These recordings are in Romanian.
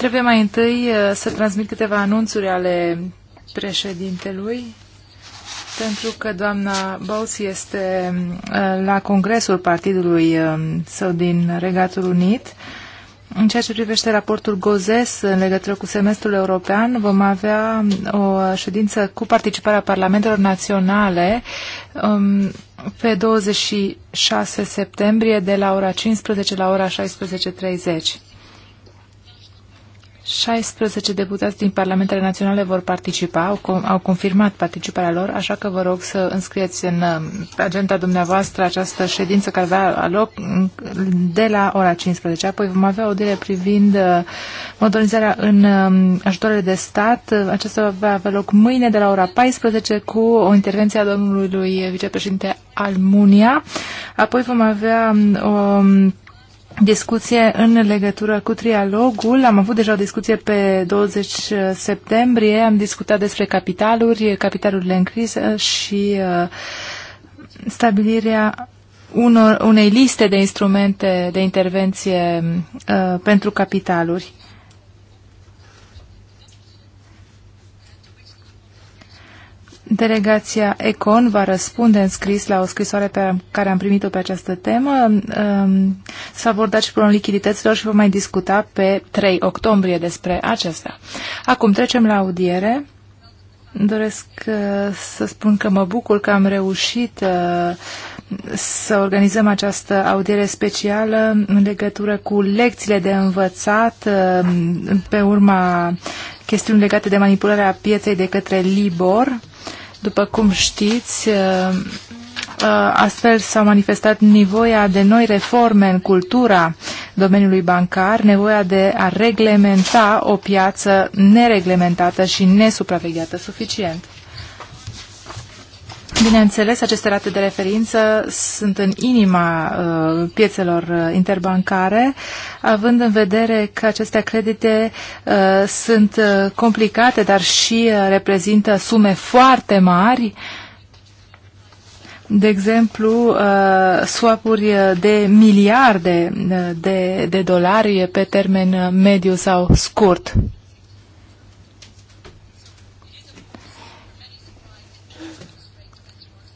Trebuie mai întâi uh, să transmit câteva anunțuri ale președintelui, pentru că doamna Bous este uh, la congresul partidului um, său din Regatul Unit. În ceea ce privește raportul GOZES în legătură cu semestrul european, vom avea um, o ședință cu participarea parlamentelor naționale um, pe 26 septembrie de la ora 15 la ora 16.30. 16 deputați din Parlamentele Naționale vor participa, au, au confirmat participarea lor, așa că vă rog să înscrieți în um, agenda dumneavoastră această ședință care va loc de la ora 15. Apoi vom avea o dire privind uh, modernizarea în um, ajutoarele de stat. Aceasta va avea loc mâine de la ora 14 cu o intervenție a domnului vicepreședinte Almunia. Apoi vom avea um, o discuție în legătură cu trialogul. Am avut deja o discuție pe 20 septembrie, am discutat despre capitaluri, capitalurile în criză și uh, stabilirea unor, unei liste de instrumente de intervenție uh, pentru capitaluri. Delegația Econ va răspunde în scris la o scrisoare pe care am primit-o pe această temă. Um, s-a abordat și problemul lichidităților și vom mai discuta pe 3 octombrie despre acesta. Acum trecem la audiere. Doresc uh, să spun că mă bucur că am reușit uh, să organizăm această audiere specială în legătură cu lecțiile de învățat uh, pe urma chestiuni legate de manipularea pieței de către Libor. După cum știți, uh, uh, astfel s-a manifestat nevoia de noi reforme în cultura domeniului bancar, nevoia de a reglementa o piață nereglementată și nesupravegheată suficient. Bineînțeles, aceste rate de referință sunt în inima uh, piețelor uh, interbancare, având în vedere că aceste credite uh, sunt uh, complicate, dar și uh, reprezintă sume foarte mari. De exemplu, uh, swapuri de miliarde de, de dolari pe termen mediu sau scurt.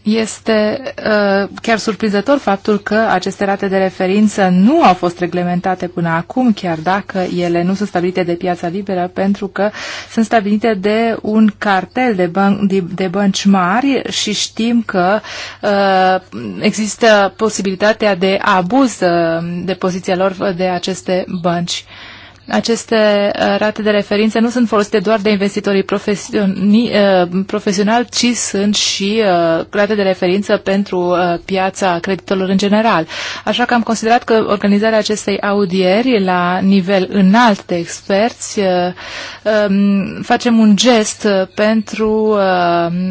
Este uh, chiar surprinzător faptul că aceste rate de referință nu au fost reglementate până acum, chiar dacă ele nu sunt stabilite de piața liberă, pentru că sunt stabilite de un cartel de, ban- de, de bănci mari și știm că uh, există posibilitatea de abuz uh, de poziția lor de aceste bănci. Uh, aceste uh, rate de referință nu sunt folosite doar de investitorii uh, profesionali, ci sunt și uh, rate de referință pentru piața creditelor în general. Așa că am considerat că organizarea acestei audieri la nivel înalt de experți um, facem un gest pentru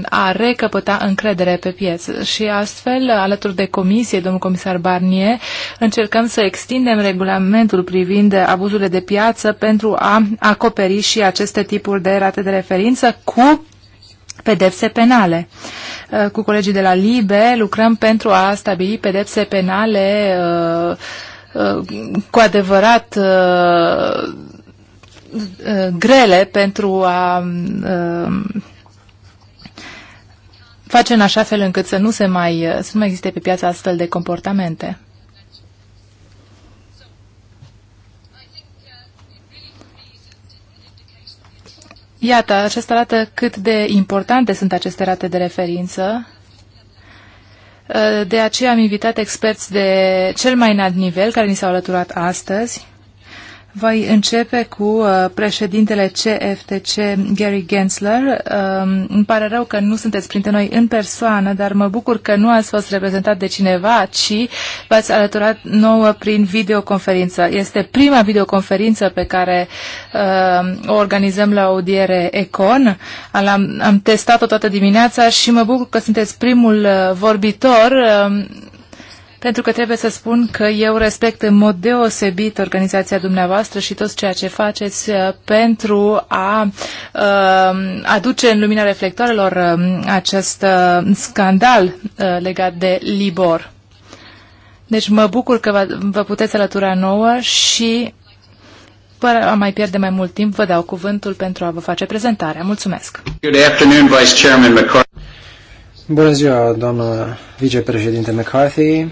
a recăpăta încredere pe piață. și astfel, alături de comisie, domnul comisar Barnier, încercăm să extindem regulamentul privind abuzurile de piață piață pentru a acoperi și aceste tipuri de rate de referință cu pedepse penale. Uh, cu colegii de la LIBE lucrăm pentru a stabili pedepse penale uh, uh, cu adevărat grele pentru a face în așa fel încât să nu, se mai, să nu mai existe pe piață astfel de comportamente. Iată, aceasta arată cât de importante sunt aceste rate de referință. Uh, de aceea am invitat experți de cel mai înalt nivel care ni s-au alăturat astăzi voi începe cu uh, președintele CFTC, Gary Gensler. Um, îmi pare rău că nu sunteți printre noi în persoană, dar mă bucur că nu ați fost reprezentat de cineva, ci v-ați alăturat nouă prin videoconferință. Este prima videoconferință pe care um, o organizăm la audiere Econ. Am, am testat-o toată dimineața și mă bucur că sunteți primul uh, vorbitor um, pentru că trebuie să spun că eu respect în mod deosebit organizația dumneavoastră și tot ceea ce faceți uh, pentru a uh, aduce în lumina reflectoarelor uh, acest uh, scandal uh, legat de Libor. Deci mă bucur că vă puteți alătura nouă și fără a mai pierde mai mult timp, vă dau cuvântul pentru a vă face prezentarea. Mulțumesc! Bună ziua, doamnă vicepreședinte McCarthy,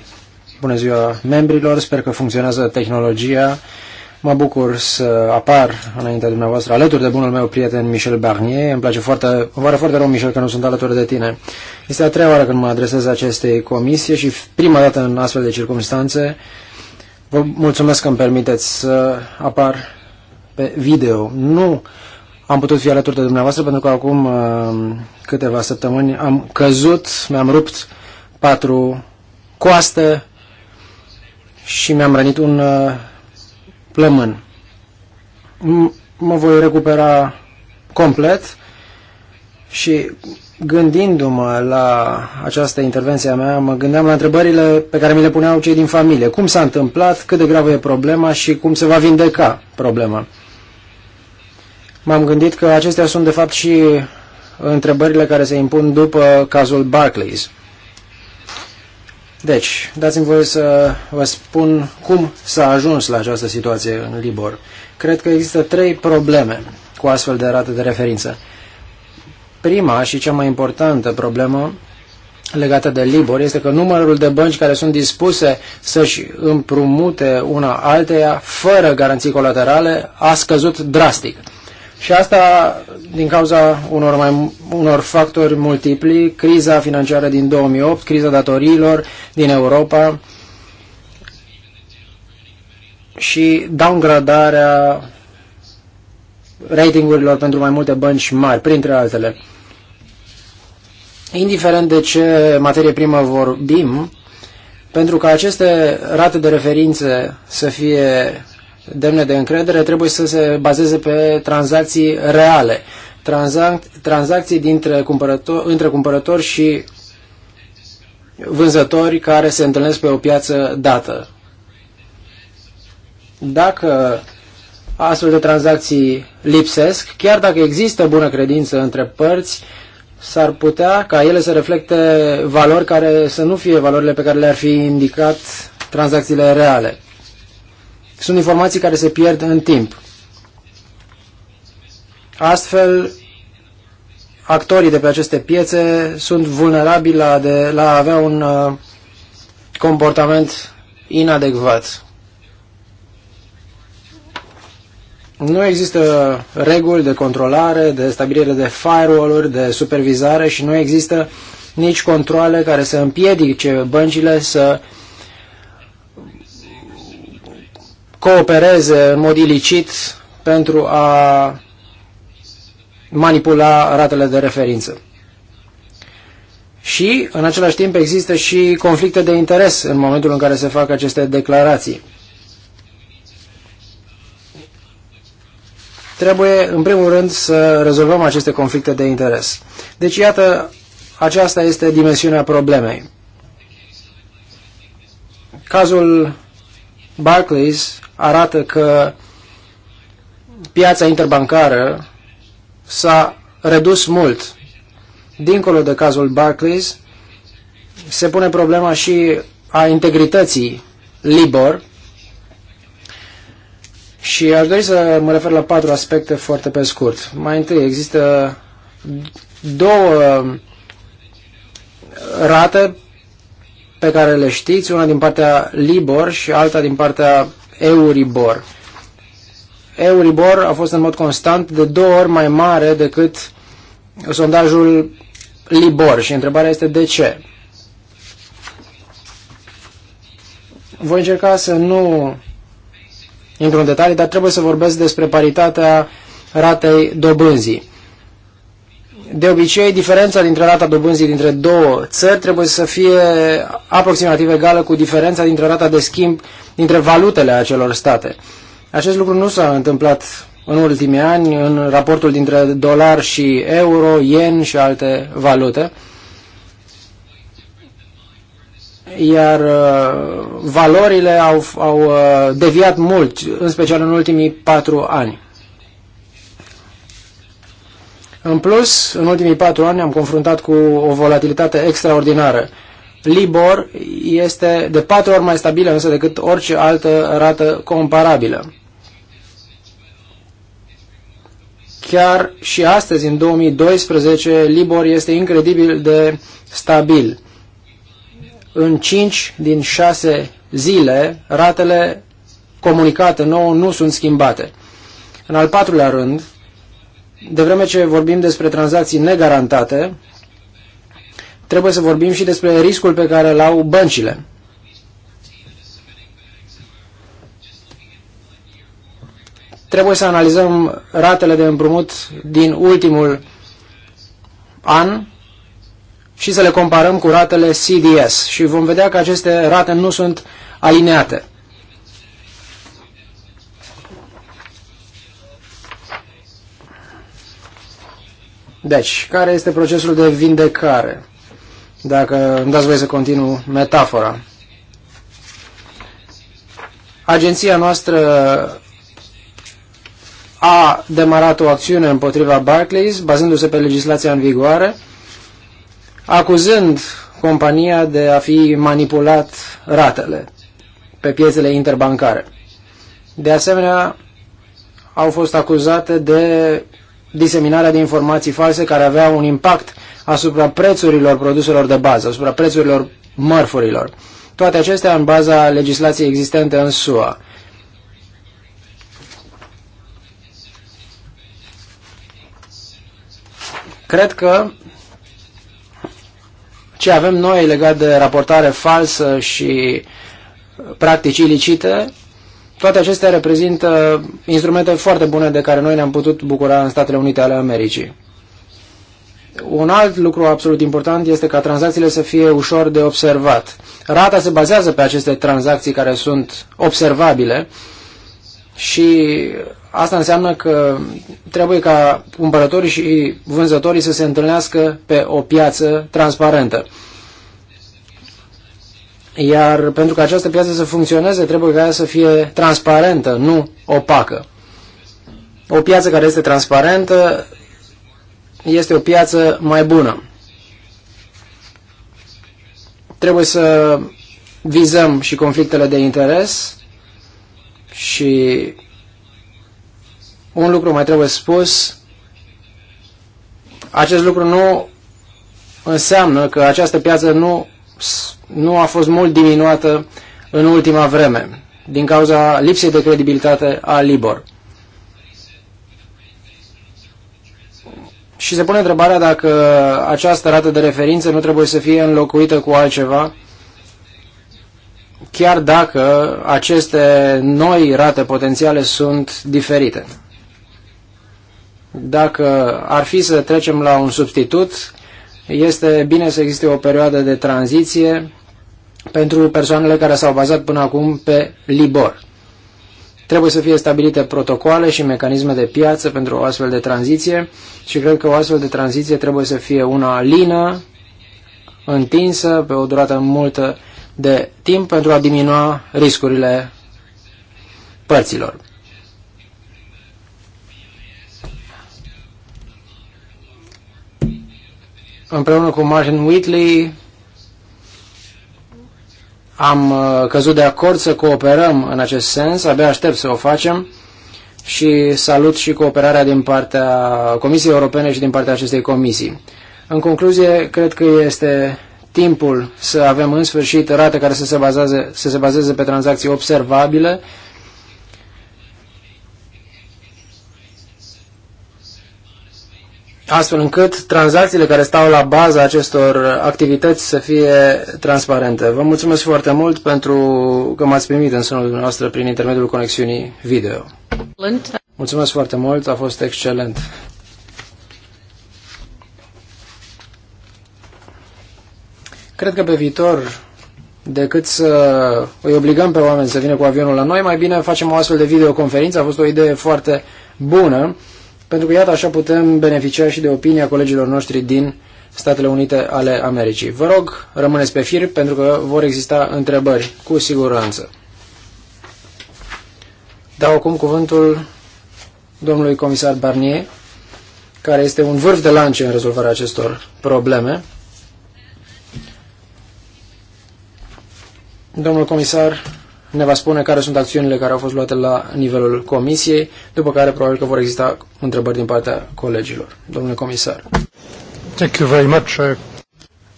Bună ziua membrilor, sper că funcționează tehnologia. Mă bucur să apar înaintea dumneavoastră alături de bunul meu prieten Michel Barnier. Îmi place foarte, îmi pare foarte rău, Michel, că nu sunt alături de tine. Este a treia oară când mă adresez acestei comisie și prima dată în astfel de circunstanțe. Vă mulțumesc că îmi permiteți să apar pe video. Nu am putut fi alături de dumneavoastră pentru că acum uh, câteva săptămâni am căzut, mi-am rupt patru coaste și mi-am rănit un uh, plămân. mă voi recupera complet și gândindu-mă la această intervenție a mea, mă gândeam la întrebările pe care mi le puneau cei din familie. Cum s-a întâmplat, cât de gravă e problema și cum se va vindeca problema. M-am gândit că acestea sunt de fapt și întrebările care se impun după cazul Barclays. Deci, dați-mi voie să vă spun cum s-a ajuns la această situație în Libor. Cred că există trei probleme cu astfel de rate de referință. Prima și cea mai importantă problemă legată de Libor este că numărul de bănci care sunt dispuse să-și împrumute una alteia fără garanții colaterale a scăzut drastic. Și asta din cauza unor, mai, unor factori multipli, criza financiară din 2008, criza datoriilor din Europa și downgradarea ratingurilor pentru mai multe bănci mari, printre altele. Indiferent de ce materie primă vorbim, pentru ca aceste rate de referințe să fie demne de încredere trebuie să se bazeze pe tranzacții reale. tranzacții dintre cumpărător, între cumpărători și vânzători care se întâlnesc pe o piață dată. Dacă astfel de tranzacții lipsesc, chiar dacă există bună credință între părți, s-ar putea ca ele să reflecte valori care să nu fie valorile pe care le-ar fi indicat tranzacțiile reale. Sunt informații care se pierd în timp. Astfel, actorii de pe aceste piețe sunt vulnerabili la, de, la a avea un uh, comportament inadecvat. Nu există reguli de controlare, de stabilire de firewall-uri, de supervizare și nu există nici controle care să împiedice băncile să uh, coopereze în mod ilicit pentru a manipula ratele de referință. Și, în același timp, există și conflicte de interes în momentul în care se fac aceste declarații. Trebuie, în primul rând, să rezolvăm aceste conflicte de interes. Deci, iată, aceasta este dimensiunea problemei. Cazul Barclays arată că piața interbancară s-a redus mult. Dincolo de cazul Barclays, se pune problema și a integrității Libor și aș dori să mă refer la patru aspecte foarte pe scurt. Mai întâi, există două rate pe care le știți, una din partea Libor și alta din partea Euribor. Euribor a fost în mod constant de două ori mai mare decât sondajul Libor și întrebarea este de ce. Voi încerca să nu intru în detalii, dar trebuie să vorbesc despre paritatea ratei dobânzii. De obicei, diferența dintre rata dobânzii dintre două țări trebuie să fie aproximativ egală cu diferența dintre rata de schimb dintre valutele acelor state. Acest lucru nu s-a întâmplat în ultimii ani în raportul dintre dolar și euro, yen și alte valute. Iar uh, valorile au, au uh, deviat mult, în special în ultimii patru ani. În plus, în ultimii patru ani am confruntat cu o volatilitate extraordinară. Libor este de patru ori mai stabilă însă decât orice altă rată comparabilă. Chiar și astăzi, în 2012, Libor este incredibil de stabil. În 5 din 6 zile, ratele comunicate nouă nu sunt schimbate. În al patrulea rând, de vreme ce vorbim despre tranzacții negarantate, trebuie să vorbim și despre riscul pe care îl au băncile. Trebuie să analizăm ratele de împrumut din ultimul an și să le comparăm cu ratele CDS și vom vedea că aceste rate nu sunt alineate. Deci, care este procesul de vindecare? dacă îmi dați voie să continu metafora. Agenția noastră a demarat o acțiune împotriva Barclays, bazându-se pe legislația în vigoare, acuzând compania de a fi manipulat ratele pe piețele interbancare. De asemenea, au fost acuzate de diseminarea de informații false care avea un impact asupra prețurilor produselor de bază, asupra prețurilor mărfurilor. Toate acestea în baza legislației existente în SUA. Cred că ce avem noi legat de raportare falsă și uh, practici ilicite, toate acestea reprezintă instrumente foarte bune de care noi ne-am putut bucura în Statele Unite ale Americii. Un alt lucru absolut important este ca tranzacțiile să fie ușor de observat. Rata se bazează pe aceste tranzacții care sunt observabile și asta înseamnă că trebuie ca cumpărătorii și vânzătorii să se întâlnească pe o piață transparentă. Iar pentru ca această piață să funcționeze, trebuie ca ea să fie transparentă, nu opacă. O piață care este transparentă este o piață mai bună. Trebuie să vizăm și conflictele de interes și un lucru mai trebuie spus, acest lucru nu înseamnă că această piață nu, nu a fost mult diminuată în ultima vreme din cauza lipsei de credibilitate a Libor. Și se pune întrebarea dacă această rată de referință nu trebuie să fie înlocuită cu altceva, chiar dacă aceste noi rate potențiale sunt diferite. Dacă ar fi să trecem la un substitut, este bine să existe o perioadă de tranziție pentru persoanele care s-au bazat până acum pe Libor. Trebuie să fie stabilite protocoale și mecanisme de piață pentru o astfel de tranziție și cred că o astfel de tranziție trebuie să fie una lină, întinsă, pe o durată multă de timp pentru a diminua riscurile părților. Împreună cu Martin Whitley am uh, căzut de acord să cooperăm în acest sens, abia aștept să o facem și salut și cooperarea din partea Comisiei Europene și din partea acestei comisii. În concluzie, cred că este timpul să avem în sfârșit rate care să se, bazeze, să se bazeze pe tranzacții observabile astfel încât tranzacțiile care stau la baza acestor activități să fie transparente. Vă mulțumesc foarte mult pentru că m-ați primit în sunul dumneavoastră prin intermediul conexiunii video. Mulțumesc foarte mult, a fost excelent. Cred că pe viitor, decât să îi obligăm pe oameni să vină cu avionul la noi, mai bine facem o astfel de videoconferință. A fost o idee foarte bună pentru că, iată, așa putem beneficia și de opinia colegilor noștri din Statele Unite ale Americii. Vă rog, rămâneți pe fir, pentru că vor exista întrebări, cu siguranță. Dau acum cuvântul domnului comisar Barnier, care este un vârf de lance în rezolvarea acestor probleme. Domnul comisar, ne va spune care sunt acțiunile care au fost luate la nivelul comisiei, după care probabil că vor exista întrebări din partea colegilor. Domnule comisar. Thank you very much. Uh,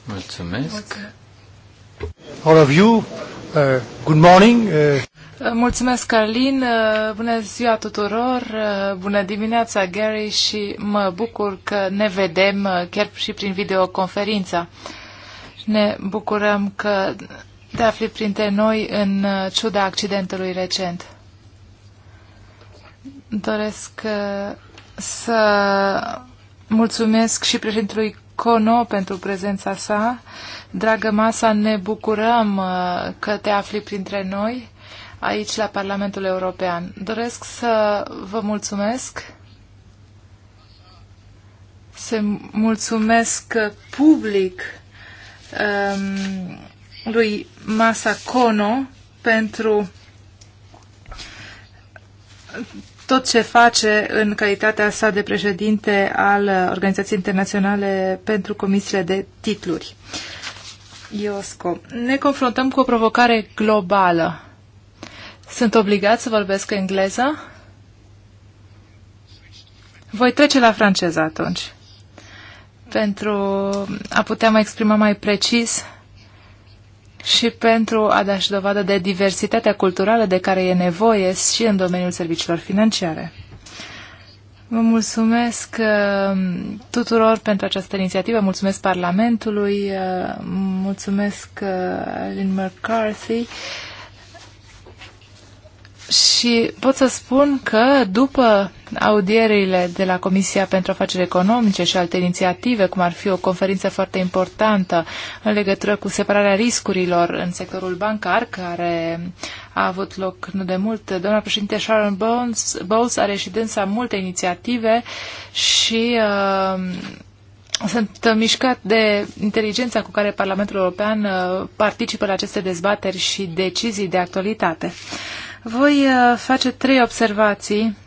mulțumesc. All of you, uh, good morning. Uh... uh mulțumesc, Carlin. Uh, bună ziua tuturor. Bună dimineața, Gary, și mă bucur că ne vedem chiar și prin videoconferința. Ne bucurăm că de afli printre noi în uh, ciuda accidentului recent. Doresc uh, să mulțumesc și președintelui Cono pentru prezența sa. Dragă Masa, ne bucurăm uh, că te afli printre noi aici la Parlamentul European. Doresc să vă mulțumesc să mulțumesc public um, lui masa cono pentru tot ce face în calitatea sa de președinte al Organizației Internaționale pentru Comisiile de Titluri. IOSCO. Ne confruntăm cu o provocare globală. Sunt obligat să vorbesc engleză? Voi trece la franceză atunci, pentru a putea mai exprima mai precis și pentru a da și dovadă de diversitatea culturală de care e nevoie și în domeniul serviciilor financiare. Vă mulțumesc uh, tuturor pentru această inițiativă, mulțumesc Parlamentului, uh, mulțumesc uh, Lynn McCarthy și pot să spun că după audierile de la Comisia pentru Afaceri Economice și alte inițiative, cum ar fi o conferință foarte importantă în legătură cu separarea riscurilor în sectorul bancar, care a avut loc nu de mult, doamna președinte Sharon Bowles, Bowles are și dânsa multe inițiative și uh, sunt mișcat de inteligența cu care Parlamentul European uh, participă la aceste dezbateri și decizii de actualitate. Uh, voi uh, face trei observații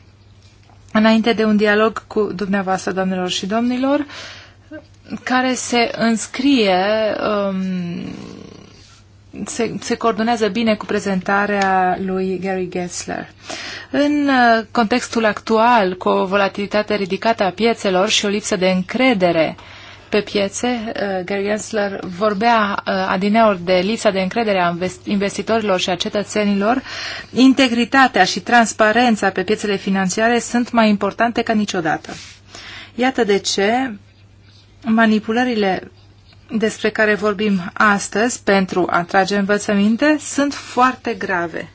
înainte de un dialog cu dumneavoastră, doamnelor și domnilor, care se înscrie, um, se, se coordonează bine cu prezentarea lui Gary Gensler. În uh, contextul actual, cu o volatilitate ridicată a piețelor și o lipsă de încredere uh, pe piețe. Uh, Gary Gensler vorbea uh, adineori de lipsa de încredere a investitorilor și a cetățenilor. Integritatea și transparența pe piețele financiare sunt mai importante ca niciodată. Iată de ce manipulările despre care vorbim astăzi pentru a trage învățăminte sunt foarte grave.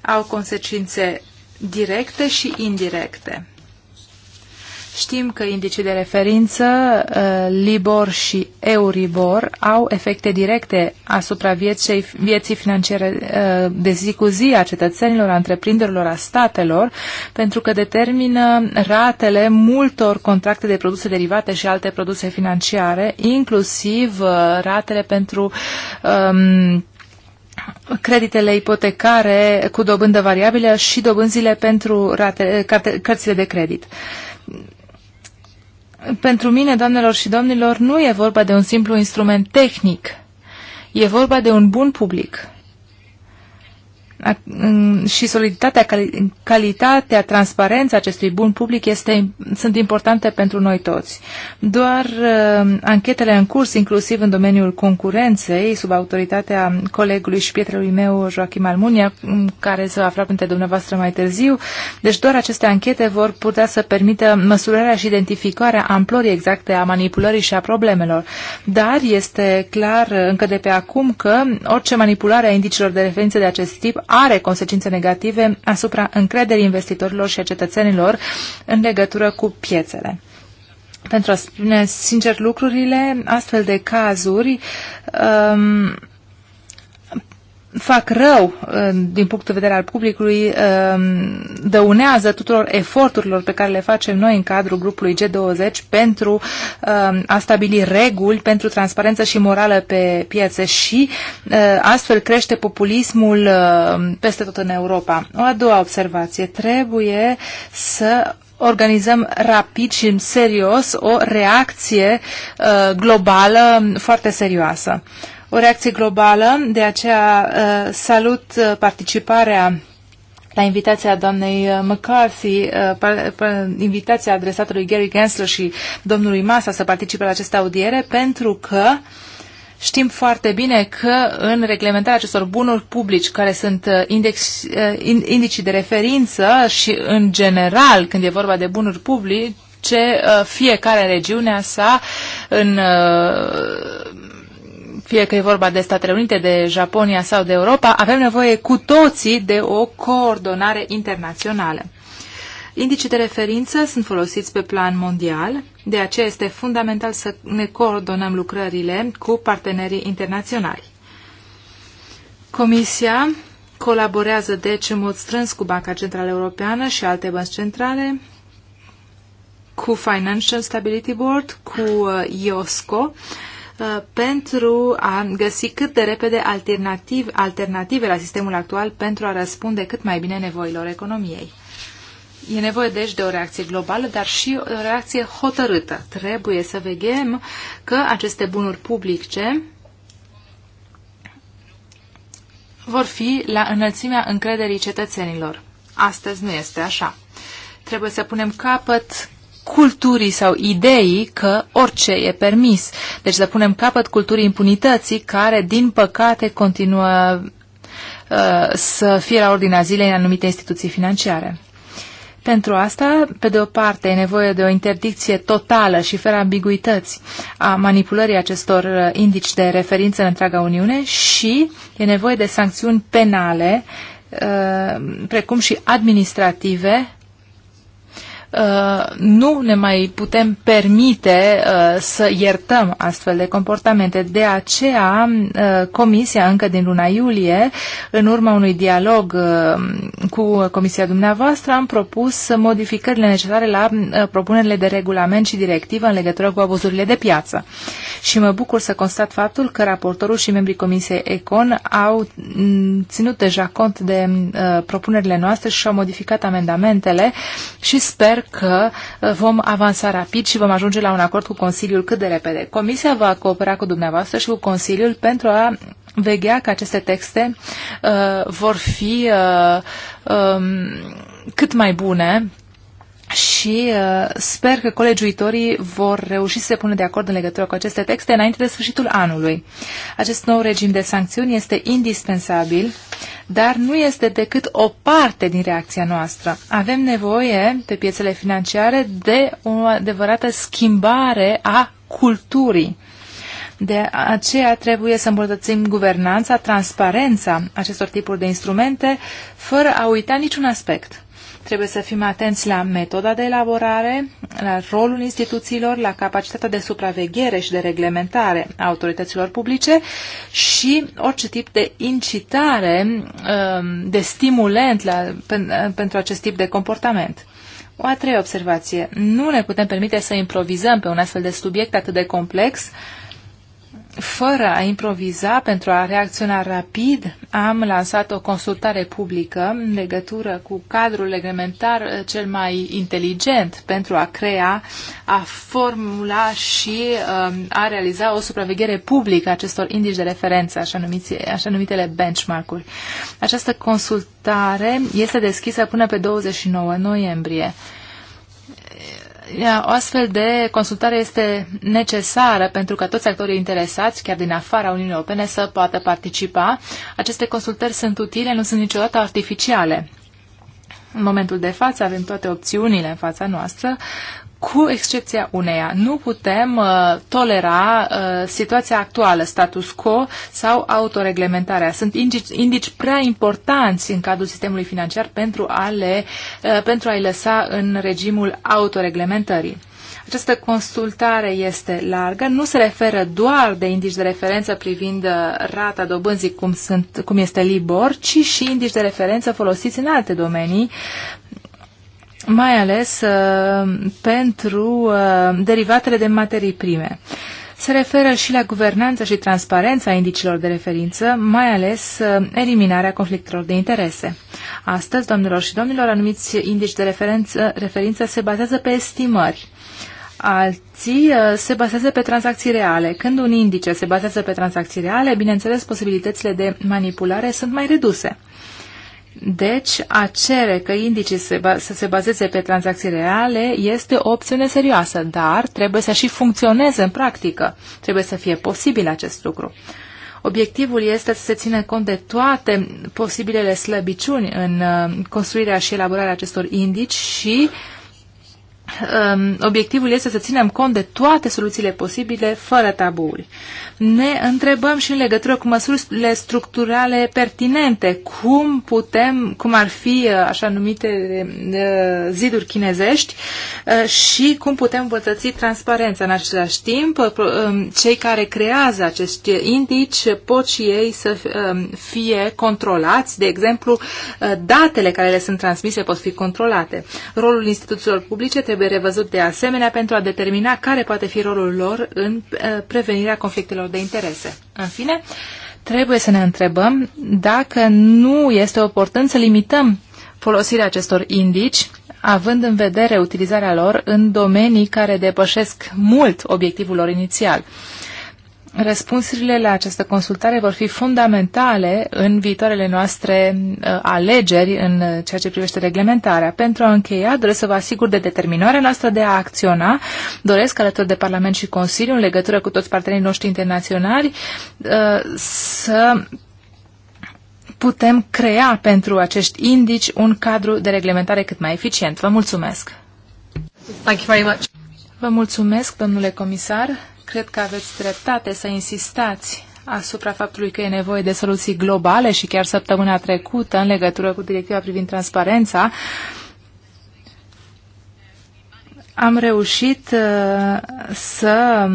Au consecințe directe și indirecte. Știm că indicii de referință, uh, Libor și Euribor, au efecte directe asupra vieții, vieții financiare uh, de zi cu zi a cetățenilor, a întreprinderilor, a statelor, pentru că determină ratele multor contracte de produse derivate și alte produse financiare, inclusiv uh, ratele pentru um, creditele ipotecare cu dobândă variabilă și dobânzile pentru rate, cărțile de credit pentru mine, doamnelor și domnilor, nu e vorba de un simplu instrument tehnic. E vorba de un bun public și soliditatea, calitatea, transparența acestui bun public este, sunt importante pentru noi toți. Doar uh, anchetele în curs, inclusiv în domeniul concurenței, sub autoritatea colegului și prietenului meu, Joachim Almunia, mm, care se va afla printre dumneavoastră mai târziu, deci doar aceste anchete vor putea să permită măsurarea și identificarea amplorii exacte a manipulării și a problemelor. Dar este clar uh, încă de pe acum că orice manipulare a indicilor de referință de acest tip are consecințe negative asupra încrederii investitorilor și a cetățenilor în legătură cu piețele. Pentru a spune sincer lucrurile, astfel de cazuri um, fac rău uh, din punct de vedere al publicului, uh, dăunează tuturor eforturilor pe care le facem noi în cadrul grupului G20 pentru uh, a stabili reguli pentru transparență și morală pe piață și astfel crește populismul peste tot în Europa. O a doua observație, trebuie să organizăm rapid și în serios o reacție globală foarte serioasă o reacție globală, de aceea uh, salut uh, participarea la invitația doamnei uh, McCarthy, invitația adresată lui Gary Gensler și domnului Masa să participe la această audiere, pentru că Știm foarte bine că în reglementarea acestor bunuri publici, care sunt index, indicii de referință și în general când e vorba de bunuri publice, fiecare regiune a sa în fie că e vorba de Statele Unite, de Japonia sau de Europa, avem nevoie cu toții de o coordonare internațională. Indicii de referință sunt folosiți pe plan mondial, de aceea este fundamental să ne coordonăm lucrările cu partenerii internaționali. Comisia colaborează deci în mod strâns cu Banca Centrală Europeană și alte bănci centrale, cu Financial Stability Board, cu uh, IOSCO, Uh, pentru a găsi cât de repede alternativ, alternative la sistemul actual pentru a răspunde cât mai bine nevoilor economiei. E nevoie, deci, de o reacție globală, dar și o reacție hotărâtă. Trebuie să vedem că aceste bunuri publice vor fi la înălțimea încrederii cetățenilor. Astăzi nu este așa. Trebuie să punem capăt culturii sau ideii că orice e permis. Deci să punem capăt culturii impunității care, din păcate, continuă uh, să fie la ordinea zilei în anumite instituții financiare. Pentru asta, pe de o parte, e nevoie de o interdicție totală și fără ambiguități a manipulării acestor uh, indici de referință în întreaga Uniune și e nevoie de sancțiuni penale, uh, precum și administrative, Uh, nu ne mai putem permite uh, să iertăm astfel de comportamente. De aceea, uh, Comisia, încă din luna iulie, în urma unui dialog cu Comisia dumneavoastră, am propus modificările necesare la propunerile de regulament și directivă în legătură cu abuzurile de piață. Și mă bucur să constat faptul că raportorul și membrii Comisiei Econ au mm, ținut deja cont de propunerile noastre și au modificat amendamentele și sper sper că uh, vom avansa rapid și vom ajunge la un acord cu Consiliul cât de repede. Comisia va coopera cu dumneavoastră și cu Consiliul pentru a veghea că aceste texte uh, vor fi uh, um, cât mai bune și uh, sper că colegiuitorii vor reuși să se pună de acord în legătură cu aceste texte înainte de sfârșitul anului. Acest nou regim de sancțiuni este indispensabil, dar nu este decât o parte din reacția noastră. Avem nevoie pe piețele financiare de o adevărată schimbare a culturii. De aceea trebuie să îmbunătățim guvernanța, transparența acestor tipuri de instrumente, fără a uita niciun aspect. Trebuie să fim atenți la metoda de elaborare, la rolul instituțiilor, la capacitatea de supraveghere și de reglementare a autorităților publice și orice tip de incitare, um, de stimulent la, uh, pentru acest tip de comportament. O a treia observație. Nu ne putem permite să improvizăm pe un astfel de subiect atât de complex, uh, fără a improviza pentru a reacționa rapid, am lansat o consultare publică în legătură cu cadrul reglementar eh, cel mai inteligent pentru a crea, a formula și eh, a realiza o supraveghere publică acestor indici de referență, așa, numiți, așa numitele benchmark-uri. Această consultare este deschisă până pe 29 noiembrie o astfel de consultare este necesară pentru ca toți actorii interesați, chiar din afara Uniunii Europene, să poată participa. Aceste consultări sunt utile, nu sunt niciodată artificiale. În momentul de față avem toate opțiunile în fața noastră, cu excepția uneia. Nu putem uh, tolera uh, situația actuală, status quo sau autoreglementarea. Sunt indici, indici prea importanți în cadrul sistemului financiar pentru a, le, uh, pentru a-i lăsa în regimul autoreglementării. Această consultare este largă, nu se referă doar de indici de referență privind uh, rata dobânzii cum, sunt, cum este Libor, ci și indici de referență folosiți în alte domenii, mai ales uh, pentru uh, derivatele de materii prime. Se referă și la guvernanța și transparența indicilor de referință, mai ales uh, eliminarea conflictelor de interese. Astăzi, domnilor și domnilor, anumiți indici de referință, referință se bazează pe estimări. Alții se bazează pe tranzacții reale. Când un indice se bazează pe tranzacții reale, bineînțeles, posibilitățile de manipulare sunt mai reduse. Deci, a cere că indicii se să se bazeze pe tranzacții reale este o opțiune serioasă, dar trebuie să și funcționeze în practică. Trebuie să fie posibil acest lucru. Obiectivul este să se țină cont de toate posibilele slăbiciuni în uh, construirea și elaborarea acestor indici și um, obiectivul este să ținem cont de toate soluțiile posibile fără taburi ne întrebăm și în legătură cu măsurile structurale pertinente, cum putem, cum ar fi uh, așa numite uh, ziduri chinezești uh, și cum putem învățăți transparența în același timp. Um, cei care creează acești indici pot și ei să um, fie controlați, de exemplu, datele care le sunt transmise pot fi controlate. Rolul instituțiilor publice trebuie revăzut de asemenea pentru a determina care poate fi rolul lor în prevenirea conflictelor conflictelor de interese. În fine, trebuie să ne întrebăm dacă nu este oportun să limităm folosirea acestor indici, având în vedere utilizarea lor în domenii care depășesc mult obiectivul lor inițial. Uh, Răspunsurile la această consultare vor fi fundamentale în viitoarele noastre uh, alegeri în ceea ce privește reglementarea. Pentru a încheia, doresc să vă asigur de determinarea noastră de a acționa. Doresc, alături de Parlament și Consiliu, în legătură cu toți partenerii noștri internaționali, uh, să putem crea pentru acești indici un cadru de reglementare cât mai eficient. Vă mulțumesc! Thank you very much. Vă mulțumesc, domnule comisar cred că aveți dreptate să insistați asupra faptului că e nevoie de soluții globale și chiar săptămâna trecută, în legătură cu directiva privind transparența, am reușit uh, să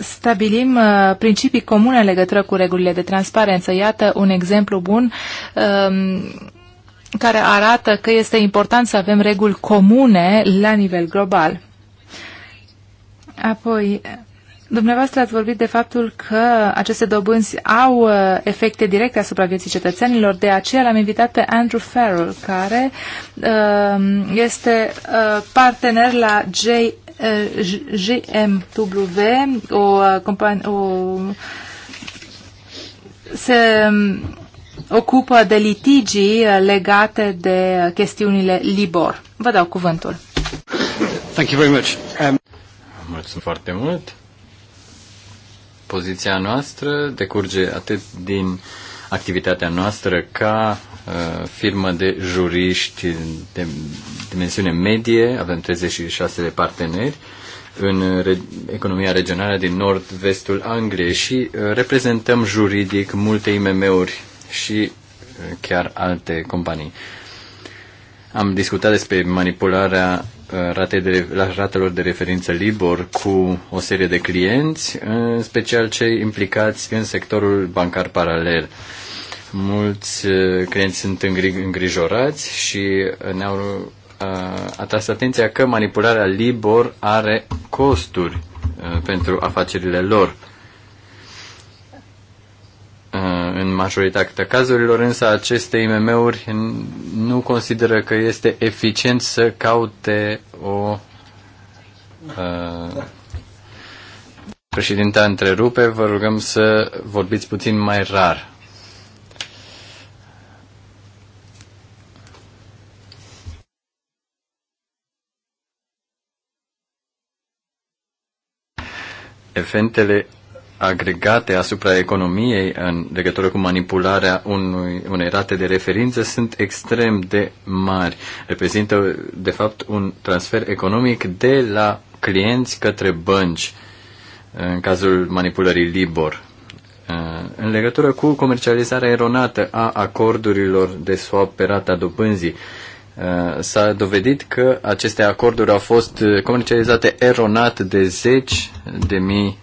stabilim uh, principii comune în legătură cu regulile de transparență. Iată un exemplu bun um, care arată că este important să avem reguli comune la nivel global. Apoi, Dumneavoastră ați vorbit de faptul că aceste dobânzi au uh, efecte directe asupra vieții cetățenilor, de aceea l-am invitat pe Andrew Farrell, care uh, este uh, partener la J, GMW, o companie, o, se um, ocupă de litigii legate de chestiunile LIBOR. Vă dau cuvântul. Thank you very much. Um... Mulțumesc foarte mult. Poziția noastră decurge atât din activitatea noastră ca uh, firmă de juriști de dimensiune medie, avem 36 de parteneri în re- economia regională din nord-vestul Angliei și uh, reprezentăm juridic multe IMM-uri și uh, chiar alte companii. Am discutat despre manipularea Uh, rate de, la ratelor de referință LIBOR cu o serie de clienți, în special cei implicați în sectorul bancar paralel. Mulți uh, clienți sunt îngrijorați și ne-au uh, atras atenția că manipularea LIBOR are costuri pentru afacerile lor. Uh, în majoritatea cazurilor, însă, aceste IMM-uri nu consideră că este eficient să caute o. președinte. Uh, președinta întrerupe, vă rugăm să vorbiți puțin mai rar. Efectele agregate asupra economiei în legătură cu manipularea unui, unei rate de referință sunt extrem de mari. Reprezintă, de fapt, un transfer economic de la clienți către bănci în cazul manipulării Libor. Eh, în legătură cu comercializarea eronată a acordurilor de swap pe rata dobânzii, eh, s-a dovedit că aceste acorduri au fost comercializate eronat de zeci de mii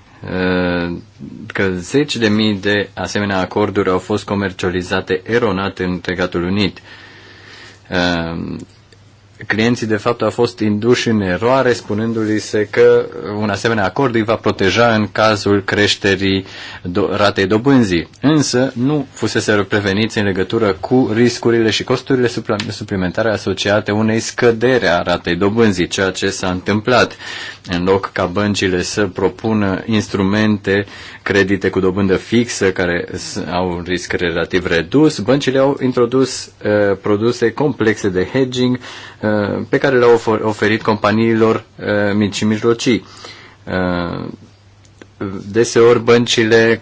că zeci de mii de asemenea acorduri au fost comercializate eronat în Regatul Unit clienții de fapt au fost induși în eroare spunându-li se că un asemenea acord îi va proteja în cazul creșterii do- ratei dobânzii, însă nu fusese preveniți în legătură cu riscurile și costurile suplimentare asociate unei scădere a ratei dobânzii, ceea ce s-a întâmplat. În loc ca băncile să propună instrumente, credite cu dobândă fixă care au un risc relativ redus, băncile au introdus uh, produse complexe de hedging, uh, Uh, pe care le-au oferit companiilor uh, mici și mijlocii. Uh, deseori băncile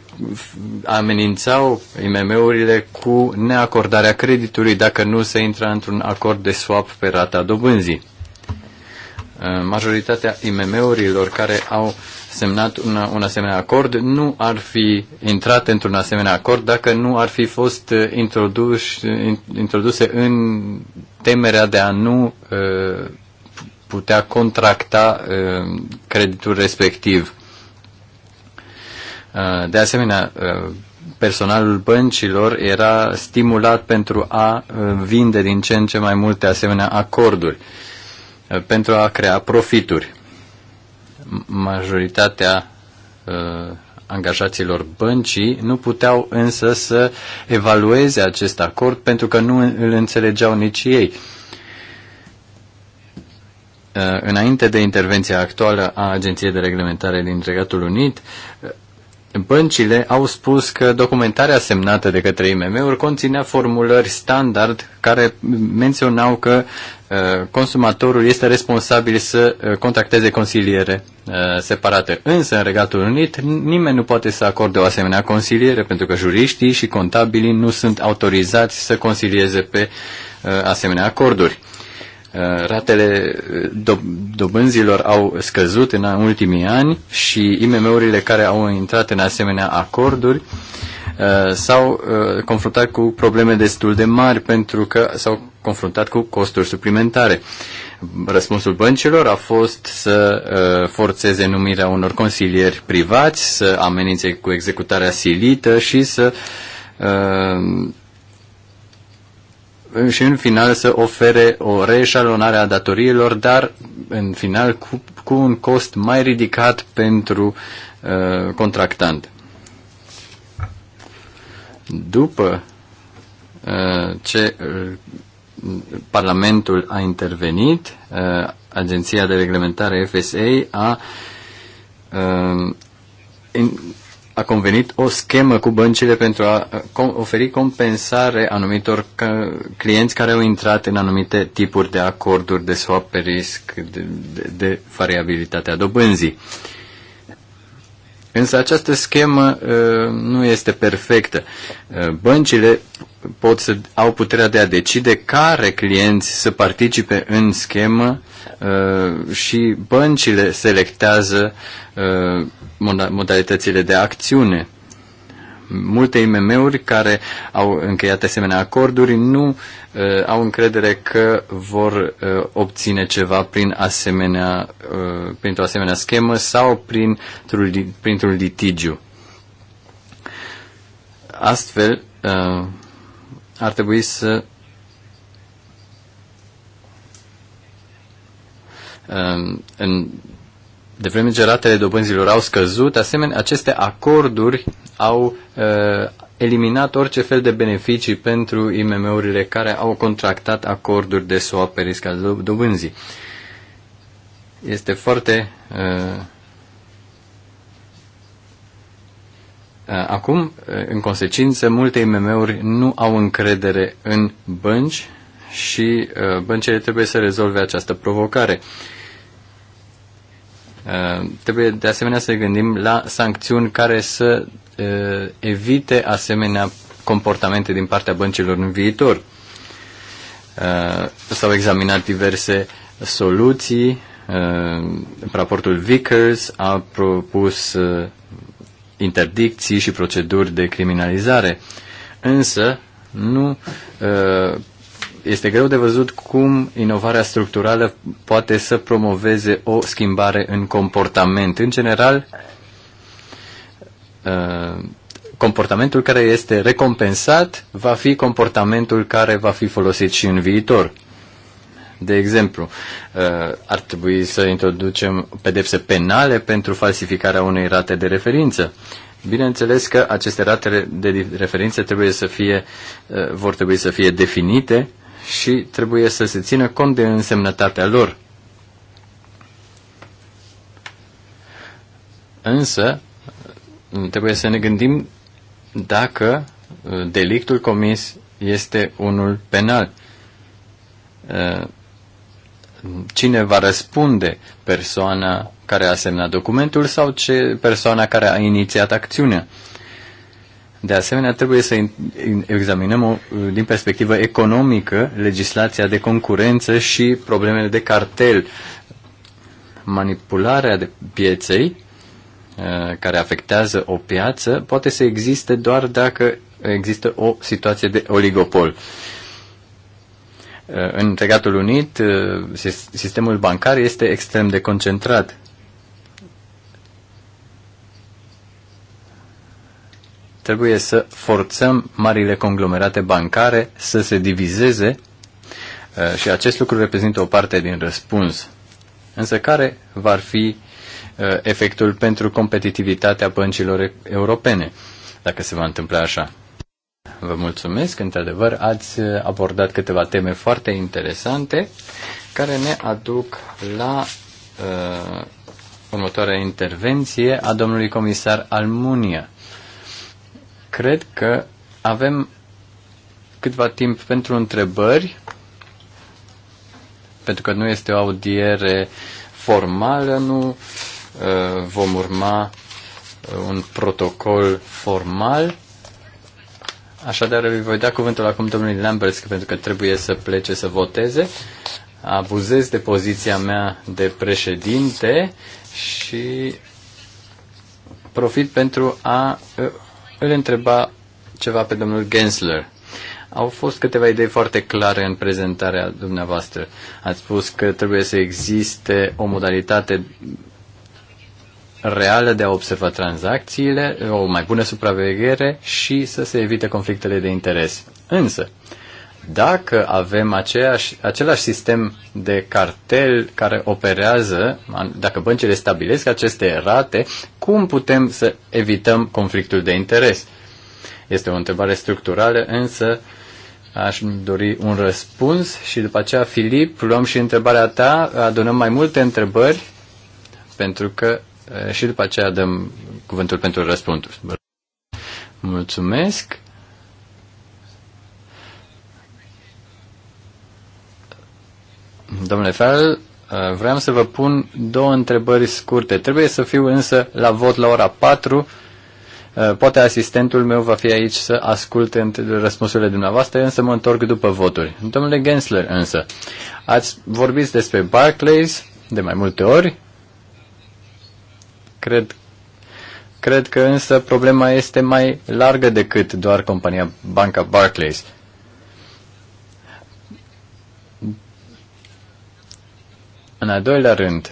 amenințau IMM-urile cu neacordarea creditului dacă nu se intra într-un acord de swap pe rata dobânzii. Majoritatea IMM-urilor care au uh, semnat un, un asemenea acord, nu ar fi intrat într-un asemenea acord dacă nu ar fi fost uh, introduș, introduse în temerea de a nu uh, putea contracta uh, creditul respectiv. de asemenea, personalul băncilor era stimulat pentru a vinde din ce în ce mai multe asemenea acorduri, pentru a crea profituri. Majoritatea uh, angajaților băncii nu puteau însă să evalueze acest acord pentru că nu îl înțelegeau nici ei. Uh, înainte de intervenția actuală a Agenției de Reglementare din Regatul Unit, uh, băncile au spus că documentarea semnată de către IMM-uri conținea formulări standard care menționau că Uh, consumatorul este responsabil să uh, contacteze consiliere uh, separate. Însă, în Regatul Unit, nimeni nu poate să acorde o asemenea consiliere, pentru că juriștii și contabilii nu sunt autorizați să consilieze pe asemenea acorduri. Eh, ratele eh, dobânzilor au scăzut în ultimii ani și IMM-urile care au intrat în asemenea acorduri eh, s-au confruntat cu probleme destul de mari pentru că s-au confruntat cu costuri suplimentare. Răspunsul băncilor a fost să forțeze numirea unor consilieri privați, să amenințe cu executarea silită și să și în final să ofere o reșalonare a datoriilor, dar în final cu, cu un cost mai ridicat pentru uh, contractant. După uh, ce uh, Parlamentul a intervenit, uh, Agenția de Reglementare FSA a uh, a convenit o schemă cu băncile pentru a oferi compensare anumitor clienți care au intrat în anumite tipuri de acorduri de swap pe risc, de, de, de variabilitatea dobânzii. Însă această schemă uh, nu este perfectă. Ă, băncile pot să au puterea de a decide care clienți să participe în schemă Uh, și băncile selectează uh, modalitățile de acțiune. Multe IMM-uri care au încheiat asemenea acorduri nu uh, au încredere că vor uh, obține ceva prin asemenea, uh, printr-o asemenea schemă sau printr-un, printr litigiu. Astfel, uh, ar trebui să în, de vreme ce ratele dobânzilor au scăzut, asemenea, aceste acorduri au uh, eliminat orice fel de beneficii pentru IMM-urile care au contractat acorduri de SOA pe risc al dobânzii. Este foarte uh, uh Acum, uh, în consecință, multe IMM-uri nu au încredere în bănci și uh, băncile trebuie să rezolve această provocare. Uh, Uh, trebuie de asemenea să ne gândim la sancțiuni care să uh, evite asemenea comportamente din partea băncilor în viitor. Uh, s-au examinat diverse soluții. Raportul Vickers a propus interdicții și proceduri de criminalizare. Însă, nu uh, este greu de văzut cum inovarea structurală poate să promoveze o schimbare în comportament. În general, uh, comportamentul care este recompensat va fi comportamentul care va fi folosit și în viitor. De exemplu, uh, ar trebui să introducem pedepse penale pentru falsificarea unei rate de referință. Bineînțeles că aceste rate de referință trebuie să fie, uh, vor trebui să fie definite și trebuie să se țină cont de însemnătatea lor. Însă, trebuie să ne gândim dacă uh, delictul comis este unul penal. Uh, cine va răspunde? Persoana care a semnat documentul sau ce persoana care a inițiat acțiunea? De asemenea, trebuie să examinăm din perspectivă economică legislația de concurență și problemele de cartel, manipularea de pieței uh, care afectează o piață poate să existe doar dacă există o situație de oligopol. Uh, în Regatul Unit, uh, sistemul bancar este extrem de concentrat trebuie să forțăm marile conglomerate bancare să se divizeze uh, și acest lucru reprezintă o parte din răspuns. Însă care va fi uh, efectul pentru competitivitatea băncilor europene, dacă se va întâmpla așa? Vă mulțumesc, într-adevăr ați uh, abordat câteva teme foarte interesante care ne aduc la uh, următoarea intervenție a domnului comisar Almunia. Cred că avem câtva timp pentru întrebări, pentru că nu este o audiere formală, nu uh, vom urma uh, un protocol formal. Așadar, îi voi da cuvântul acum domnului Lambers, pentru că trebuie să plece să voteze. Abuzez de poziția mea de președinte și profit pentru a uh, îl întreba ceva pe domnul Gensler. Au fost câteva idei foarte clare în prezentarea dumneavoastră. Ați spus că trebuie să existe o modalitate reală de a observa tranzacțiile, o mai bună supraveghere și să se evite conflictele de interes. Însă, dacă avem aceeași, același sistem de cartel care operează, dacă băncile stabilesc aceste rate, cum putem să evităm conflictul de interes? Este o întrebare structurală, însă aș dori un răspuns și după aceea, Filip, luăm și întrebarea ta, adunăm mai multe întrebări pentru că și după aceea dăm cuvântul pentru răspunsuri. Mulțumesc. Domnule Farrell, uh, vreau să vă pun două întrebări scurte. Trebuie să fiu însă la vot la ora 4. Uh, poate asistentul meu va fi aici să asculte răspunsurile dumneavoastră, însă mă întorc după voturi. Domnule Gensler, însă, ați vorbit despre Barclays de mai multe ori. Cred, cred că însă problema este mai largă decât doar compania Banca Barclays. Uh, În al doilea rând,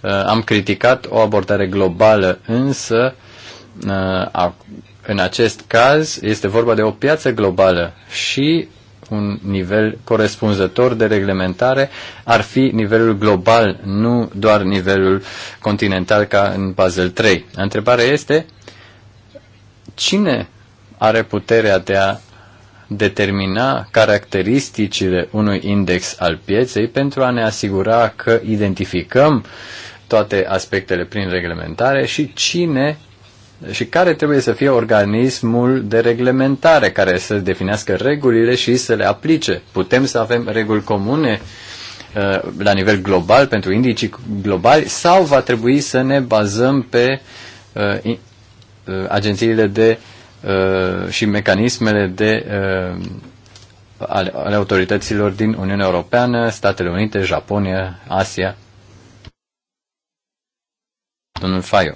uh, am criticat o abordare globală, însă uh, în acest caz este vorba de o piață globală și un nivel corespunzător de reglementare ar fi nivelul global, nu doar nivelul continental ca în Basel 3. Întrebarea este cine are puterea de a determina caracteristicile unui index al pieței pentru a ne asigura că identificăm toate aspectele prin reglementare și cine și care trebuie să fie organismul de reglementare care să definească regulile și să le aplice. Putem să avem reguli comune uh, la nivel global pentru indicii globali sau va trebui să ne bazăm pe uh, uh, agențiile de Uh, și mecanismele de, uh, ale, ale autorităților din Uniunea Europeană, Statele Unite, Japonia, Asia. Domnul Faio.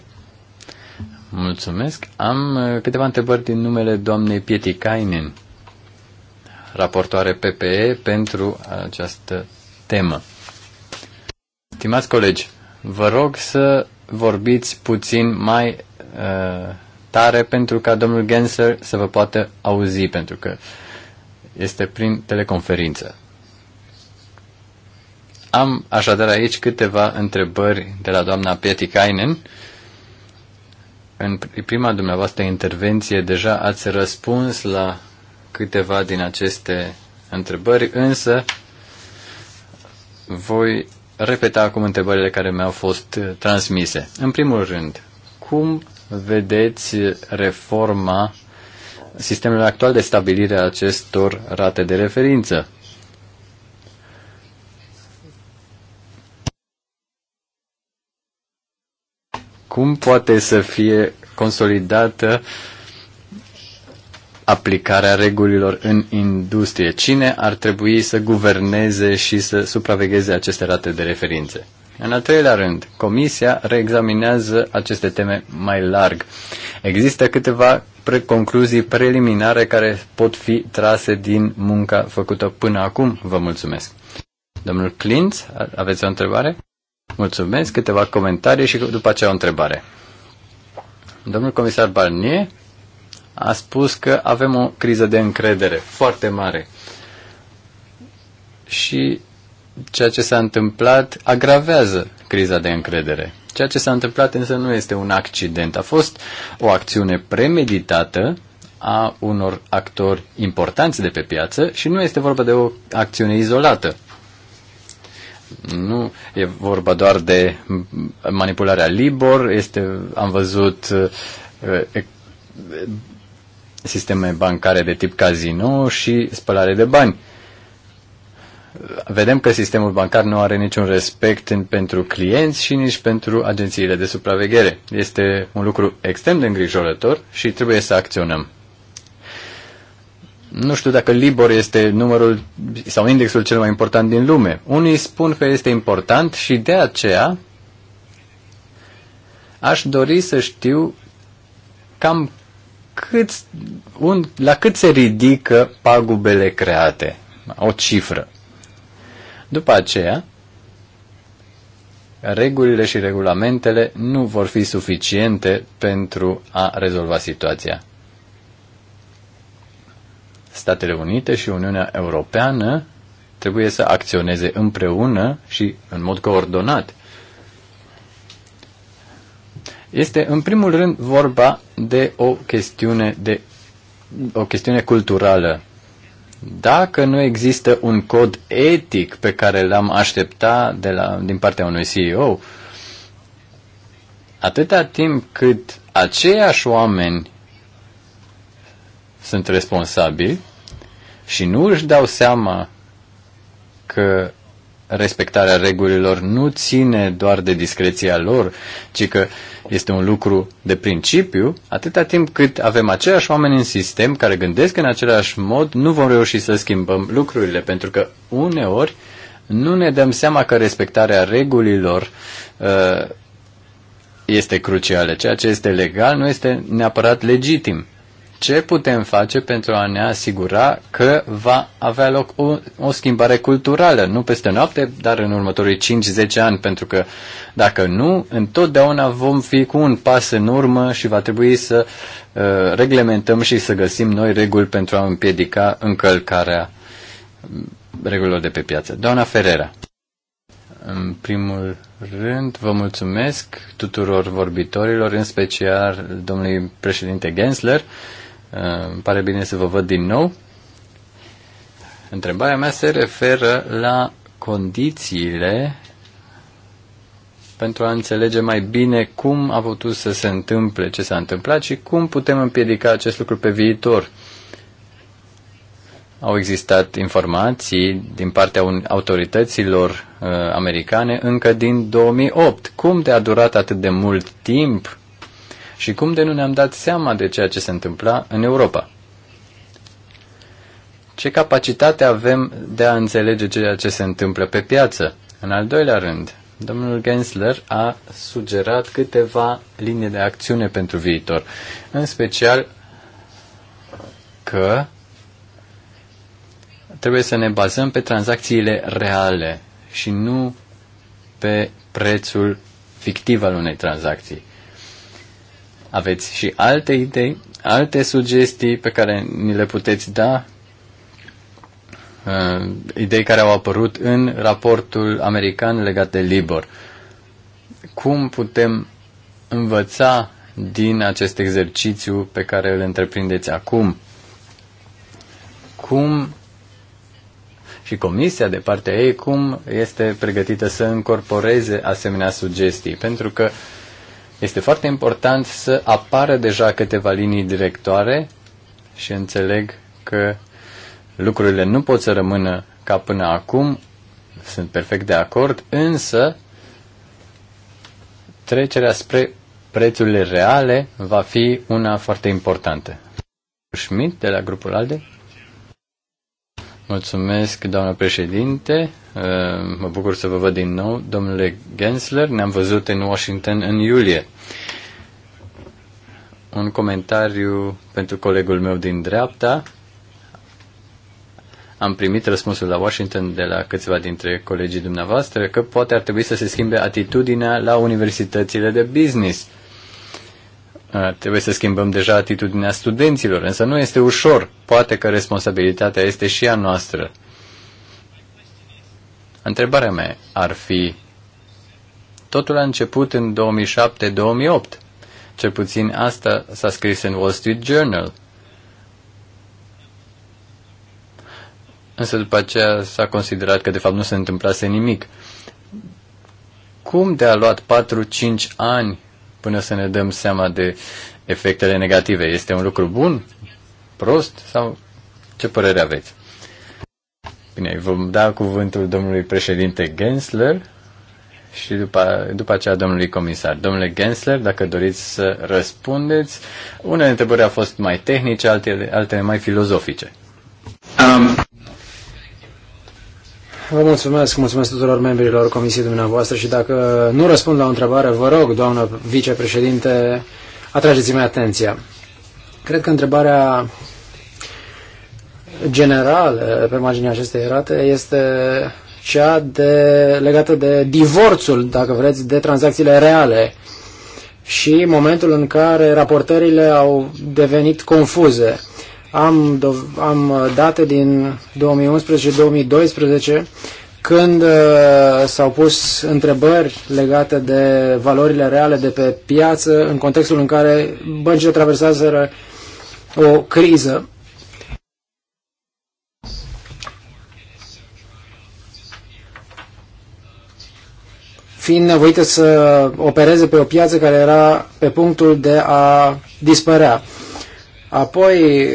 Mulțumesc. Am uh, câteva întrebări din numele doamnei Pietikainen, raportoare PPE pentru această temă. Stimați colegi, vă rog să vorbiți puțin mai uh, tare pentru ca domnul Genser să vă poată auzi, pentru că este prin teleconferință. Am așadar aici câteva întrebări de la doamna Kainen. În prima dumneavoastră intervenție deja ați răspuns la câteva din aceste întrebări, însă voi repeta acum întrebările care mi-au fost transmise. În primul rând, cum vedeți reforma sistemului actual de stabilire a acestor rate de referință? Cum poate să fie consolidată aplicarea regulilor în industrie? Cine ar trebui să guverneze și să supravegheze aceste rate de referințe? În al treilea rând, Comisia reexaminează aceste teme mai larg. Există câteva pre- concluzii preliminare care pot fi trase din munca făcută până acum. Vă mulțumesc. Domnul Clint, aveți o întrebare? Mulțumesc, câteva comentarii și după aceea o întrebare. Domnul comisar Barnier a spus că avem o criză de încredere foarte mare. Și ceea ce s-a întâmplat agravează criza de încredere. Ceea ce s-a întâmplat însă nu este un accident, a fost o acțiune premeditată a unor actori importanți de pe piață și nu este vorba de o acțiune izolată. Nu e vorba doar de manipularea Libor, este, am văzut eh, eh, sisteme bancare de tip casino și spălare de bani vedem că sistemul bancar nu are niciun respect în, pentru clienți și nici pentru agențiile de supraveghere. Este un lucru extrem de îngrijorător și trebuie să acționăm. Nu știu dacă Libor este numărul sau indexul cel mai important din lume. Unii spun că este important și de aceea aș dori să știu cam cât, un, la cât se ridică pagubele create. O cifră. După aceea, regulile și regulamentele nu vor fi suficiente pentru a rezolva situația. Statele Unite și Uniunea Europeană trebuie să acționeze împreună și în mod coordonat. Este în primul rând vorba de o chestiune de o chestiune culturală. Dacă nu există un cod etic pe care l-am aștepta de la, din partea unui CEO, atâta timp cât aceiași oameni sunt responsabili și nu își dau seama că respectarea regulilor nu ține doar de discreția lor, ci că este un lucru de principiu, atâta timp cât avem aceiași oameni în sistem care gândesc în același mod, nu vom reuși să schimbăm lucrurile, pentru că uneori nu ne dăm seama că respectarea regulilor uh, este crucială. Ceea ce este legal nu este neapărat legitim ce putem face pentru a ne asigura că va avea loc o, o schimbare culturală, nu peste noapte, dar în următorii 5-10 ani, pentru că dacă nu, întotdeauna vom fi cu un pas în urmă și va trebui să uh, reglementăm și să găsim noi reguli pentru a împiedica încălcarea regulilor de pe piață. Doamna Ferrera, în primul rând, vă mulțumesc tuturor vorbitorilor, în special domnului președinte Gensler. Uh, îmi pare bine să vă văd din nou. Întrebarea mea se referă la condițiile pentru a înțelege mai bine cum a putut să se întâmple ce s-a întâmplat și cum putem împiedica acest lucru pe viitor. Au existat informații din partea autorităților uh, americane încă din 2008. Cum de a durat atât de mult timp și cum de nu ne-am dat seama de ceea ce se întâmpla în Europa? Ce capacitate avem de a înțelege ceea ce se întâmplă pe piață? În al doilea rând, domnul Gensler a sugerat câteva linii de acțiune pentru viitor, în special că trebuie să ne bazăm pe tranzacțiile reale și nu pe prețul fictiv al unei tranzacții aveți și alte idei, alte sugestii pe care ni le puteți da, uh, idei care au apărut în raportul american legat de Libor. Cum putem învăța din acest exercițiu pe care îl întreprindeți acum? Cum și comisia de partea ei, cum este pregătită să încorporeze asemenea sugestii? Pentru că uh, este foarte important să apară deja câteva linii directoare și înțeleg că lucrurile nu pot să rămână ca până acum, sunt perfect de acord, însă trecerea spre prețurile reale va fi una foarte importantă. Schmidt de la grupul ALDE. Mulțumesc, doamnă președinte. Mă bucur să vă văd din nou, domnule Gensler. Ne-am văzut în Washington în iulie. Un comentariu pentru colegul meu din dreapta. Am primit răspunsul la Washington de la câțiva dintre colegii dumneavoastră că poate ar trebui să se schimbe atitudinea la universitățile de business. Trebuie să schimbăm deja atitudinea studenților, însă nu este ușor. Poate că responsabilitatea este și a noastră Întrebarea mea ar fi, totul a început în 2007-2008. Cel puțin asta s-a scris în Wall Street Journal. Însă după aceea s-a considerat că de fapt nu se întâmplase nimic. Cum de-a luat 4-5 ani până să ne dăm seama de efectele negative? Este un lucru bun, prost sau ce părere aveți? Bine, vom da cuvântul domnului președinte Gensler și după, după aceea domnului comisar. Domnule Gensler, dacă doriți să răspundeți, unele întrebări au fost mai tehnice, altele, altele mai filozofice. Um. Vă mulțumesc, mulțumesc tuturor membrilor comisiei dumneavoastră și dacă nu răspund la o întrebare, vă rog, doamnă vicepreședinte, atrageți-mi atenția. Cred că întrebarea generală pe marginea acestei rate este cea de, legată de divorțul, dacă vreți, de tranzacțiile reale și momentul în care raportările au devenit confuze. Am, am date din 2011-2012 când uh, s-au pus întrebări legate de valorile reale de pe piață în contextul în care băncile traversaseră o criză fiind nevoite să opereze pe o piață care era pe punctul de a dispărea. Apoi,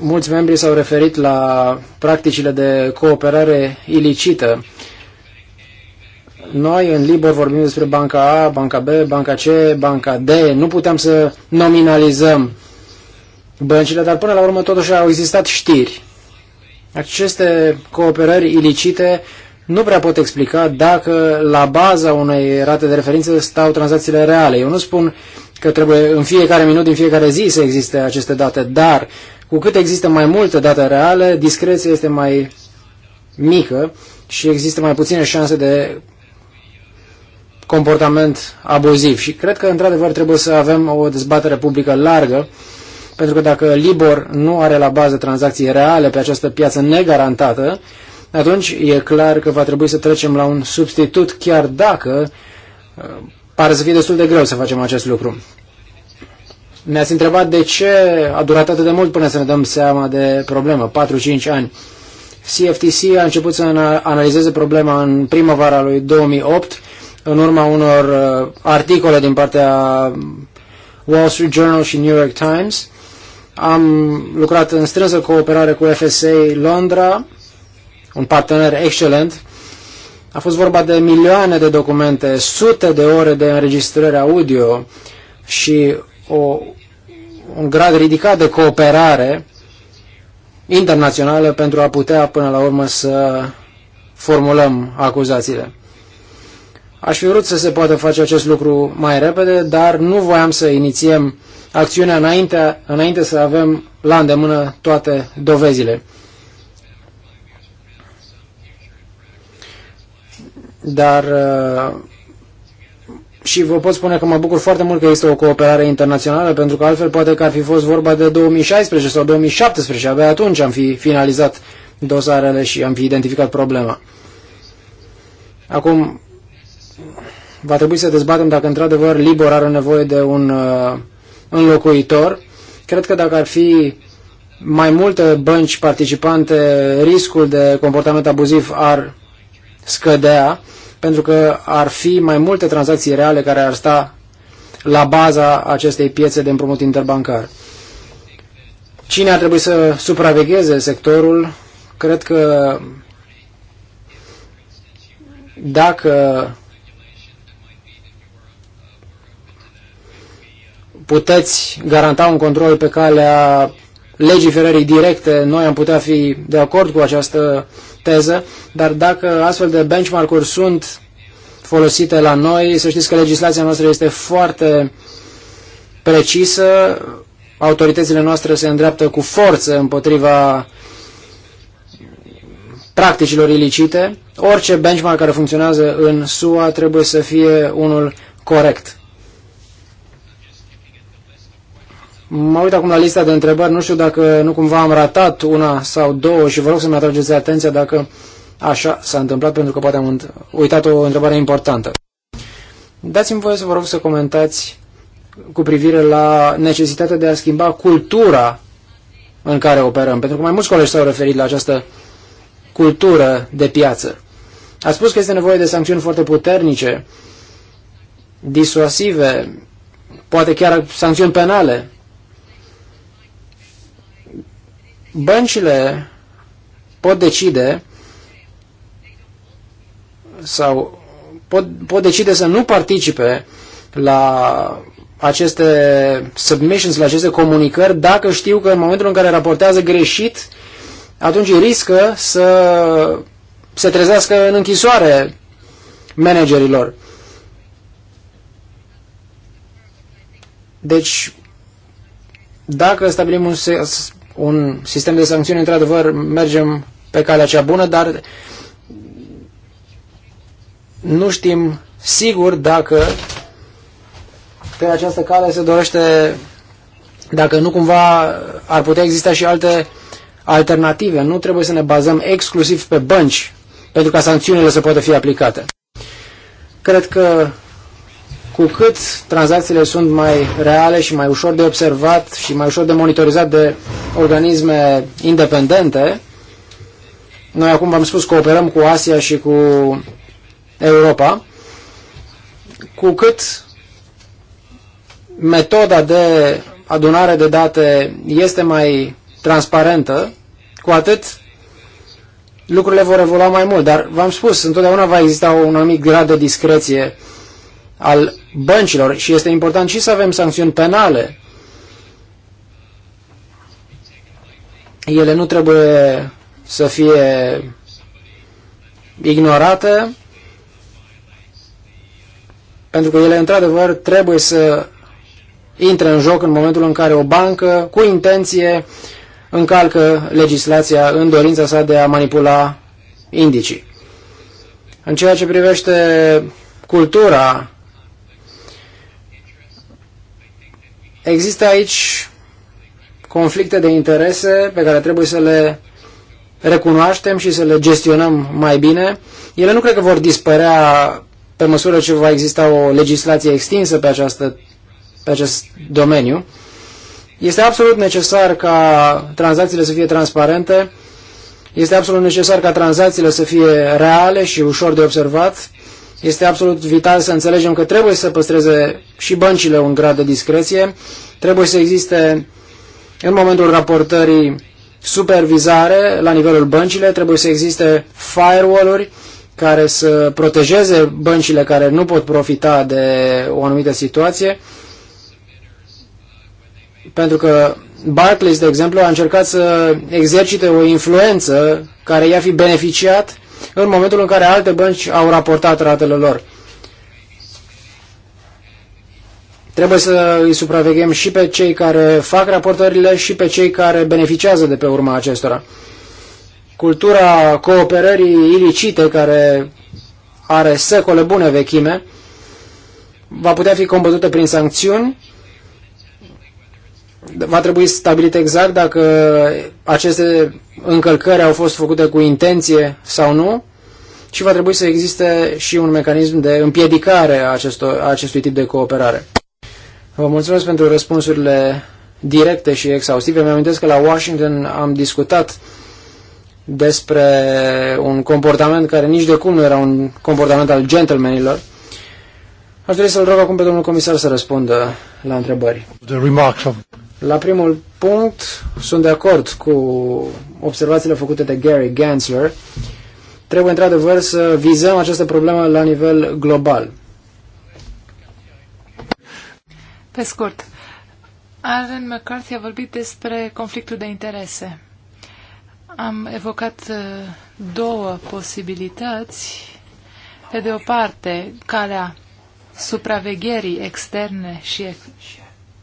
mulți membri s-au referit la practicile de cooperare ilicită. Noi în Libor vorbim despre banca A, banca B, banca C, banca D. Nu putem să nominalizăm băncile, dar până la urmă totuși au existat știri. Aceste cooperări ilicite nu prea pot explica dacă la baza unei rate de referință stau tranzacțiile reale. Eu nu spun că trebuie în fiecare minut, în fiecare zi să existe aceste date, dar cu cât există mai multe date reale, discreția este mai mică și există mai puține șanse de comportament abuziv. Și cred că, într-adevăr, trebuie să avem o dezbatere publică largă, pentru că dacă Libor nu are la bază tranzacții reale pe această piață negarantată, atunci e clar că va trebui să trecem la un substitut, chiar dacă uh, pare să fie destul de greu să facem acest lucru. Ne-ați întrebat de ce a durat atât de mult până să ne dăm seama de problemă, 4-5 ani. CFTC a început să analizeze problema în primăvara lui 2008, în urma unor uh, articole din partea Wall Street Journal și New York Times. Am lucrat în strânsă cooperare cu FSA Londra, un partener excelent. A fost vorba de milioane de documente, sute de ore de înregistrări audio și o, un grad ridicat de cooperare internațională pentru a putea până la urmă să formulăm acuzațiile. Aș fi vrut să se poată face acest lucru mai repede, dar nu voiam să inițiem acțiunea înainte, înainte să avem la îndemână toate dovezile. dar uh, și vă pot spune că mă bucur foarte mult că este o cooperare internațională, pentru că altfel poate că ar fi fost vorba de 2016 sau 2017, abia atunci am fi finalizat dosarele și am fi identificat problema. Acum, va trebui să dezbatem dacă într-adevăr Libor are nevoie de un uh, înlocuitor. Cred că dacă ar fi mai multe bănci participante, riscul de comportament abuziv ar scădea pentru că ar fi mai multe tranzacții reale care ar sta la baza acestei piețe de împrumut interbancar. Cine ar trebui să supravegheze sectorul? Cred că dacă puteți garanta un control pe calea legiferării directe, noi am putea fi de acord cu această teză, dar dacă astfel de benchmark-uri sunt folosite la noi, să știți că legislația noastră este foarte precisă, autoritățile noastre se îndreaptă cu forță împotriva practicilor ilicite. Orice benchmark care funcționează în SUA trebuie să fie unul corect. Mă uit acum la lista de întrebări, nu știu dacă nu cumva am ratat una sau două și vă rog să-mi atrageți atenția dacă așa s-a întâmplat, pentru că poate am uitat o întrebare importantă. Dați-mi voie să vă rog să comentați cu privire la necesitatea de a schimba cultura în care operăm, pentru că mai mulți colegi s-au referit la această cultură de piață. A spus că este nevoie de sancțiuni foarte puternice, disuasive, poate chiar sancțiuni penale Băncile pot decide sau pot, pot decide să nu participe la aceste submissions, la aceste comunicări, dacă știu că în momentul în care raportează greșit, atunci riscă să se trezească în închisoare managerilor. Deci, dacă stabilim un un sistem de sancțiuni, într-adevăr, mergem pe calea cea bună, dar nu știm sigur dacă pe această cale se dorește, dacă nu cumva ar putea exista și alte alternative. Nu trebuie să ne bazăm exclusiv pe bănci pentru ca sancțiunile să poată fi aplicate. Cred că cu cât tranzacțiile sunt mai reale și mai ușor de observat și mai ușor de monitorizat de organisme independente, noi acum v-am spus cooperăm cu Asia și cu Europa, cu cât metoda de adunare de date este mai transparentă, cu atât lucrurile vor evolua mai mult. Dar v-am spus, întotdeauna va exista un anumit grad de discreție al băncilor și este important și să avem sancțiuni penale. Ele nu trebuie să fie ignorate pentru că ele într-adevăr trebuie să intre în joc în momentul în care o bancă cu intenție încalcă legislația în dorința sa de a manipula indicii. În ceea ce privește cultura Există aici conflicte de interese pe care trebuie să le recunoaștem și să le gestionăm mai bine. Ele nu cred că vor dispărea pe măsură ce va exista o legislație extinsă pe, această, pe acest domeniu. Este absolut necesar ca tranzacțiile să fie transparente, este absolut necesar ca tranzacțiile să fie reale și ușor de observat, este absolut vital să înțelegem că trebuie să păstreze și băncile un grad de discreție, trebuie să existe în momentul raportării supervizare la nivelul băncile, trebuie să existe firewall-uri care să protejeze băncile care nu pot profita de o anumită situație, pentru că Barclays, de exemplu, a încercat să exercite o influență care i-a fi beneficiat în momentul în care alte bănci au raportat ratele lor. Trebuie să îi supraveghem și pe cei care fac raportările și pe cei care beneficiază de pe urma acestora. Cultura cooperării ilicite, care are secole bune vechime, va putea fi combătută prin sancțiuni va trebui stabilit exact dacă aceste încălcări au fost făcute cu intenție sau nu și va trebui să existe și un mecanism de împiedicare a, acestor, a acestui tip de cooperare. Vă mulțumesc pentru răspunsurile directe și exhaustive. Mi-am că la Washington am discutat despre un comportament care nici de cum nu era un comportament al gentlemanilor. Aș dori să-l rog acum pe domnul comisar să răspundă la întrebări. La primul punct, sunt de acord cu observațiile făcute de Gary Gensler. Trebuie într-adevăr să vizăm această problemă la nivel global. Pe scurt, Alan McCarthy a vorbit despre conflictul de interese. Am evocat uh, două posibilități. Pe de o parte, calea supravegherii externe și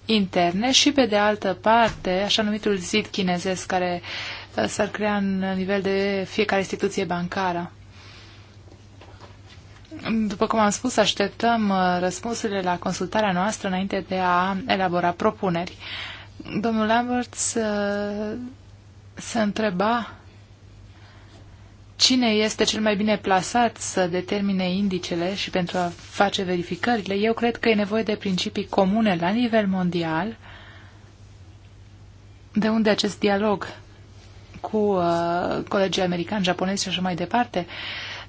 interne și, pe de altă parte, așa numitul zid chinezesc care uh, s-ar crea în nivel de fiecare instituție bancară. După cum am spus, așteptăm uh, răspunsurile la consultarea noastră înainte de a elabora propuneri. Domnul Lamberts uh, se întreba cine este cel mai bine plasat să determine indicele și pentru a face verificările, eu cred că e nevoie de principii comune la nivel mondial, de unde acest dialog cu uh, colegii americani, japonezi și așa mai departe,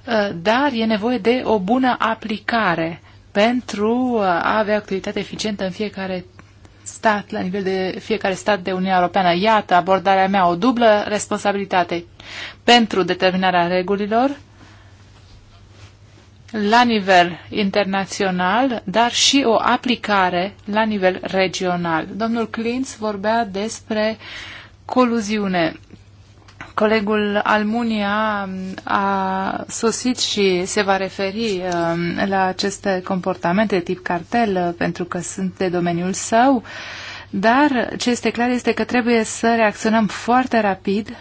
uh, dar e nevoie de o bună aplicare pentru uh, a avea activitate eficientă în fiecare stat, la nivel de fiecare stat de Uniunea Europeană. Iată abordarea mea, o dublă responsabilitate pentru determinarea regulilor la nivel internațional, dar și o aplicare la nivel regional. Domnul Clintz vorbea despre coluziune Colegul Almunia a sosit și se va referi um, la aceste comportamente tip cartel uh, pentru că sunt de domeniul său, dar ce este clar este că trebuie să reacționăm foarte rapid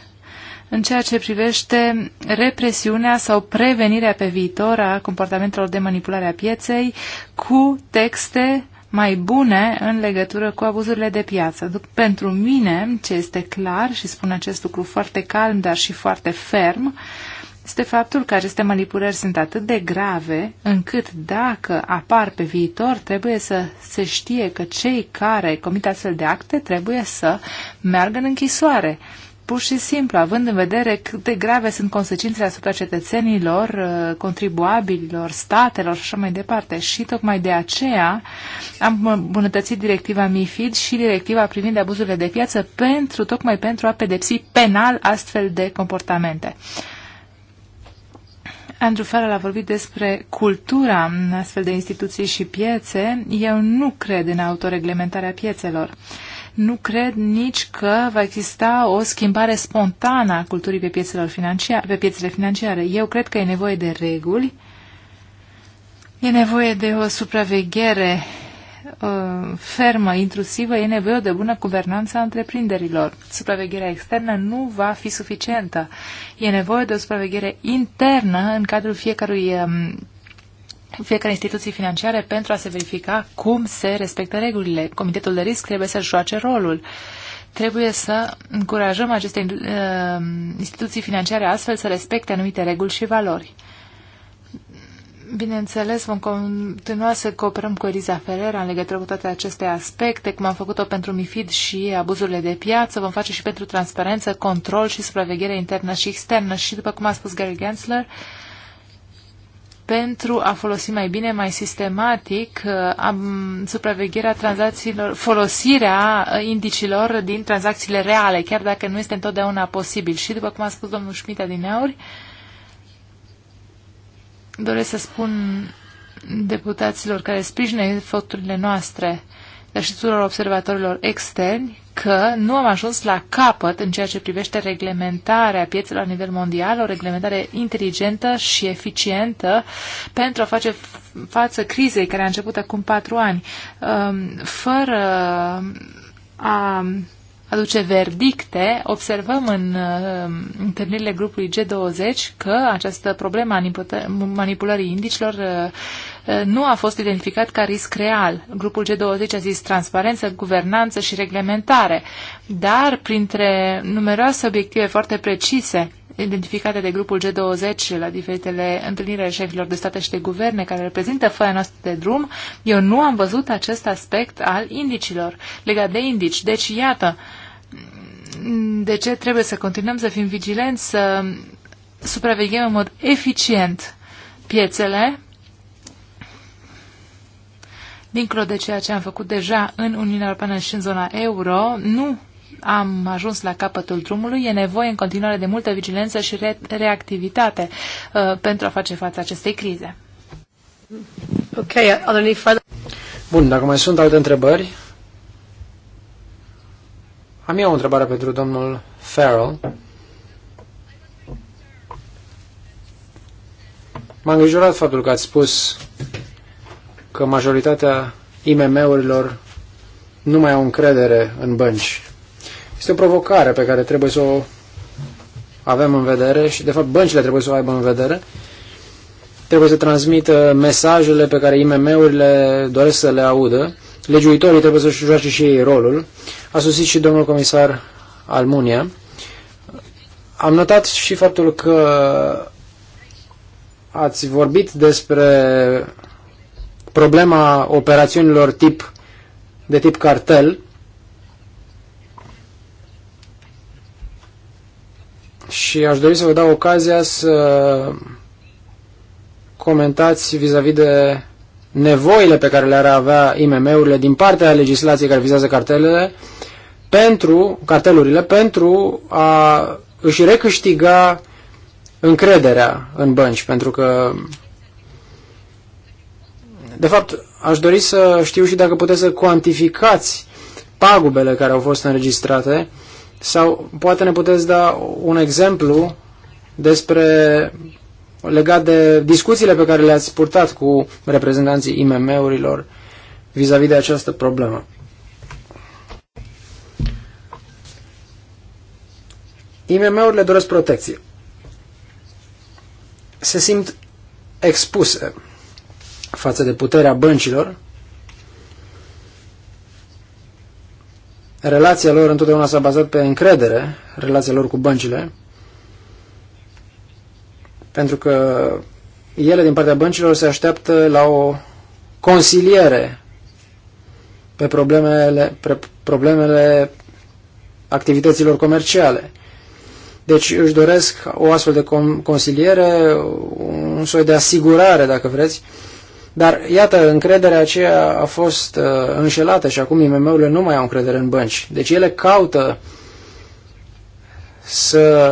în ceea ce privește represiunea sau prevenirea pe viitor a comportamentelor de manipulare a pieței cu texte mai bune în legătură cu abuzurile de piață. Pentru mine, ce este clar și spun acest lucru foarte calm, dar și foarte ferm, este faptul că aceste manipulări sunt atât de grave, încât dacă apar pe viitor, trebuie să se știe că cei care comit astfel de acte trebuie să meargă în închisoare pur și simplu, având în vedere cât de grave sunt consecințele asupra cetățenilor, uh, contribuabililor, statelor și așa mai departe. Și tocmai de aceea am îmbunătățit directiva MIFID și directiva privind abuzurile de piață pentru, tocmai pentru a pedepsi penal astfel de comportamente. Andrew Farrell a vorbit despre cultura în astfel de instituții și piețe. Eu nu cred în autoreglementarea piețelor. Uh, nu cred nici că va exista o schimbare spontană a culturii pe, piețele, financiare, pe piețele financiare. Eu cred că e nevoie de reguli, e nevoie de o supraveghere uh, fermă, intrusivă, e nevoie de bună guvernanță a întreprinderilor. Supravegherea externă nu va fi suficientă. E nevoie de o supraveghere internă în cadrul fiecărui um, fiecare instituție financiare pentru a se verifica cum se respectă regulile. Comitetul de risc trebuie să joace rolul. Trebuie să încurajăm aceste uh, instituții financiare astfel să respecte anumite reguli și valori. Bineînțeles, vom continua să cooperăm cu Eliza Ferrer în legătură cu toate aceste aspecte, cum am făcut-o pentru MIFID și abuzurile de piață, vom face și pentru transparență, control și supraveghere internă și externă și, după cum a spus Gary Gensler, uh, pentru a folosi mai bine, mai sistematic uh, supravegherea tranzacțiilor, folosirea uh, indicilor din tranzacțiile reale, chiar dacă nu este întotdeauna posibil. Și după cum a spus domnul Schmidt adineauri, doresc să spun deputaților care sprijină eforturile noastre, dar și tuturor observatorilor externi, că nu am ajuns la capăt în ceea ce privește reglementarea piețelor la nivel mondial, o reglementare inteligentă și eficientă pentru a face față crizei care a început acum patru ani, um, fără a aduce verdicte, observăm în um, întâlnirile grupului G20 că această problemă a manipulării indicilor uh, nu a fost identificat ca risc real. Grupul G20 a zis transparență, guvernanță și reglementare, dar printre numeroase obiective foarte precise identificate de grupul G20 la diferitele întâlniri ale șefilor de state și de guverne care reprezintă foaia noastră de drum, eu nu am văzut acest aspect al indicilor, legat de indici. Deci, iată, de ce trebuie să continuăm să fim vigilenți, să supraveghem în mod eficient piețele dincolo de ceea ce am făcut deja în Uniunea Europeană și în zona euro, nu am ajuns la capătul drumului, e nevoie în continuare de multă vigilență și re- reactivitate uh, pentru a face față acestei crize. Okay, Bun, dacă mai sunt alte întrebări, am eu o întrebare pentru domnul Farrell. M-a îngrijorat faptul că ați spus că majoritatea IMM-urilor nu mai au încredere în bănci. Este o provocare pe care trebuie să o avem în vedere și, de fapt, băncile trebuie să o aibă în vedere. Trebuie să transmită mesajele pe care IMM-urile doresc să le audă. Legiuitorii trebuie să-și joace și ei rolul. A susținut și domnul comisar Almunia. Am notat și faptul că ați vorbit despre problema operațiunilor tip, de tip cartel și aș dori să vă dau ocazia să comentați vis-a-vis -vis de nevoile pe care le-ar avea IMM-urile din partea legislației care vizează cartelele pentru, cartelurile pentru a își recâștiga încrederea în bănci, pentru că de fapt, aș dori să știu și dacă puteți să cuantificați pagubele care au fost înregistrate sau poate ne puteți da un exemplu despre legat de discuțiile pe care le-ați purtat cu reprezentanții IMM-urilor vis-a-vis de această problemă. IMM-urile doresc protecție. Se simt expuse față de puterea băncilor, relația lor întotdeauna s-a bazat pe încredere, relația lor cu băncile, pentru că ele din partea băncilor se așteaptă la o consiliere pe problemele, pe problemele activităților comerciale. Deci își doresc o astfel de consiliere, un soi de asigurare, dacă vreți, dar, iată, încrederea aceea a fost uh, înșelată și acum IMM-urile nu mai au încredere în bănci. Deci ele caută să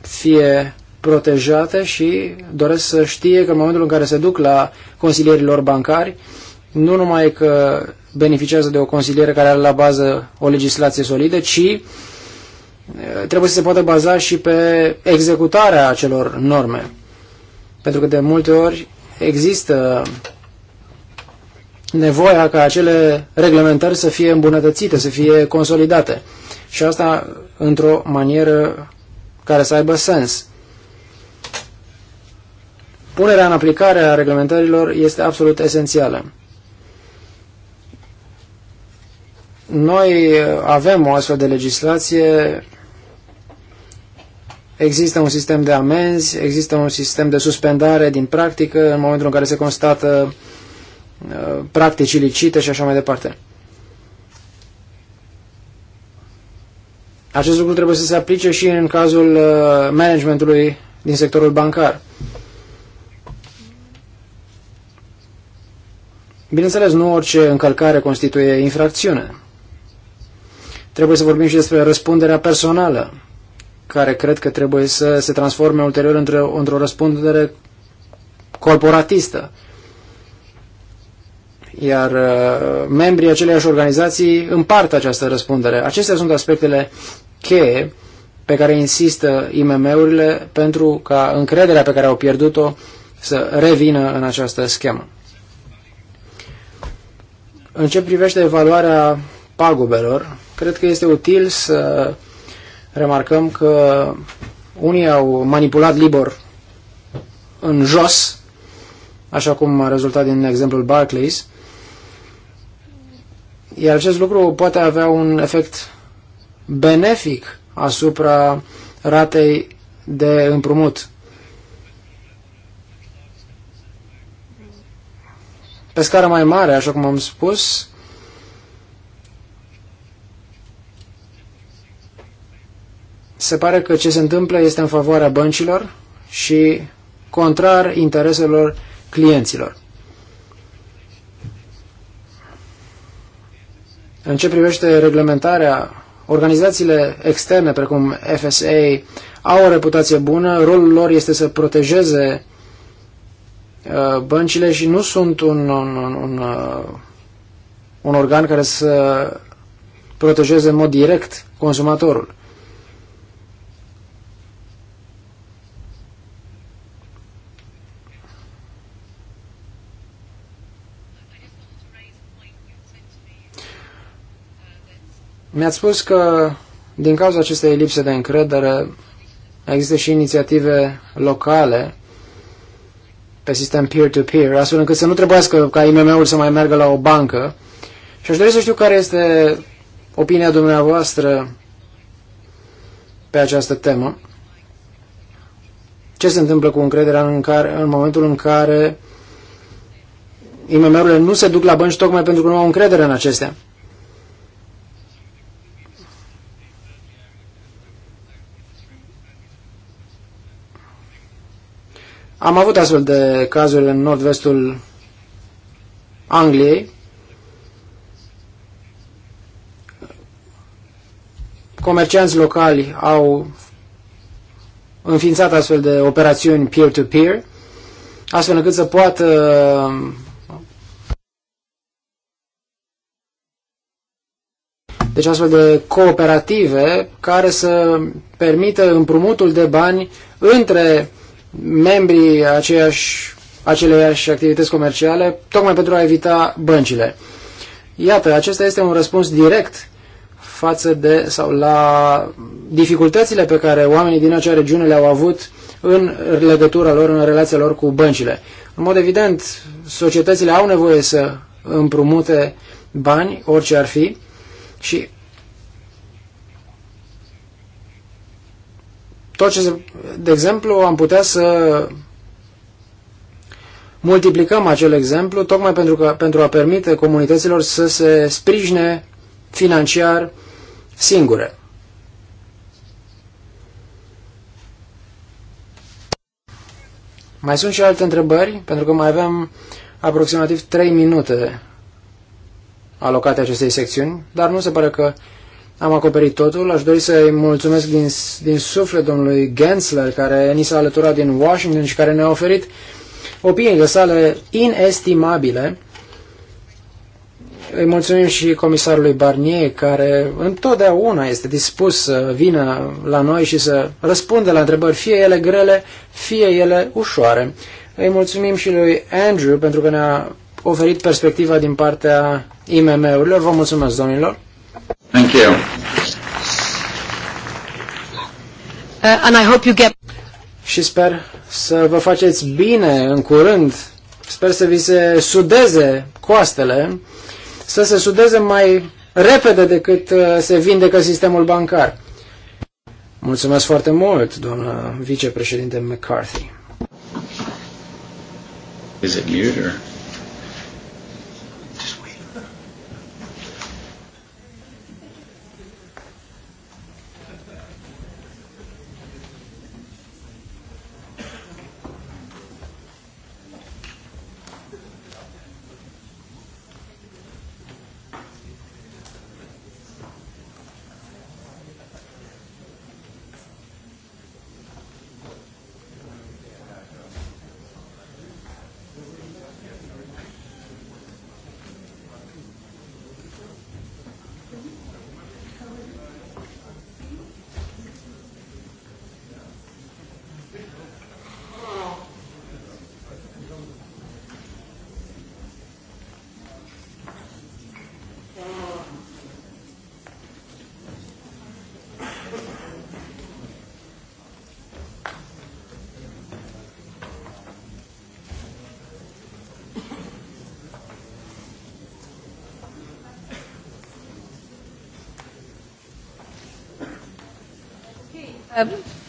fie protejate și doresc să știe că în momentul în care se duc la consilierilor bancari, nu numai că beneficiază de o consiliere care are la bază o legislație solidă, ci uh, trebuie să se poată baza și pe executarea acelor norme. Pentru că de multe ori există nevoia ca acele reglementări să fie îmbunătățite, să fie consolidate. Și asta într-o manieră care să aibă sens. Punerea în aplicare a reglementărilor este absolut esențială. Noi avem o astfel de legislație Există un sistem de amenzi, există un sistem de suspendare din practică în momentul în care se constată uh, practici ilicite și așa mai departe. Acest lucru trebuie să se aplice și în cazul uh, managementului din sectorul bancar. Bineînțeles, nu orice încălcare constituie infracțiune. Trebuie să vorbim și despre răspunderea personală care cred că trebuie să se transforme ulterior într-o, într răspundere corporatistă. Iar uh, membrii aceleiași organizații împart această răspundere. Acestea sunt aspectele cheie pe care insistă IMM-urile pentru ca încrederea pe care au pierdut-o să revină în această schemă. În ce privește evaluarea pagubelor, cred că este util să uh, remarcăm că unii au manipulat Libor în jos, așa cum a rezultat din exemplul Barclays, iar acest lucru poate avea un efect benefic asupra ratei de împrumut. Pe scară mai mare, așa cum am spus, se pare că ce se întâmplă este în favoarea băncilor și contrar intereselor clienților. În ce privește reglementarea, organizațiile externe, precum FSA, au o reputație bună, rolul lor este să protejeze uh, băncile și nu sunt un, un, un, un, uh, un organ care să protejeze în mod direct consumatorul. Mi-ați spus că din cauza acestei lipse de încredere există și inițiative locale pe sistem peer-to-peer, -peer, astfel încât să nu trebuiască ca IMM-ul să mai meargă la o bancă. Și aș dori să știu care este opinia dumneavoastră pe această temă. Ce se întâmplă cu încrederea în, care, în momentul în care IMM-urile nu se duc la bănci tocmai pentru că nu au încredere în acestea? Am avut astfel de cazuri în nord-vestul Angliei. Comercianți locali au înființat astfel de operațiuni peer-to-peer, -peer, astfel încât să poată deci astfel de cooperative care să permită împrumutul de bani între membrii aceiași, aceleiași activități comerciale, tocmai pentru a evita băncile. Iată, acesta este un răspuns direct față de sau la dificultățile pe care oamenii din acea regiune le-au avut în legătura lor, în relația lor cu băncile. În mod evident, societățile au nevoie să împrumute bani, orice ar fi, și Tot ce se, de exemplu, am putea să multiplicăm acel exemplu tocmai pentru, că, pentru a permite comunităților să se sprijine financiar singure. Mai sunt și alte întrebări, pentru că mai avem aproximativ 3 minute alocate acestei secțiuni, dar nu se pare că am acoperit totul. Aș dori să-i mulțumesc din, din suflet domnului Gensler, care ni s-a alăturat din Washington și care ne-a oferit opiniile sale inestimabile. Îi mulțumim și comisarului Barnier, care întotdeauna este dispus să vină la noi și să răspundă la întrebări, fie ele grele, fie ele ușoare. Îi mulțumim și lui Andrew pentru că ne-a oferit perspectiva din partea IMM-urilor. Vă mulțumesc, domnilor! Thank you. Uh, and I hope you get... Și sper să vă faceți bine în curând. Sper să vi se sudeze coastele, să se sudeze mai repede decât uh, se vindecă sistemul bancar. Mulțumesc foarte mult, doamnă vicepreședinte McCarthy. Is it mute or...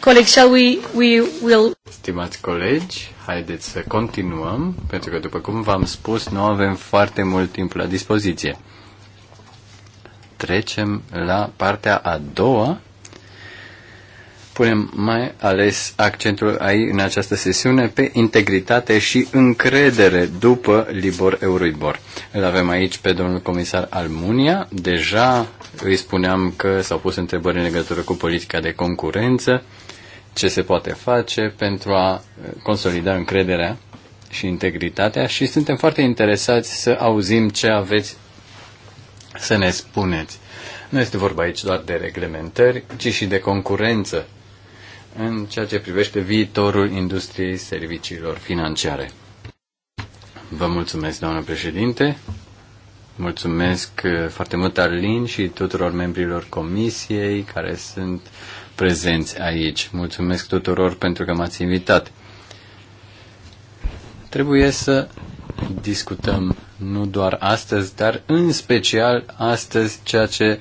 Colegi, shall we, we will... Stimați colegi, haideți să continuăm, pentru că, după cum v-am spus, nu avem foarte mult timp la dispoziție. Trecem la partea a doua. Punem mai ales accentul aici în această sesiune pe integritate și încredere după Libor Euribor. Îl avem aici pe domnul comisar Almunia. Deja îi spuneam că s-au pus întrebări în legătură cu politica de concurență ce se poate face pentru a eh, consolida încrederea și integritatea și suntem foarte interesați să auzim ce aveți să ne spuneți. Nu este vorba aici doar de reglementări, ci și de concurență în ceea ce privește viitorul industriei serviciilor financiare. Vă mulțumesc, doamnă președinte. Mulțumesc eh, foarte mult, Arlin, și tuturor membrilor comisiei care sunt prezenți aici. Mulțumesc tuturor pentru că m-ați invitat. Trebuie să discutăm nu doar astăzi, dar în special astăzi ceea ce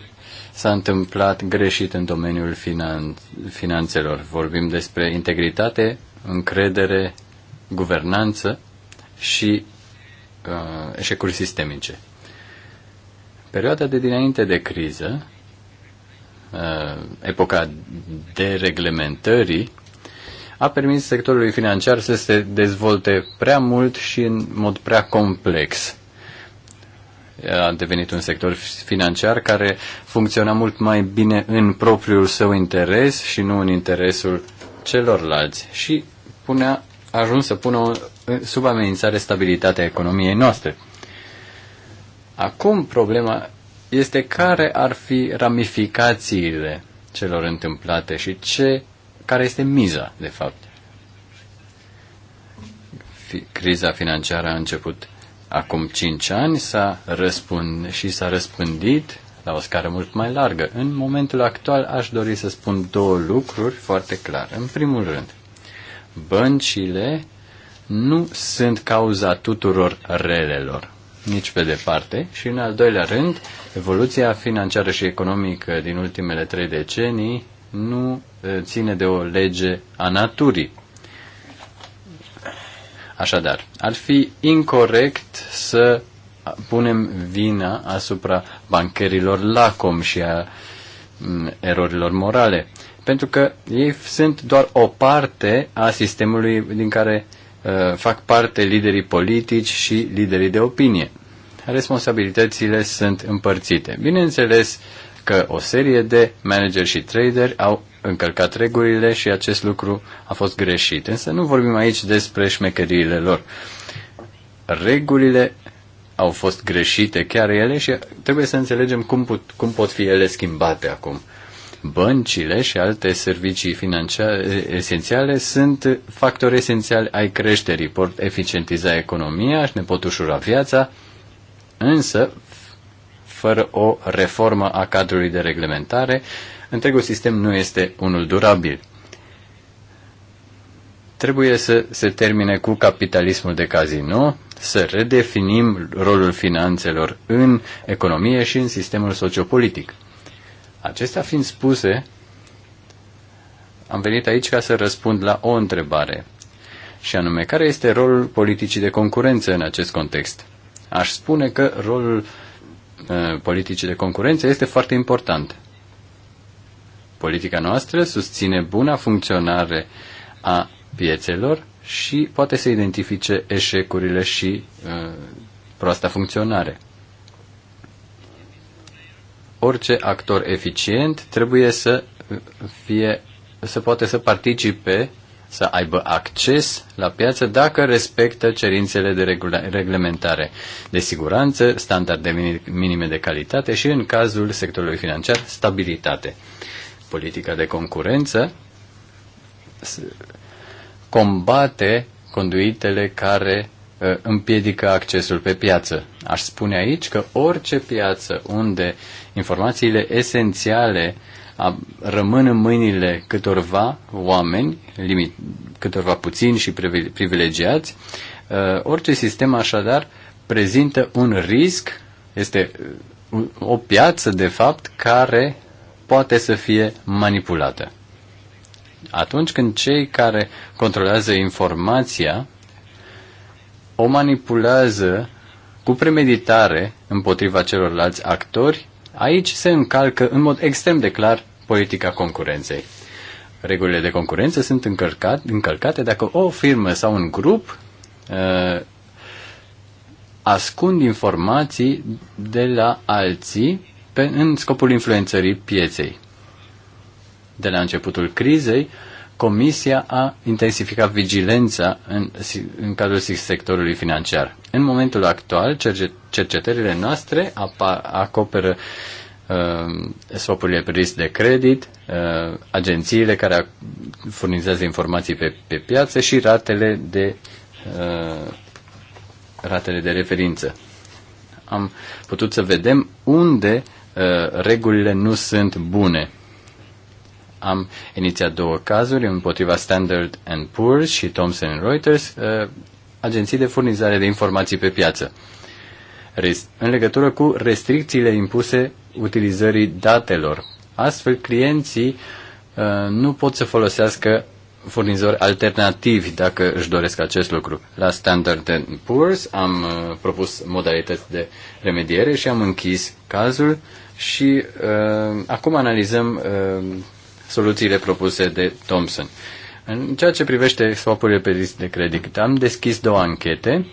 s-a întâmplat greșit în domeniul finan- finanțelor. Vorbim despre integritate, încredere, guvernanță și uh, eșecuri sistemice. Perioada de dinainte de criză Uh, epoca dereglementării, a permis sectorului financiar să se dezvolte prea mult și în mod prea complex. A devenit un sector financiar care funcționa mult mai bine în propriul său interes și nu în interesul celorlalți și punea, a ajuns să pună sub amenințare stabilitatea economiei noastre. Acum problema este care ar fi ramificațiile celor întâmplate și ce, care este miza, de fapt. Criza financiară a început acum 5 ani s-a răspund, și s-a răspândit la o scară mult mai largă. În momentul actual aș dori să spun două lucruri foarte clar. În primul rând, băncile nu sunt cauza tuturor relelor nici pe departe. Și în al doilea rând, evoluția financiară și economică din ultimele trei decenii nu ține de o lege a naturii. Așadar, ar fi incorrect să punem vina asupra bancherilor lacom și a erorilor morale, pentru că ei sunt doar o parte a sistemului din care uh, Uh, fac parte liderii politici și liderii de opinie. Responsabilitățile sunt împărțite. Bineînțeles că o serie de manageri și traderi au încălcat regulile și acest lucru a fost greșit. Însă nu vorbim aici despre șmecheriile lor. Regulile au fost greșite chiar ele și trebuie să înțelegem cum, put, cum pot fi ele schimbate acum. Băncile și alte servicii financiare esențiale sunt factori esențiali ai creșterii, pot eficientiza economia și ne pot ușura viața, însă fără o reformă a cadrului de reglementare, întregul sistem nu este unul durabil. Trebuie să se termine cu capitalismul de casino, să redefinim rolul finanțelor în economie și în sistemul sociopolitic. Acestea fiind spuse, am venit aici ca să răspund la o întrebare, și anume, care este rolul politicii de concurență în acest context? Aș spune că rolul uh, politicii de concurență este foarte important. Politica noastră susține buna funcționare a piețelor și poate să identifice eșecurile și uh, proasta funcționare orice actor eficient trebuie să fie să poate să participe, să aibă acces la piață dacă respectă cerințele de reglementare de siguranță, standarde minime de calitate și, în cazul sectorului financiar, stabilitate. Politica de concurență combate conduitele care ă, împiedică accesul pe piață. Aș spune aici că orice piață unde uh, informațiile esențiale a, rămân în mâinile câtorva oameni, limit, câtorva puțini și privilegiați. Uh, orice sistem așadar prezintă un risc, este uh, o piață de fapt care poate să fie manipulată. Atunci când cei care controlează informația o manipulează cu premeditare împotriva celorlalți actori, Aici se încalcă în mod extrem de clar politica concurenței. Regulile de concurență sunt încălcat, încălcate dacă o firmă sau un grup uh, ascund informații de la alții pe, în scopul influențării pieței. De la începutul crizei, uh, Comisia a intensificat vigilența în, în cadrul sectorului financiar. În momentul actual, cercetările noastre apa, acoperă uh, swapurile pe risc de credit, uh, agențiile care furnizează informații pe, pe piață și ratele de, uh, ratele de referință. Am putut să vedem unde uh, regulile nu sunt bune am inițiat două cazuri împotriva Standard and Poor's și Thomson Reuters, uh, agenții de furnizare de informații pe piață, în legătură cu restricțiile impuse utilizării datelor. Astfel, clienții uh, nu pot să folosească furnizori alternativi dacă își doresc acest lucru. La Standard Poor's am uh, propus modalități de remediere și am închis cazul și uh, acum analizăm uh, soluțiile propuse de Thomson. În ceea ce privește swapurile pe risc de credit, am deschis două anchete,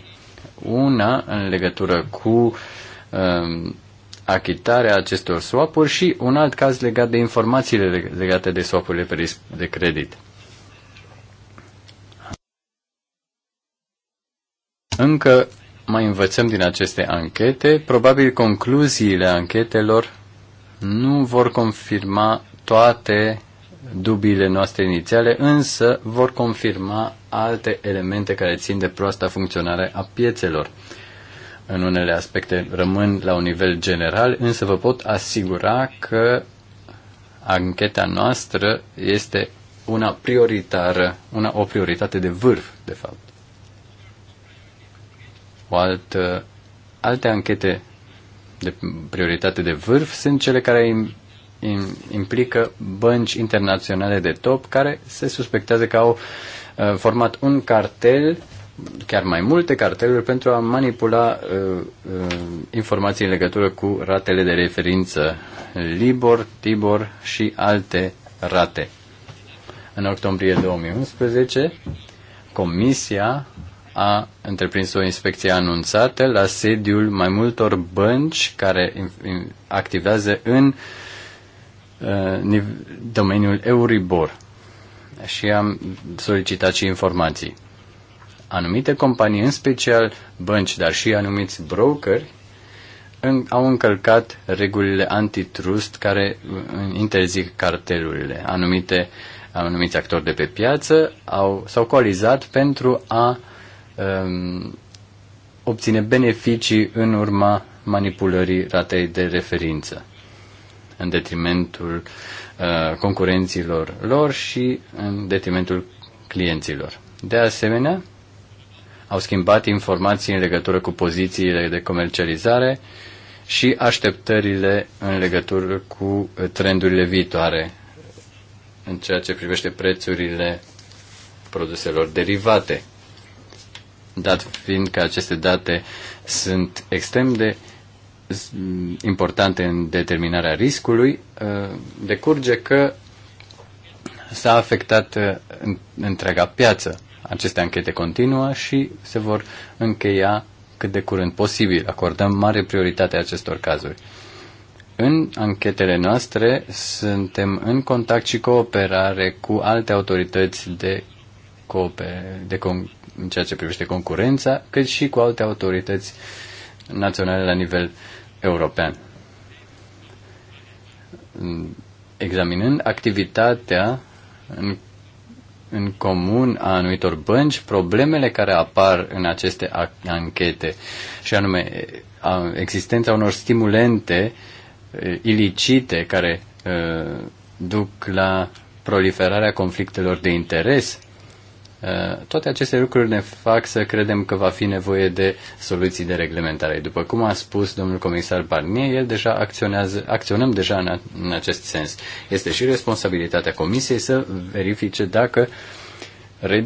una în legătură cu um, achitarea acestor swapuri și un alt caz legat de informațiile legate de swapurile pe risc de credit. Încă mai învățăm din aceste anchete, probabil concluziile anchetelor nu vor confirma toate dubiile noastre inițiale, însă vor confirma alte elemente care țin de proasta funcționare a piețelor. În unele aspecte rămân la un nivel general, însă vă pot asigura că ancheta noastră este una prioritară, una, o prioritate de vârf, de fapt. O altă, alte anchete de prioritate de vârf sunt cele care implică bănci internaționale de top care se suspectează că au uh, format un cartel, chiar mai multe carteluri, pentru a manipula uh, uh, informații în legătură cu ratele de referință Libor, Tibor și alte rate. În octombrie 2011, Comisia a întreprins o inspecție anunțată la sediul mai multor bănci care activează în uh, Uh, domeniul Euribor și am solicitat și informații. Anumite companii, în special bănci, dar și anumiți brokeri, în, au încălcat regulile antitrust care uh, interzic cartelurile. Anumite, anumiți actori de pe piață au, s-au coalizat pentru a um, obține beneficii în urma manipulării ratei de referință în detrimentul uh, concurenților lor și în detrimentul clienților. De asemenea, au schimbat informații în legătură cu pozițiile de comercializare și așteptările în legătură cu trendurile viitoare în ceea ce privește prețurile produselor derivate. Dat fiind că aceste date sunt extrem de importante în determinarea riscului, uh, decurge că s-a afectat uh, întreaga piață. Aceste anchete continuă și se vor încheia cât de curând posibil. Acordăm mare prioritate acestor cazuri. În anchetele noastre suntem în contact și cooperare cu alte autorități de, de con, în ceea ce privește concurența, cât și cu alte autorități naționale la nivel uh, european. Examinând activitatea în, în comun a anumitor bănci, problemele care apar în aceste anchete, și anume existența unor stimulente ilicite care duc la proliferarea conflictelor de interes Eh, toate aceste lucruri ne fac să credem că va fi nevoie de soluții de reglementare. După cum a spus domnul comisar Barnier, el deja acționează, acționăm deja în, acest sens. Este și responsabilitatea comisiei să verifice dacă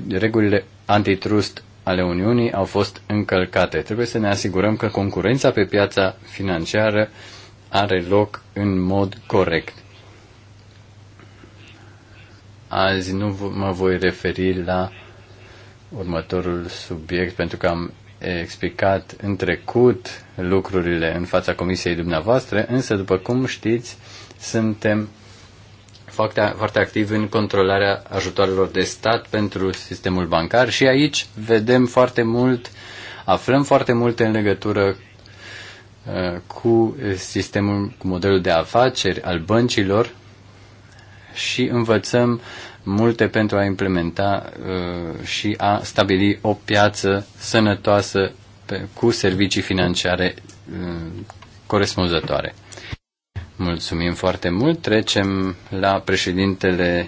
regulile antitrust ale Uniunii au fost încălcate. Trebuie să ne asigurăm că concurența pe piața financiară are loc în mod corect. Azi nu mă voi referi la următorul subiect, pentru că am explicat în trecut lucrurile în fața comisiei dumneavoastră, însă, după cum știți, suntem foarte, foarte activ în controlarea ajutoarelor de stat pentru sistemul bancar și aici vedem foarte mult, aflăm foarte multe în legătură uh, cu sistemul, cu modelul de afaceri al băncilor și învățăm multe pentru a implementa uh, și a stabili o piață sănătoasă pe, cu servicii financiare uh, corespunzătoare. Mulțumim foarte mult. Trecem la președintele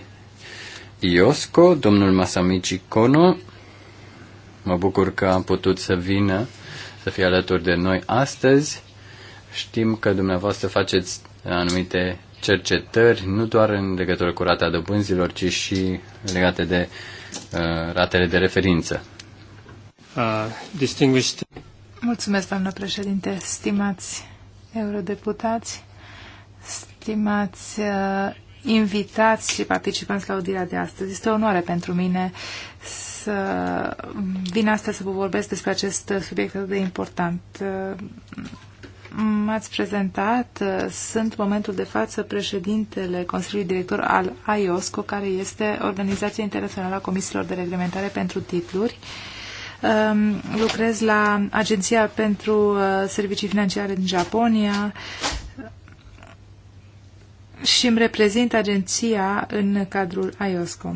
IOSCO, domnul Masamici Kono. Mă bucur că am putut să vină, să fie alături de noi astăzi. Știm că dumneavoastră faceți anumite cercetări, nu doar în legătură cu rata dobânzilor, ci și legate de uh, ratele de referință. Uh, distinguished... Mulțumesc, doamnă președinte, stimați eurodeputați, stimați uh, invitați și participanți la audirea de astăzi. Este o onoare pentru mine să vin astăzi să vă vorbesc despre acest subiect atât de important. Uh, m-ați prezentat. Uh, sunt momentul de față președintele Consiliului Director al IOSCO, care este Organizația Internațională a Comisiilor de Reglementare pentru Titluri. Um, lucrez la Agenția pentru uh, Servicii Financiare din Japonia și îmi reprezint agenția în cadrul IOSCO.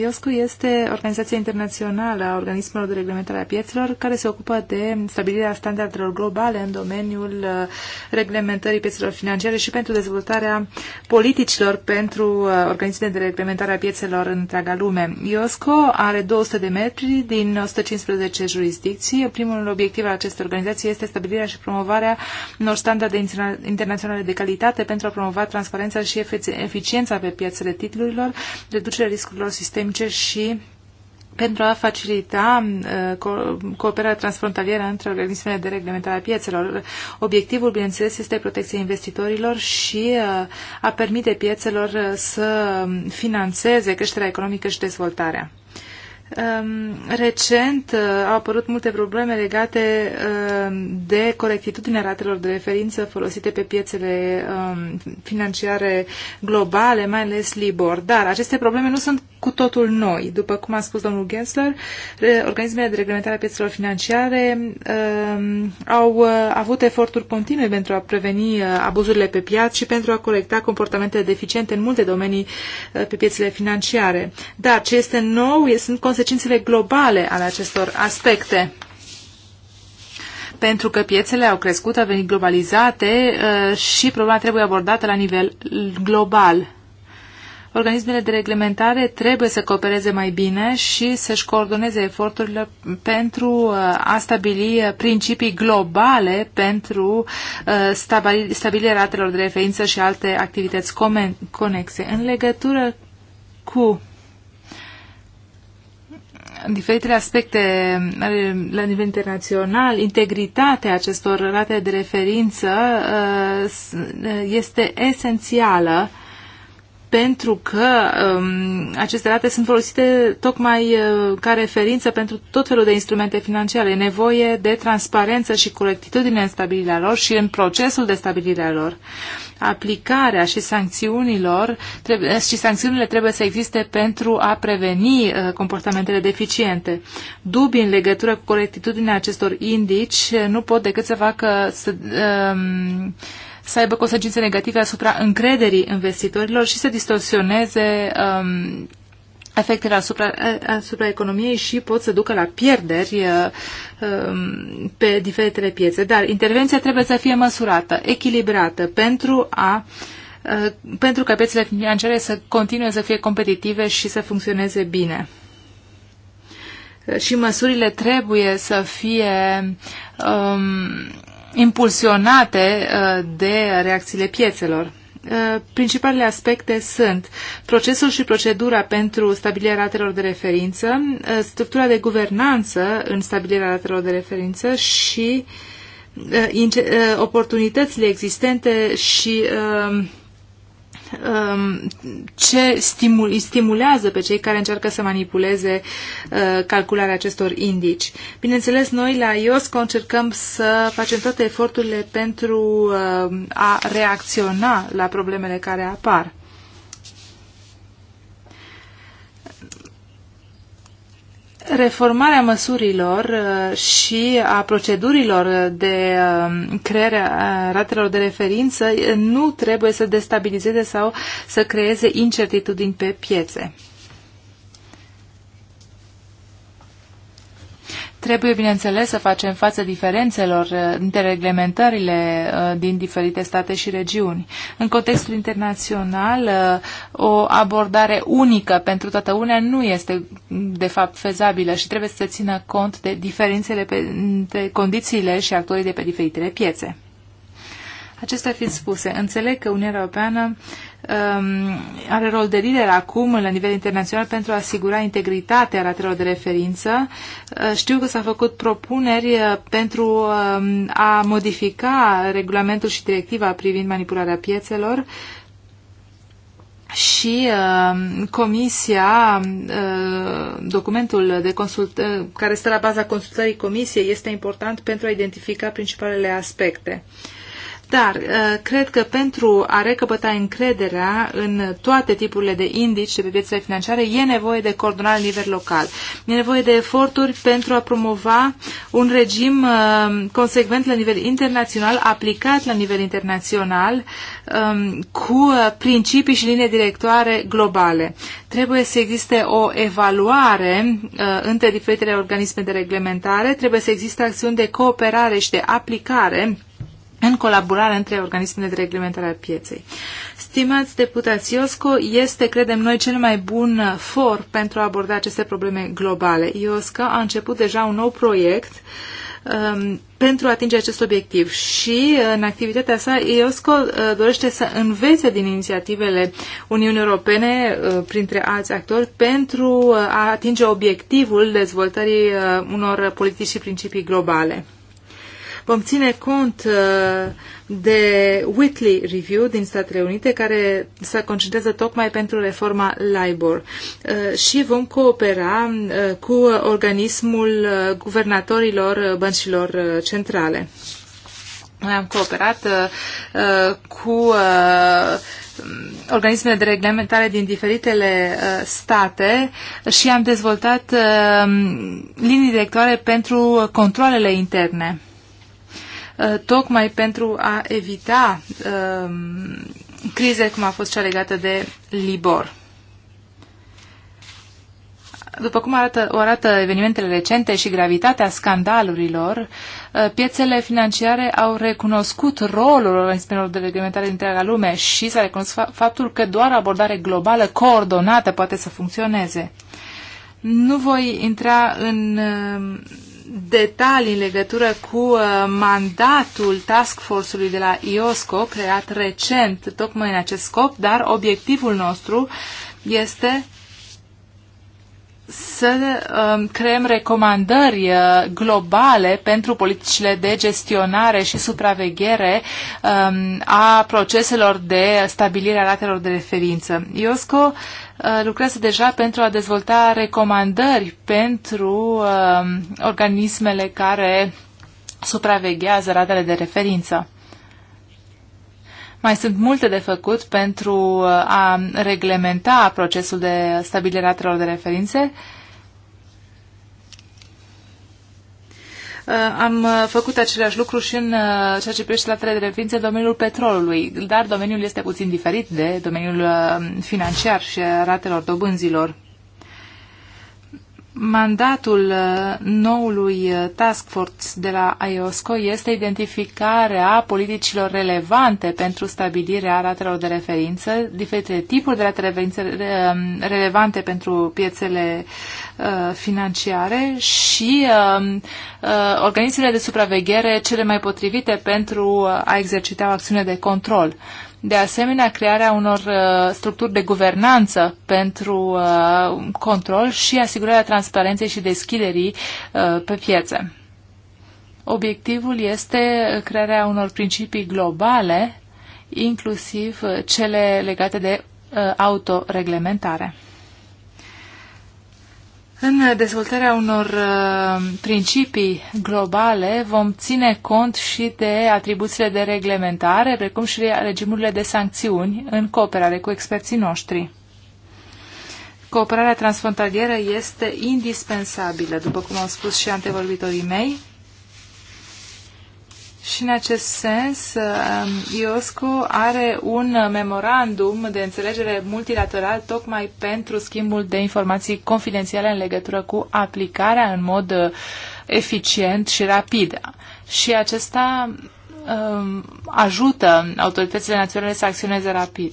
IOSCO este organizația internațională a organismelor de reglementare a piețelor care se ocupă de stabilirea standardelor globale în domeniul uh, reglementării piețelor financiare și pentru dezvoltarea politicilor pentru uh, organismele de reglementare a piețelor în întreaga lume. IOSCO are 200 de metri din 115 jurisdicții. Primul obiectiv al acestei organizații este stabilirea și promovarea unor standarde internaționale de calitate pentru a promova transparența și eficiența pe piețele titlurilor, reducerea riscurilor ecosistemice și pentru a facilita uh, cooperarea transfrontalieră între organismele de reglementare a piețelor. Obiectivul, bineînțeles, este protecția investitorilor și uh, a permite piețelor uh, să financeze creșterea economică și dezvoltarea. Um, recent au apărut multe probleme legate um, de corectitudinea ratelor de referință folosite pe piețele um, financiare globale, mai ales Libor. Dar aceste probleme nu sunt cu totul noi. După cum a spus domnul Gensler, organismele de reglementare a piețelor financiare uh, au uh, avut eforturi continue pentru a preveni uh, abuzurile pe piață și pentru a corecta comportamentele deficiente în multe domenii uh, pe piețele financiare. Dar ce este nou sunt consecințele globale ale acestor aspecte pentru că piețele au crescut, au venit globalizate uh, și problema trebuie abordată la nivel global organismele de reglementare trebuie să coopereze mai bine și să-și coordoneze eforturile pentru uh, a stabili uh, principii globale pentru uh, stabilirea ratelor de referință și alte activități conexe. În legătură cu diferitele aspecte la nivel internațional, integritatea acestor rate de referință este esențială pentru că um, aceste rate sunt folosite tocmai uh, ca referință pentru tot felul de instrumente financiare. E nevoie de transparență și corectitudine în stabilirea lor și în procesul de stabilire a lor. Aplicarea și sancțiunilor trebuie, eh, și sancțiunile trebuie să existe pentru a preveni uh, comportamentele deficiente. Dubii în legătură cu corectitudinea acestor indici nu pot decât să facă să, uh, să aibă consecințe negative asupra încrederii investitorilor și să distorsioneze um, efectele asupra, asupra economiei și pot să ducă la pierderi uh, um, pe diferitele piețe. Dar intervenția trebuie să fie măsurată, echilibrată, pentru a uh, pentru ca piețele financiare să continue să fie competitive și să funcționeze bine și măsurile trebuie să fie um, impulsionate uh, de reacțiile piețelor. Uh, principalele aspecte sunt procesul și procedura pentru stabilirea ratelor de referință, uh, structura de guvernanță în stabilirea ratelor de referință și oportunitățile existente și Um, ce stimul, îi stimulează pe cei care încearcă să manipuleze uh, calcularea acestor indici. Bineînțeles, noi la IOSCO încercăm să facem toate eforturile pentru uh, a reacționa la problemele care apar. reformarea măsurilor uh, și a procedurilor de um, creare a ratelor de referință nu trebuie să destabilizeze sau să creeze incertitudini pe piețe. Trebuie, bineînțeles, să facem față diferențelor uh, între reglementările uh, din diferite state și regiuni. În contextul internațional, uh, o abordare unică pentru toată Uniunea nu este, de fapt, fezabilă și trebuie să se țină cont de diferențele pe, de condițiile și actorii de pe diferitele piețe. Acestea fiind spuse, înțeleg că Uniunea Europeană uh, Um, are rol de lider acum la nivel internațional pentru a asigura integritatea ratelor de referință. Uh, știu că s-a făcut propuneri uh, pentru um, a modifica regulamentul și directiva privind manipularea piețelor și uh, comisia, uh, documentul de consult, uh, care stă la baza consultării comisiei este important pentru a identifica principalele aspecte. Dar uh, cred că pentru a recăpăta încrederea în toate tipurile de indici de pe piețele financiare e nevoie de coordonare la nivel local. E nevoie de eforturi pentru a promova un regim uh, consecvent la nivel internațional, aplicat la nivel internațional, um, cu uh, principii și linii directoare globale. Trebuie să existe o evaluare între diferitele organisme de reglementare, trebuie să existe acțiuni de cooperare și de aplicare în colaborare între organismele de reglementare a pieței. Stimați deputați, IOSCO este, credem noi, cel mai bun for pentru a aborda aceste probleme globale. IOSCO a început deja un nou proiect um, pentru a atinge acest obiectiv și în activitatea sa IOSCO uh, dorește să învețe din inițiativele Uniunii Europene, uh, printre alți actori, pentru uh, a atinge obiectivul dezvoltării unor politici și principii globale. Vom ține cont uh, de Whitley Review din Statele Unite, care se concentrează tocmai pentru reforma LIBOR uh, și vom coopera uh, cu organismul guvernatorilor băncilor centrale. Noi am cooperat cu organismele de reglementare din diferitele uh, state și am dezvoltat uh, linii directoare pentru controlele interne. Uh, tocmai pentru a evita um, crize cum a fost cea legată de Libor. După cum arată, o arată evenimentele recente și gravitatea scandalurilor, uh, piețele financiare au recunoscut rolul organismelor de reglementare din întreaga lume și s-a recunoscut faptul că doar abordare globală coordonată poate să funcționeze. Nu voi intra în um, detalii în legătură cu uh, mandatul task force-ului de la IOSCO, creat recent tocmai în acest scop, dar obiectivul nostru este să um, creăm recomandări uh, globale pentru politicile de gestionare și supraveghere um, a proceselor de stabilire a ratelor de referință. IOSCO uh, Uh, lucrează deja pentru a dezvolta recomandări pentru um, organismele care supraveghează ratele de referință. Mai sunt multe de făcut pentru uh, a reglementa procesul de stabilire a ratelor de referințe Uh, am uh, făcut același lucru și în uh, ceea ce privește la trei în domeniul petrolului, dar domeniul este puțin diferit de domeniul financiar și ratelor dobânzilor. Mandatul uh, noului uh, task force de la IOSCO este identificarea politicilor relevante pentru stabilirea ratelor de referință, diferite tipuri de rate de referință um, relevante pentru piețele uh, financiare și um, organismele de supraveghere cele mai potrivite pentru a exercita o acțiune de control. De asemenea, crearea unor uh, structuri de guvernanță pentru uh, control și asigurarea transparenței și deschiderii uh, pe piețe. Obiectivul este crearea unor principii globale, inclusiv cele legate de uh, autoreglementare. În dezvoltarea unor uh, principii globale vom ține cont și de atribuțiile de reglementare, precum și regimurile de sancțiuni, în cooperare cu experții noștri. Cooperarea transfrontalieră este indispensabilă, după cum au spus și antevorbitorii mei, și în acest sens, um, IOSCO are un memorandum de înțelegere multilateral tocmai pentru schimbul de informații confidențiale în legătură cu aplicarea în mod uh, eficient și rapid. Și acesta um, ajută autoritățile naționale să acționeze rapid.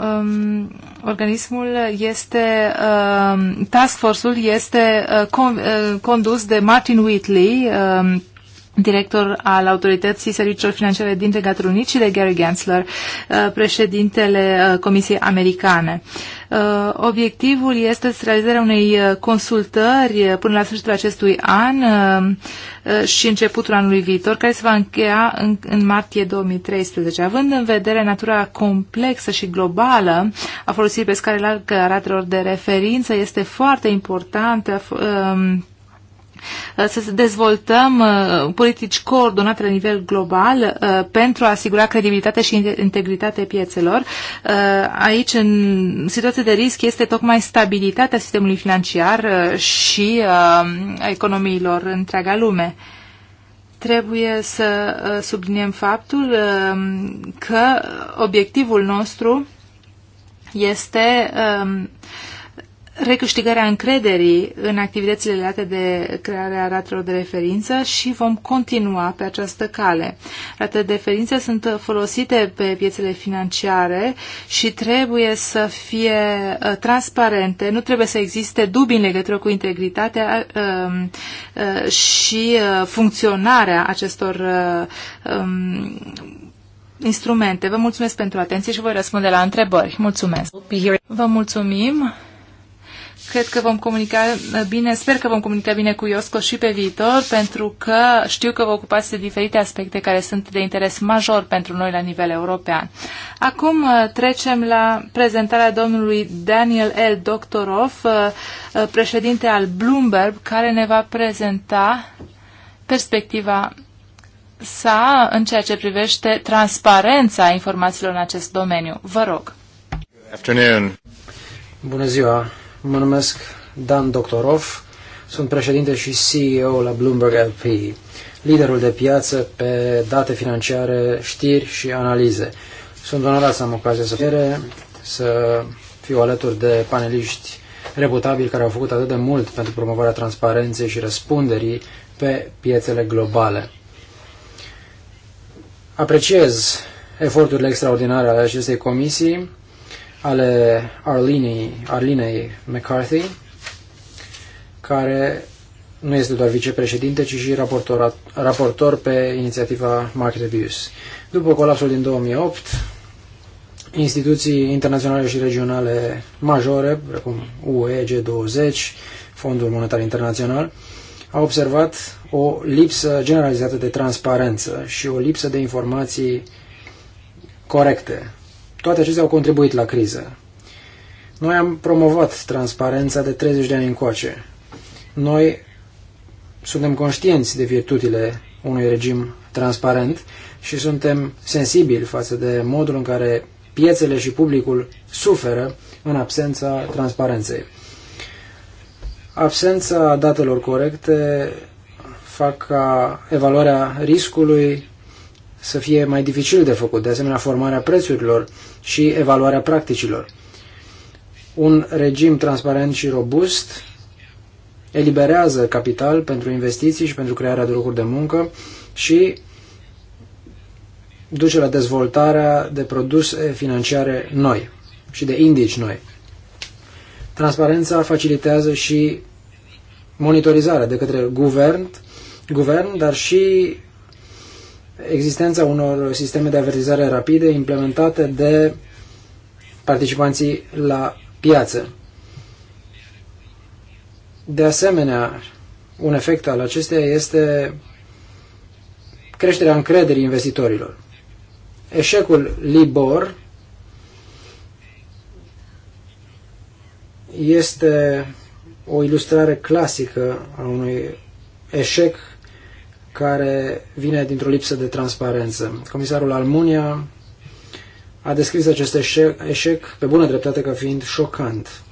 Um, organismul este, um, task force-ul este uh, con, uh, condus de Martin Whitley, um, director al Autorității Serviciilor Financiare din Regatul Unit și de Gary Gensler, uh, președintele uh, Comisiei Americane. Uh, obiectivul este realizarea unei consultări până la sfârșitul acestui an și începutul anului viitor, care se va încheia în, în martie 2013. Având în vedere natura complexă și globală a folosirii pe scară largă a ratelor de referință, este foarte important um, Uh, să dezvoltăm uh, politici coordonate la nivel global uh, pentru a asigura credibilitate și integritate piețelor. Aici, în situație de risc, este tocmai stabilitatea sistemului financiar și a economiilor întreaga lume trebuie să subliniem faptul că obiectivul nostru este um, recâștigarea încrederii în activitățile legate de crearea ratelor de referință și vom continua pe această cale. Ratele de referință sunt folosite pe piețele financiare și trebuie să fie uh, transparente, nu trebuie să existe dubii în legătură cu integritatea uh, um, uh, și funcționarea acestor um, instrumente. Vă mulțumesc pentru atenție și voi răspunde la întrebări. Mulțumesc! Vă mulțumim! Cred că vom comunica bine, sper că vom comunica bine cu Iosco și pe viitor, pentru că știu că vă ocupați de diferite aspecte care sunt de interes major pentru noi la nivel european. Acum uh, trecem la prezentarea domnului Daniel L. Doctorov, uh, uh, președinte al Bloomberg, care ne va prezenta perspectiva sa în ceea ce privește transparența informațiilor în acest domeniu. Vă rog. Afternoon. Bună ziua. Mă numesc Dan Doctorov, sunt președinte și CEO la Bloomberg LP, liderul de piață pe date financiare, știri și analize. Sunt onorat să am ocazia să fie, să fiu alături de paneliști reputabili care au făcut atât de mult pentru promovarea transparenței și răspunderii pe piețele globale. Apreciez eforturile extraordinare ale acestei comisii ale Arlinei, Arlinei McCarthy, care nu este doar vicepreședinte, ci și raportor, raportor pe inițiativa Market Abuse. După colapsul din 2008, instituții internaționale și regionale majore, precum UE, G20, Fondul Monetar Internațional, au observat o lipsă generalizată de transparență și o lipsă de informații corecte toate acestea au contribuit la criză. Noi am promovat transparența de 30 de ani încoace. Noi suntem conștienți de virtutile unui regim transparent și suntem sensibili față de modul în care piețele și publicul suferă în absența transparenței. Absența datelor corecte fac ca evaluarea riscului să fie mai dificil de făcut, de asemenea formarea prețurilor și evaluarea practicilor. Un regim transparent și robust eliberează capital pentru investiții și pentru crearea de locuri de muncă și duce la dezvoltarea de produse financiare noi și de indici noi. Transparența facilitează și monitorizarea de către guvern, guvern dar și existența unor sisteme de avertizare rapide implementate de participanții la piață. De asemenea, un efect al acesteia este creșterea încrederii investitorilor. Eșecul Libor este o ilustrare clasică a unui eșec care vine dintr-o lipsă de transparență. Comisarul Almunia a descris acest eșec, eșec pe bună dreptate ca fiind șocant.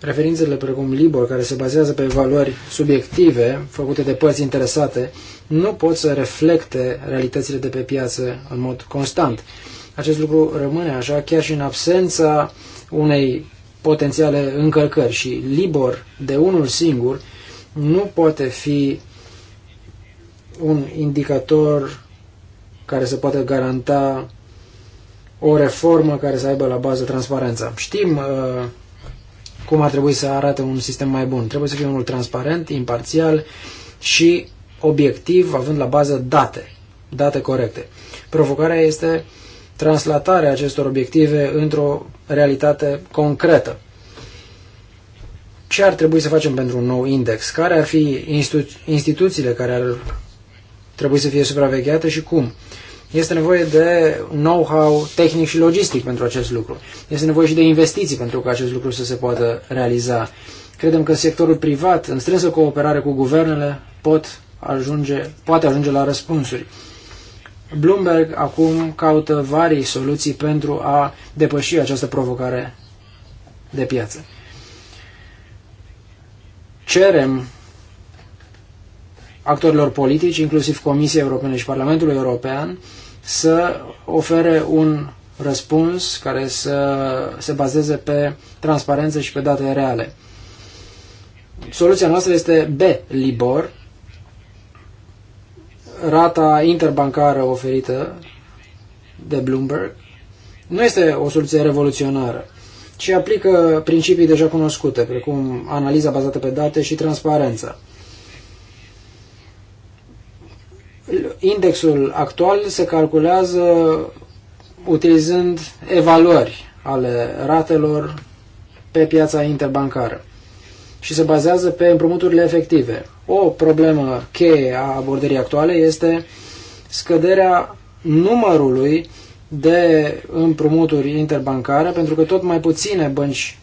Referințele precum Libor, care se bazează pe valori subiective făcute de părți interesate, nu pot să reflecte realitățile de pe piață în mod constant. Acest lucru rămâne așa chiar și în absența unei potențiale încălcări și Libor de unul singur nu poate fi un indicator care să poată garanta o reformă care să aibă la bază transparența. Știm uh, cum ar trebui să arate un sistem mai bun. Trebuie să fie unul transparent, imparțial și obiectiv, având la bază date, date corecte. Provocarea este translatarea acestor obiective într-o realitate concretă. Ce ar trebui să facem pentru un nou index? Care ar fi institu- instituțiile care ar trebuie să fie supravegheată și cum. Este nevoie de know-how tehnic și logistic pentru acest lucru. Este nevoie și de investiții pentru ca acest lucru să se poată realiza. Credem că sectorul privat, în strânsă cooperare cu guvernele, pot ajunge, poate ajunge la răspunsuri. Bloomberg acum caută varii soluții pentru a depăși această provocare de piață. Cerem actorilor politici, inclusiv Comisiei Europene și Parlamentului European, să ofere un răspuns care să se bazeze pe transparență și pe date reale. Soluția noastră este B-Libor, rata interbancară oferită de Bloomberg. Nu este o soluție revoluționară, ci aplică principii deja cunoscute, precum analiza bazată pe date și transparența. Indexul actual se calculează utilizând evaluări ale ratelor pe piața interbancară și se bazează pe împrumuturile efective. O problemă cheie a abordării actuale este scăderea numărului de împrumuturi interbancare, pentru că tot mai puține bănci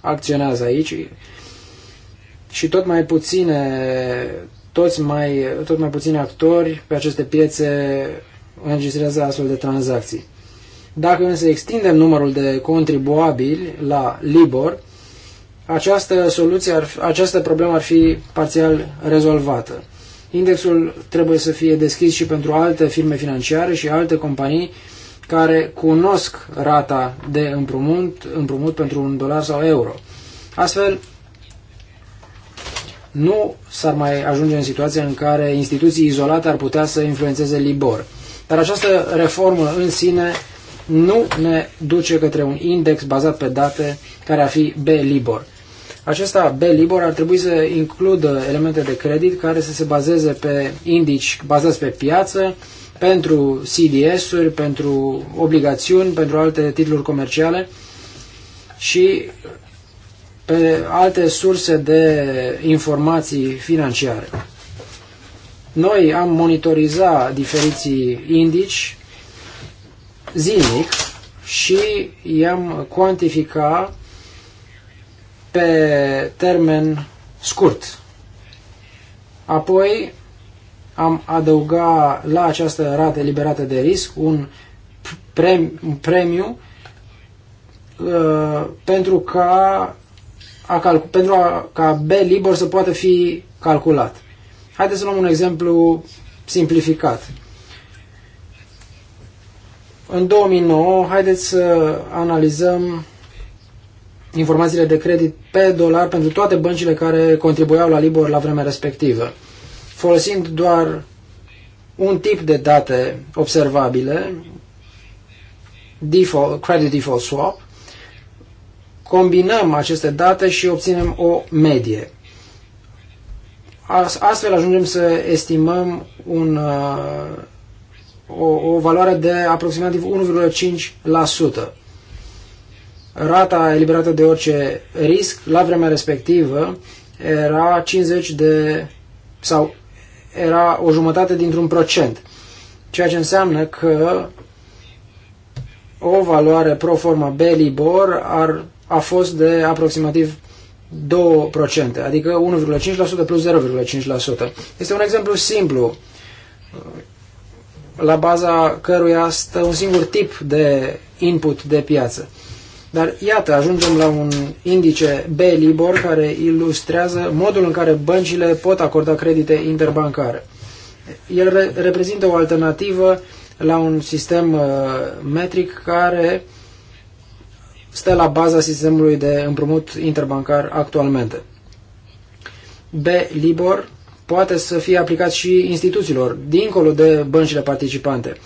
acționează aici și tot mai puține toți mai, tot mai puțini actori pe aceste piețe înregistrează astfel de tranzacții. Dacă însă extindem numărul de contribuabili la Libor, această, soluție ar, această problemă ar fi parțial rezolvată. Indexul trebuie să fie deschis și pentru alte firme financiare și alte companii care cunosc rata de împrumut, împrumut pentru un dolar sau euro. Astfel, nu s-ar mai ajunge în situația în care instituții izolate ar putea să influențeze Libor. Dar această reformă în sine nu ne duce către un index bazat pe date care ar fi B-Libor. Acesta, B-Libor, ar trebui să includă elemente de credit care să se bazeze pe indici bazați pe piață, pentru CDS-uri, pentru obligațiuni, pentru alte titluri comerciale și pe alte surse de informații financiare. Noi am monitorizat diferiții indici zilnic și i-am cuantifica pe termen scurt. Apoi am adăugat la această rată liberată de risc un, un premiu uh, pentru ca a calcu- pentru a, ca B liber să poată fi calculat. Haideți să luăm un exemplu simplificat. În 2009, haideți să analizăm informațiile de credit pe dolar pentru toate băncile care contribuiau la Libor la vremea respectivă. Folosind doar un tip de date observabile, default, credit default swap, combinăm aceste date și obținem o medie. Astfel ajungem să estimăm un, uh, o, o valoare de aproximativ 1,5%. Rata eliberată de orice risc la vremea respectivă era 50 de sau era o jumătate dintr-un procent, ceea ce înseamnă că o valoare pro forma Belibor ar a fost de aproximativ 2%, adică 1,5% plus 0,5%. Este un exemplu simplu, la baza căruia stă un singur tip de input de piață. Dar iată, ajungem la un indice B-Libor care ilustrează modul în care băncile pot acorda credite interbancare. El re- reprezintă o alternativă la un sistem uh, metric care uh, stă la baza sistemului de împrumut interbancar actualmente. B. Libor poate să fie aplicat și instituțiilor, dincolo de băncile participante.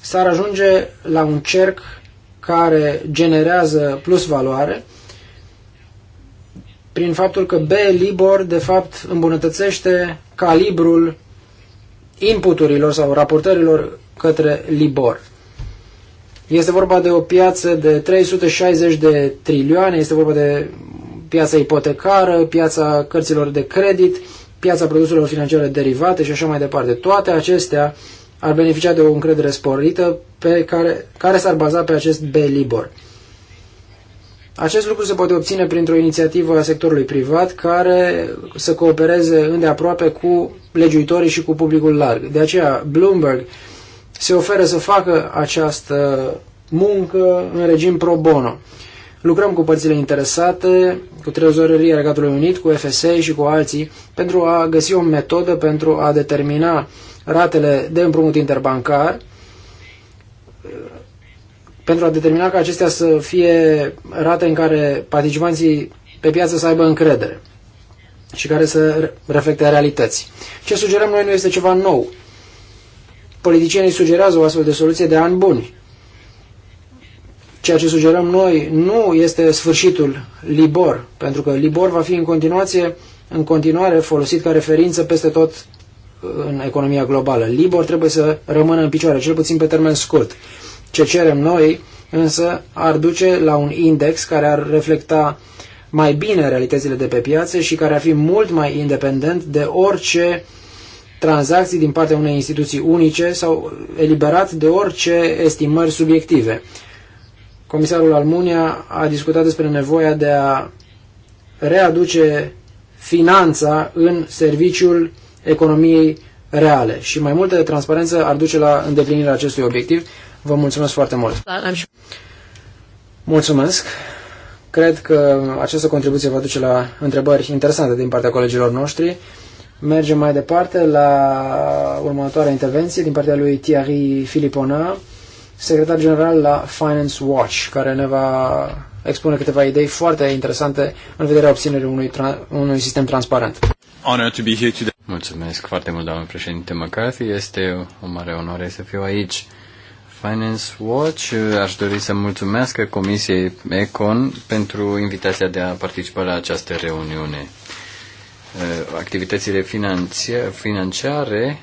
S-ar ajunge la un cerc care generează plus valoare prin faptul că B Libor de fapt îmbunătățește calibrul inputurilor sau raportărilor către Libor. Este vorba de o piață de 360 de trilioane, este vorba de piața ipotecară, piața cărților de credit, piața produselor financiare derivate și așa mai departe. Toate acestea ar beneficia de o încredere sporită pe care, care s-ar baza pe acest B-Libor. Acest lucru se poate obține printr-o inițiativă a sectorului privat care să coopereze îndeaproape cu legiuitorii și cu publicul larg. De aceea, Bloomberg se oferă să facă această muncă în regim pro bono. Lucrăm cu părțile interesate, cu Trezoreria Regatului Unit, cu FSA și cu alții, pentru a găsi o metodă pentru a determina ratele de împrumut interbancar, pentru a determina ca acestea să fie rate în care participanții pe piață să aibă încredere și care să reflecte realități. Ce sugerăm noi nu este ceva nou politicienii sugerează o astfel de soluție de ani buni. Ceea ce sugerăm noi nu este sfârșitul Libor, pentru că Libor va fi în continuație, în continuare folosit ca referință peste tot uh, în economia globală. Libor trebuie să rămână în picioare, cel puțin pe termen scurt. Ce cerem noi însă ar duce la un index care ar reflecta mai bine realitățile de pe piață și care ar fi mult mai independent de orice uh, tranzacții din partea unei instituții unice sau eliberat de orice estimări subiective. Comisarul Almunia a discutat despre nevoia de a readuce finanța în serviciul economiei reale și mai multă transparență ar duce la îndeplinirea acestui obiectiv. Vă mulțumesc foarte mult! Mulțumesc! Cred că această contribuție va duce la întrebări interesante din partea colegilor noștri. Mergem mai departe la următoarea intervenție din partea lui Thierry Filipona, secretar general la Finance Watch, care ne va expune câteva idei foarte interesante în vederea obținerii unui, unui sistem transparent. Honor to be here today. Mulțumesc foarte mult, doamnă președinte McCarthy. Este o mare onoare să fiu aici. Finance Watch aș dori să mulțumesc Comisiei Econ pentru invitația de a participa la această reuniune. Eh, activitățile financiare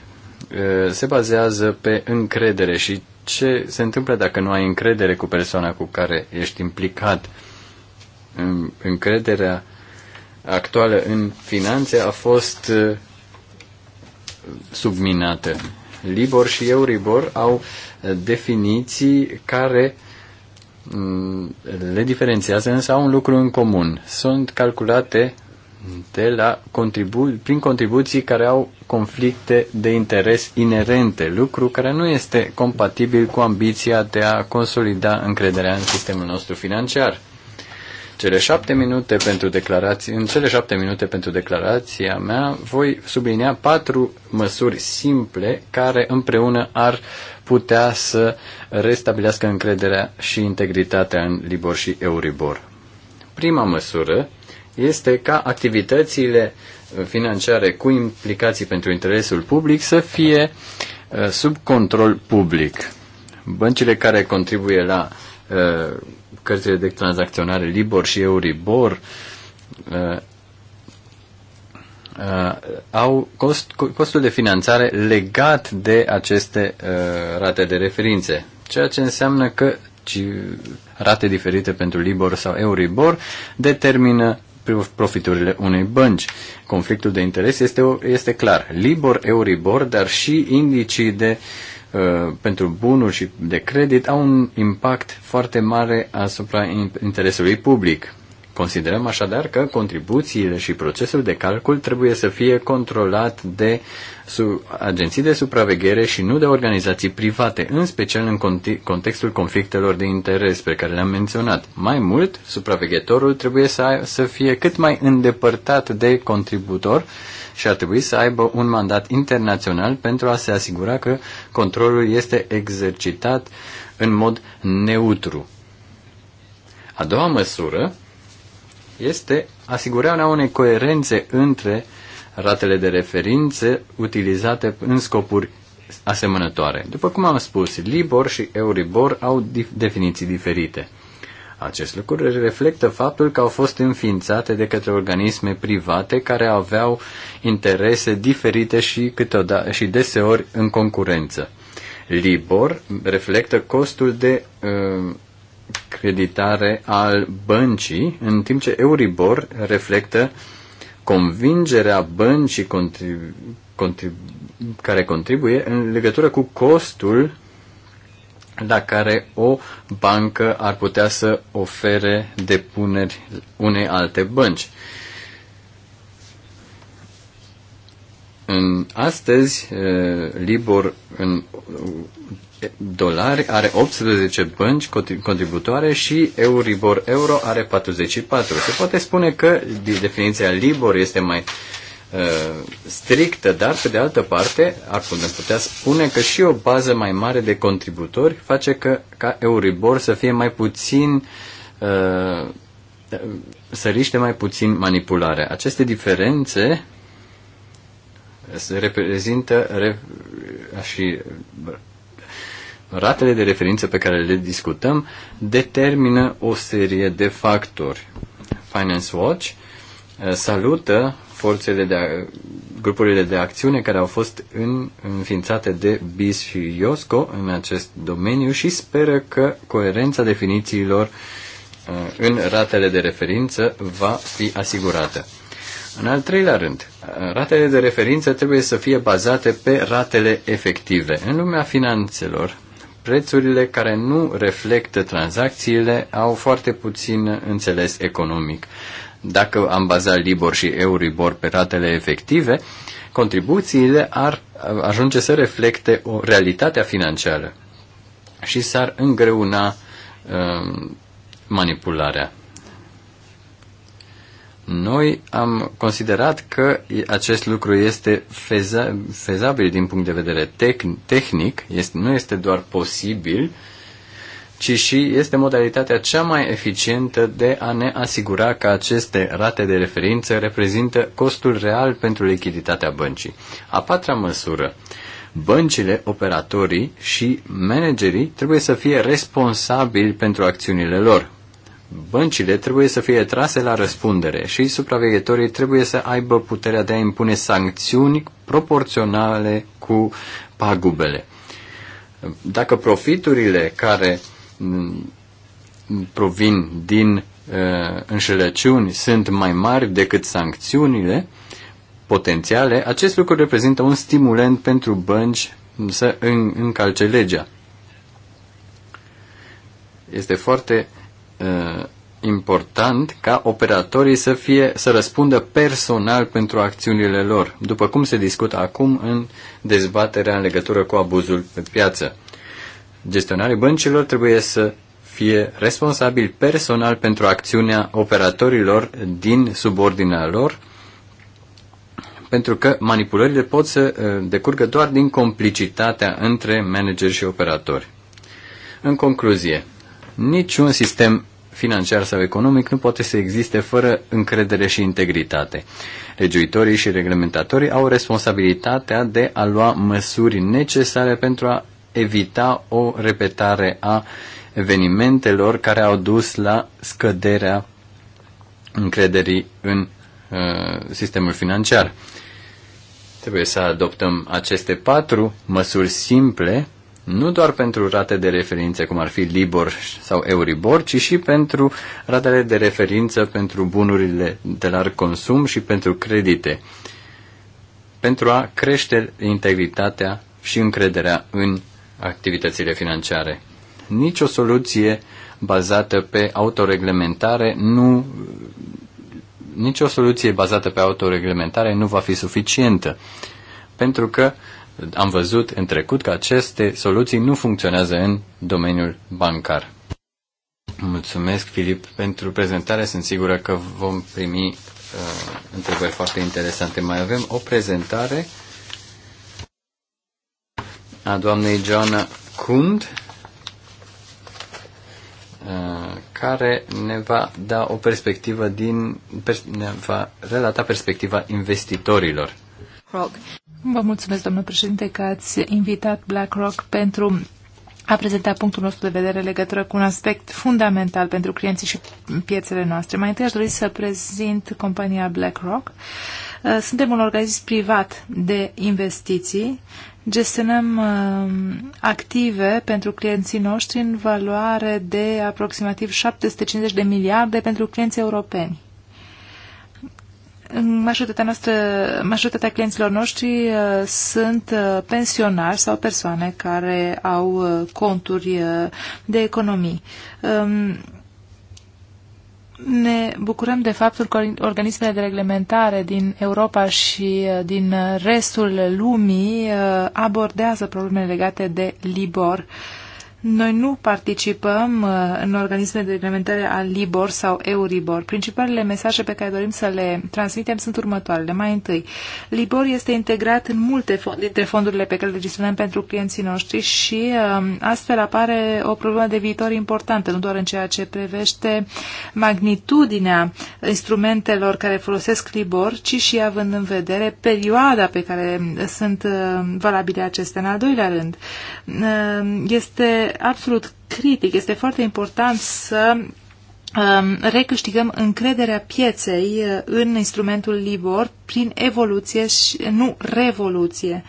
eh, se bazează pe încredere și ce se întâmplă dacă nu ai încredere cu persoana cu care ești implicat. Încrederea actuală în finanțe a fost eh, subminată. Libor și Euribor au definiții care mm, le diferențiază, însă au un lucru în comun. Sunt calculate de la contribu- prin contribuții care au conflicte de interes inerente, lucru care nu este compatibil cu ambiția de a consolida încrederea în sistemul nostru financiar. Cele șapte minute pentru declarații, în cele șapte minute pentru declarația mea voi sublinia patru măsuri simple care împreună ar putea să restabilească încrederea și integritatea în Libor și Euribor. Prima măsură este ca activitățile financiare cu implicații pentru interesul public să fie uh, sub control public. Băncile care contribuie la uh, cărțile de tranzacționare Libor și Euribor uh, au cost, costul de finanțare legat de aceste rate de referințe, ceea ce înseamnă că rate diferite pentru Libor sau Euribor determină profiturile unei bănci. Conflictul de interes este, este clar. Libor, Euribor, dar și indicii de, uh, pentru bunuri și de credit au un impact foarte mare asupra interesului public. Considerăm așadar că contribuțiile și procesul de calcul trebuie să fie controlat de agenții de supraveghere și nu de organizații private, în special în contextul conflictelor de interes pe care le-am menționat. Mai mult, supraveghetorul trebuie să, să fie cât mai îndepărtat de contributor și ar trebui să aibă un mandat internațional pentru a se asigura că controlul este exercitat în mod neutru. A doua măsură este asigurarea unei coerențe între ratele de referințe utilizate în scopuri asemănătoare. După cum am spus, Libor și Euribor au dif- definiții diferite. Acest lucru reflectă faptul că au fost înființate de către organisme private care aveau interese diferite și, câteodată, și deseori în concurență. Libor reflectă costul de uh, creditare al băncii, în timp ce Euribor reflectă convingerea băncii contribu- contribu- care contribuie în legătură cu costul la care o bancă ar putea să ofere depuneri unei alte bănci. În astăzi, eh, Libor în dolari are 18 bănci contributoare și Euribor Euro are 44. Se poate spune că definiția Libor este mai uh, strictă, dar pe de altă parte ar putea spune că și o bază mai mare de contributori face că, ca Euribor să fie mai puțin uh, să riște mai puțin manipularea. Aceste diferențe reprezintă re, și ratele de referință pe care le discutăm determină o serie de factori. Finance Watch eh, salută forțele de, grupurile de acțiune care au fost în, înființate de BIS și IOSCO în acest domeniu și speră că coerența definițiilor eh, în ratele de referință va fi asigurată. În al treilea rând, eh, ratele de referință trebuie să fie bazate pe ratele efective. În lumea finanțelor, prețurile care nu reflectă tranzacțiile au foarte puțin înțeles economic. Dacă am bazat Libor și Euribor pe ratele efective, contribuțiile ar ajunge să reflecte o realitatea financiară și s-ar îngreuna um, manipularea. Noi am considerat că acest lucru este feza, fezabil din punct de vedere tec- tehnic, este, nu este doar posibil, ci și este modalitatea cea mai eficientă de a ne asigura că aceste rate de referință reprezintă costul real pentru lichiditatea băncii. A patra măsură. Băncile, operatorii și managerii trebuie să fie responsabili pentru acțiunile lor, Băncile trebuie să fie trase la răspundere și supraveghetorii trebuie să aibă puterea de a impune sancțiuni proporționale cu pagubele. Dacă profiturile care mm, provin din uh, înșelăciuni sunt mai mari decât sancțiunile potențiale, acest lucru reprezintă un stimulant pentru bănci să în, încalce legea. Este foarte Uh, important ca operatorii să, fie, să răspundă personal pentru acțiunile lor, după cum se discută acum în dezbaterea în legătură cu abuzul pe piață. Gestionarii băncilor trebuie să fie responsabili personal pentru acțiunea operatorilor din subordinea lor, pentru că manipulările pot să uh, decurgă doar din complicitatea între manageri și operatori. În concluzie, Niciun sistem financiar sau economic nu poate să existe fără încredere și integritate. Legiuitorii și reglementatorii au responsabilitatea de a lua măsuri necesare pentru a evita o repetare a evenimentelor care au dus la scăderea încrederii în uh, sistemul financiar. Trebuie să adoptăm aceste patru măsuri simple nu doar pentru rate de referință cum ar fi Libor sau Euribor, ci și pentru ratele de referință pentru bunurile de larg consum și pentru credite, pentru a crește integritatea și încrederea în activitățile financiare. Nici o soluție bazată pe autoreglementare nu nicio soluție bazată pe autoreglementare nu va fi suficientă, pentru că uh, am văzut în trecut că aceste soluții nu funcționează în domeniul bancar. Mulțumesc, Filip, pentru prezentare. Sunt sigură că vom primi uh, întrebări foarte interesante. Mai avem o prezentare a doamnei Joana Kund, uh, care ne va da o perspectivă din, pers- ne va relata perspectiva investitorilor. Rock. Vă mulțumesc, domnul președinte, că ați invitat BlackRock pentru a prezenta punctul nostru de vedere legătură cu un aspect fundamental pentru clienții și piețele noastre. Mai întâi aș dori să prezint compania BlackRock. Uh, suntem un organism privat de investiții. Gestionăm uh, active pentru clienții noștri în valoare de aproximativ 750 de miliarde pentru clienții europeni majoritatea, noastră, majoritatea clienților noștri uh, sunt uh, pensionari sau persoane care au uh, conturi de economii. Um, ne bucurăm de faptul că organismele de reglementare din Europa și din restul lumii abordează probleme legate de Libor. Uh, noi nu participăm uh, în organisme de reglementare al LIBOR sau EURIBOR. Principalele mesaje pe care dorim să le transmitem sunt următoarele. Mai întâi, LIBOR este integrat în multe dintre fondurile pe care le gestionăm pentru clienții noștri și uh, astfel apare o problemă de viitor importantă, nu doar în ceea ce privește magnitudinea instrumentelor care folosesc LIBOR, ci și având în vedere perioada pe care sunt uh, valabile acestea. În al doilea rând, este absolut critic. Este foarte important să um, recâștigăm încrederea pieței uh, în instrumentul LIBOR prin evoluție și nu revoluție.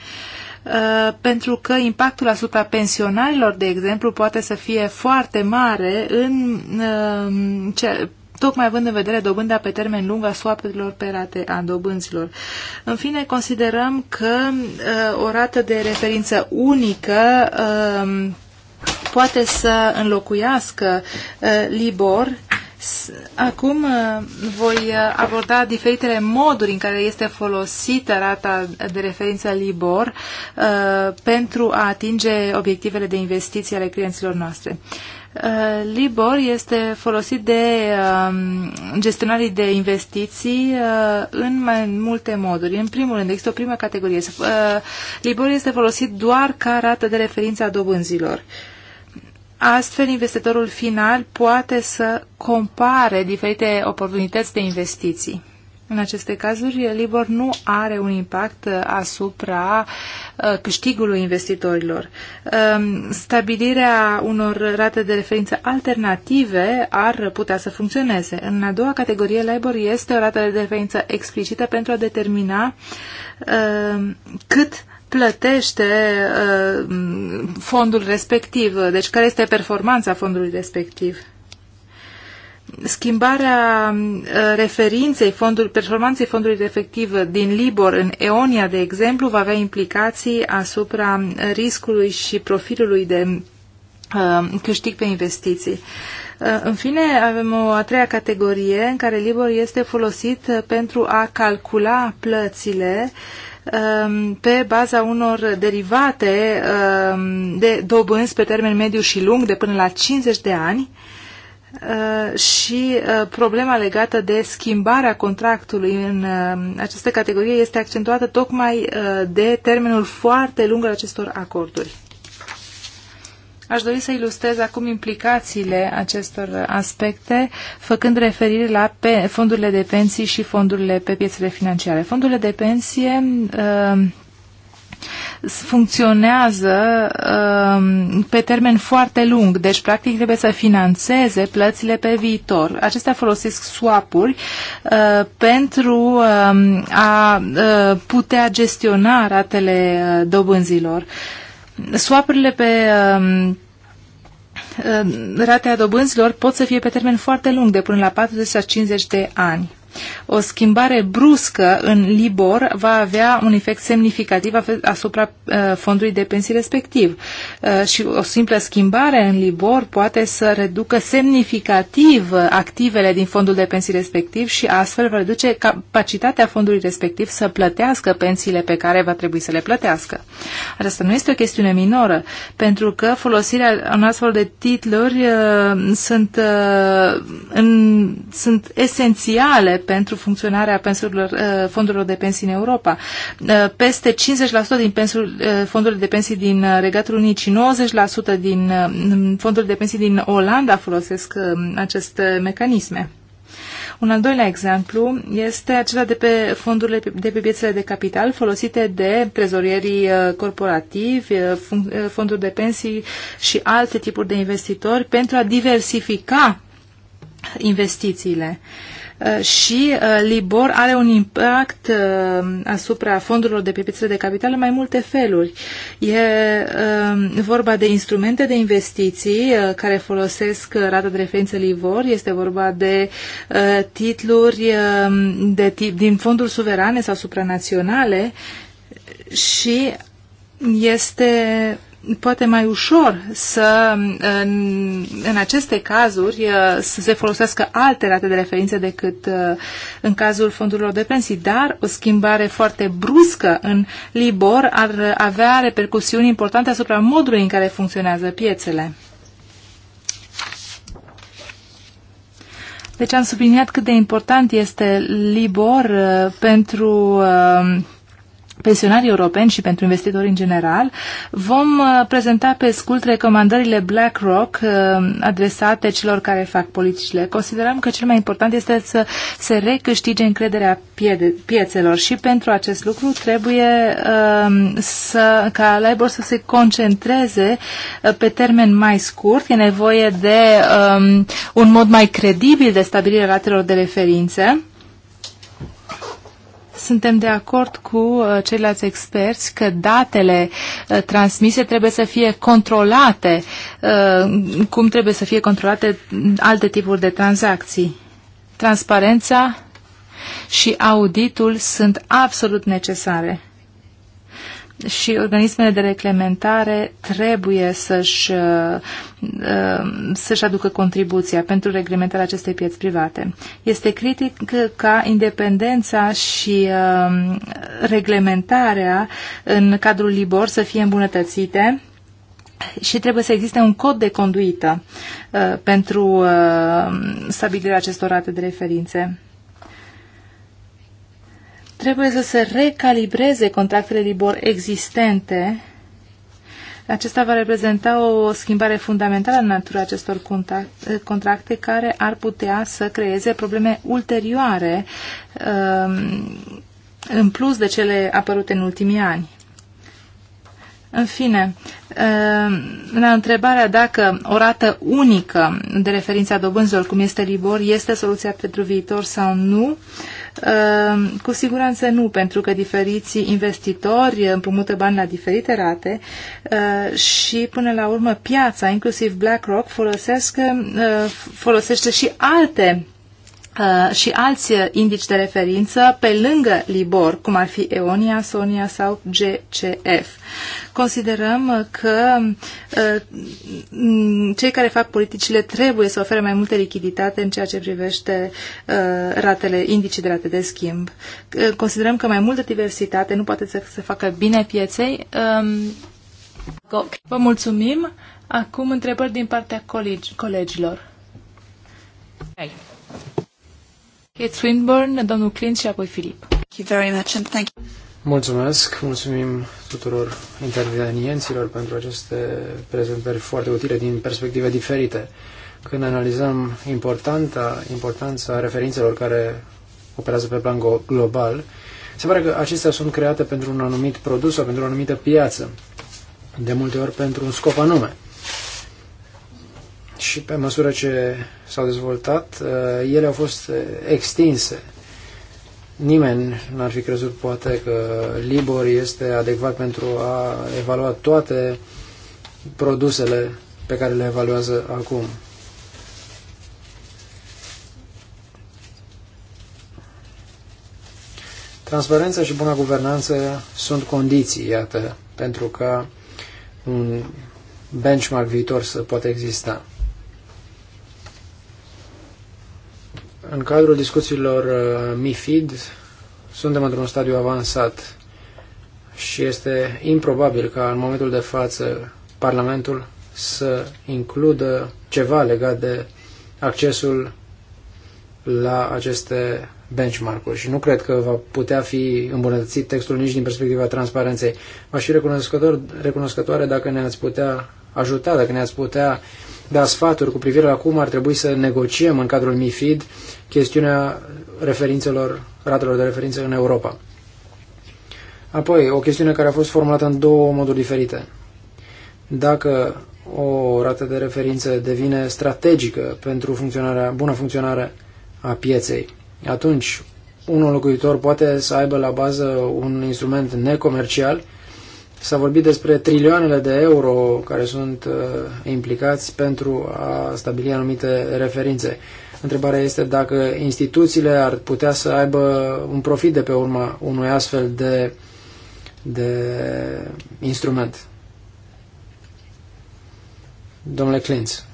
Uh, pentru că impactul asupra pensionarilor, de exemplu, poate să fie foarte mare în um, ce, tocmai având în vedere dobânda pe termen lung a swapurilor pe rate a dobânzilor. În fine, considerăm că uh, o rată de referință unică uh, poate să înlocuiască uh, Libor. Acum uh, voi uh, aborda diferitele moduri în care este folosită rata de referință Libor pentru a atinge obiectivele de investiții ale clienților noastre. Uh, Uh, Libor este folosit de um, gestionarii de investiții uh, în mai multe moduri. În primul rând, există o primă categorie. Uh, Libor este folosit doar ca rată de referință a dobânzilor. Astfel, investitorul final poate să compare diferite oportunități de investiții. În aceste cazuri, Libor nu are un impact uh, asupra uh, câștigului investitorilor. Um, stabilirea unor rate de referință alternative ar putea să funcționeze. În a doua categorie, Libor este o rată de referință explicită pentru a determina um, cât plătește uh, fondul respectiv, deci care este performanța fondului respectiv schimbarea uh, referinței fondului, performanței fondului efectiv din Libor în Eonia, de exemplu, va avea implicații asupra riscului și profilului de uh, câștig pe investiții. Uh, în fine, avem o a treia categorie în care Libor este folosit pentru a calcula plățile um, pe baza unor derivate um, de dobânzi pe termen mediu și lung de până la 50 de ani, Uh, și uh, problema legată de schimbarea contractului în uh, această categorie este accentuată tocmai de termenul foarte lung al acestor acorduri. Aș dori să ilustrez acum implicațiile acestor aspecte, făcând referire la fondurile de pensii și fondurile pe piețele financiare. Fondurile de pensie uh, funcționează um, pe termen foarte lung, deci practic trebuie să financeze plățile pe viitor. Acestea folosesc swap-uri uh, pentru um, a uh, putea gestiona ratele uh, dobânzilor. Swap-urile pe um, uh, ratea dobânzilor pot să fie pe termen foarte lung, de până la 40 sau 50 de ani. O schimbare bruscă în Libor va avea un efect semnificativ asupra uh, fondului de pensii respectiv. Uh, și o simplă schimbare în Libor poate să reducă semnificativ activele din fondul de pensii respectiv și astfel va reduce capacitatea fondului respectiv să plătească pensiile pe care va trebui să le plătească. Asta nu este o chestiune minoră, pentru că folosirea unor astfel de titluri uh, sunt, în, sunt esențiale pentru funcționarea pensurilor, uh, fondurilor de pensii în Europa. Uh, peste 50% din uh, fondurile de pensii din Regatul Unit și 90% din fondurile de pensii din Olanda folosesc aceste mecanisme. Un al doilea exemplu este acela de pe fondurile de pe piețele de capital folosite de trezorierii corporativi, fonduri de pensii și alte tipuri de investitori pentru a diversifica investițiile. Uh, Uh, și uh, Libor are un impact uh, asupra fondurilor de pe piețele de capital în mai multe feluri. E um, vorba de instrumente de investiții care folosesc rata de referință Libor, este vorba de titluri um, de tip, din fonduri suverane sau supranaționale și este poate mai ușor să, în, în aceste cazuri, uh, să se folosească alte rate de referință decât uh, în cazul fondurilor de pensii, dar o schimbare foarte bruscă în Libor ar avea repercusiuni importante asupra modului în care funcționează piețele. Deci am subliniat cât de important este Libor uh, pentru pensionarii europeni și pentru investitori în general, vom uh, prezenta pe scurt recomandările BlackRock uh, adresate celor care fac politicile. Considerăm că cel mai important este să se recâștige încrederea pie piețelor și pentru acest lucru trebuie um, să, ca LIBOR să se concentreze uh, pe termen mai scurt. E nevoie de um, un mod mai credibil de stabilire ratelor de referințe suntem de acord cu uh, ceilalți experți că datele uh, transmise trebuie să fie controlate, uh, cum trebuie să fie controlate alte tipuri de tranzacții. Transparența și auditul sunt absolut necesare și organismele de reclementare trebuie să-și, uh, uh, să-și aducă contribuția pentru reglementarea acestei pieți private. Este critic ca independența și uh, reglementarea în cadrul LIBOR să fie îmbunătățite și trebuie să existe un cod de conduită uh, pentru uh, stabilirea acestor rate de referințe trebuie să se recalibreze contractele LIBOR existente. Acesta va reprezenta o schimbare fundamentală în natura acestor contracte care ar putea să creeze probleme ulterioare um, în plus de cele apărute în ultimii ani. În fine, la um, întrebarea dacă o rată unică de referință a dobânzilor, cum este LIBOR, este soluția pentru viitor sau nu, uh, Ehm, cu siguranță nu, pentru că diferiții investitori împrumută bani la diferite rate ehm, și, până la urmă, piața, inclusiv BlackRock, folosesc, ehm, folosește și alte Uh, și alți uh, indici de referință pe lângă Libor, cum ar fi Eonia, Sonia sau GCF. Considerăm uh, că cei care fac politicile trebuie să ofere mai multă lichiditate în ceea ce privește ratele, indicii de rate de schimb. Considerăm că mai multă diversitate nu poate să se facă bine pieței. Um, vă mulțumim. Acum întrebări din partea colegilor. Hey. Kate Swinburne, domnul Clint și apoi Filip. Mulțumesc, mulțumim tuturor intervenienților pentru aceste prezentări foarte utile din perspective diferite. Când analizăm importanța, importanța referințelor care operează pe plan global, se pare că acestea sunt create pentru un anumit produs sau pentru o anumită piață, de multe ori pentru un scop anume și pe măsură ce s-au dezvoltat, uh, ele au fost uh, extinse. Nimeni n-ar fi crezut poate că Libor este adecvat pentru a evalua toate produsele pe care le evaluează acum. Transparența și buna guvernanță sunt condiții, iată, pentru ca un benchmark viitor să poată exista. În cadrul discuțiilor uh, MIFID suntem într-un stadiu avansat și este improbabil ca în momentul de față Parlamentul să includă ceva legat de accesul la aceste benchmark-uri și nu cred că va putea fi îmbunătățit textul nici din perspectiva transparenței. V-aș fi recunoscător, recunoscătoare dacă ne-ați putea ajuta, dacă ne-ați putea da sfaturi cu privire la cum ar trebui să negociem în cadrul MIFID chestiunea referințelor, ratelor de referință în Europa. Apoi, o chestiune care a fost formulată în două moduri diferite. Dacă o rată de referință devine strategică pentru funcționarea, bună funcționare a pieței, atunci un locuitor poate să aibă la bază un instrument necomercial S-a vorbit despre trilioanele de euro care sunt uh, implicați pentru a stabili anumite referințe. Întrebarea este dacă instituțiile ar putea să aibă un profit de pe urma unui astfel de, de instrument. Domnule Clintz.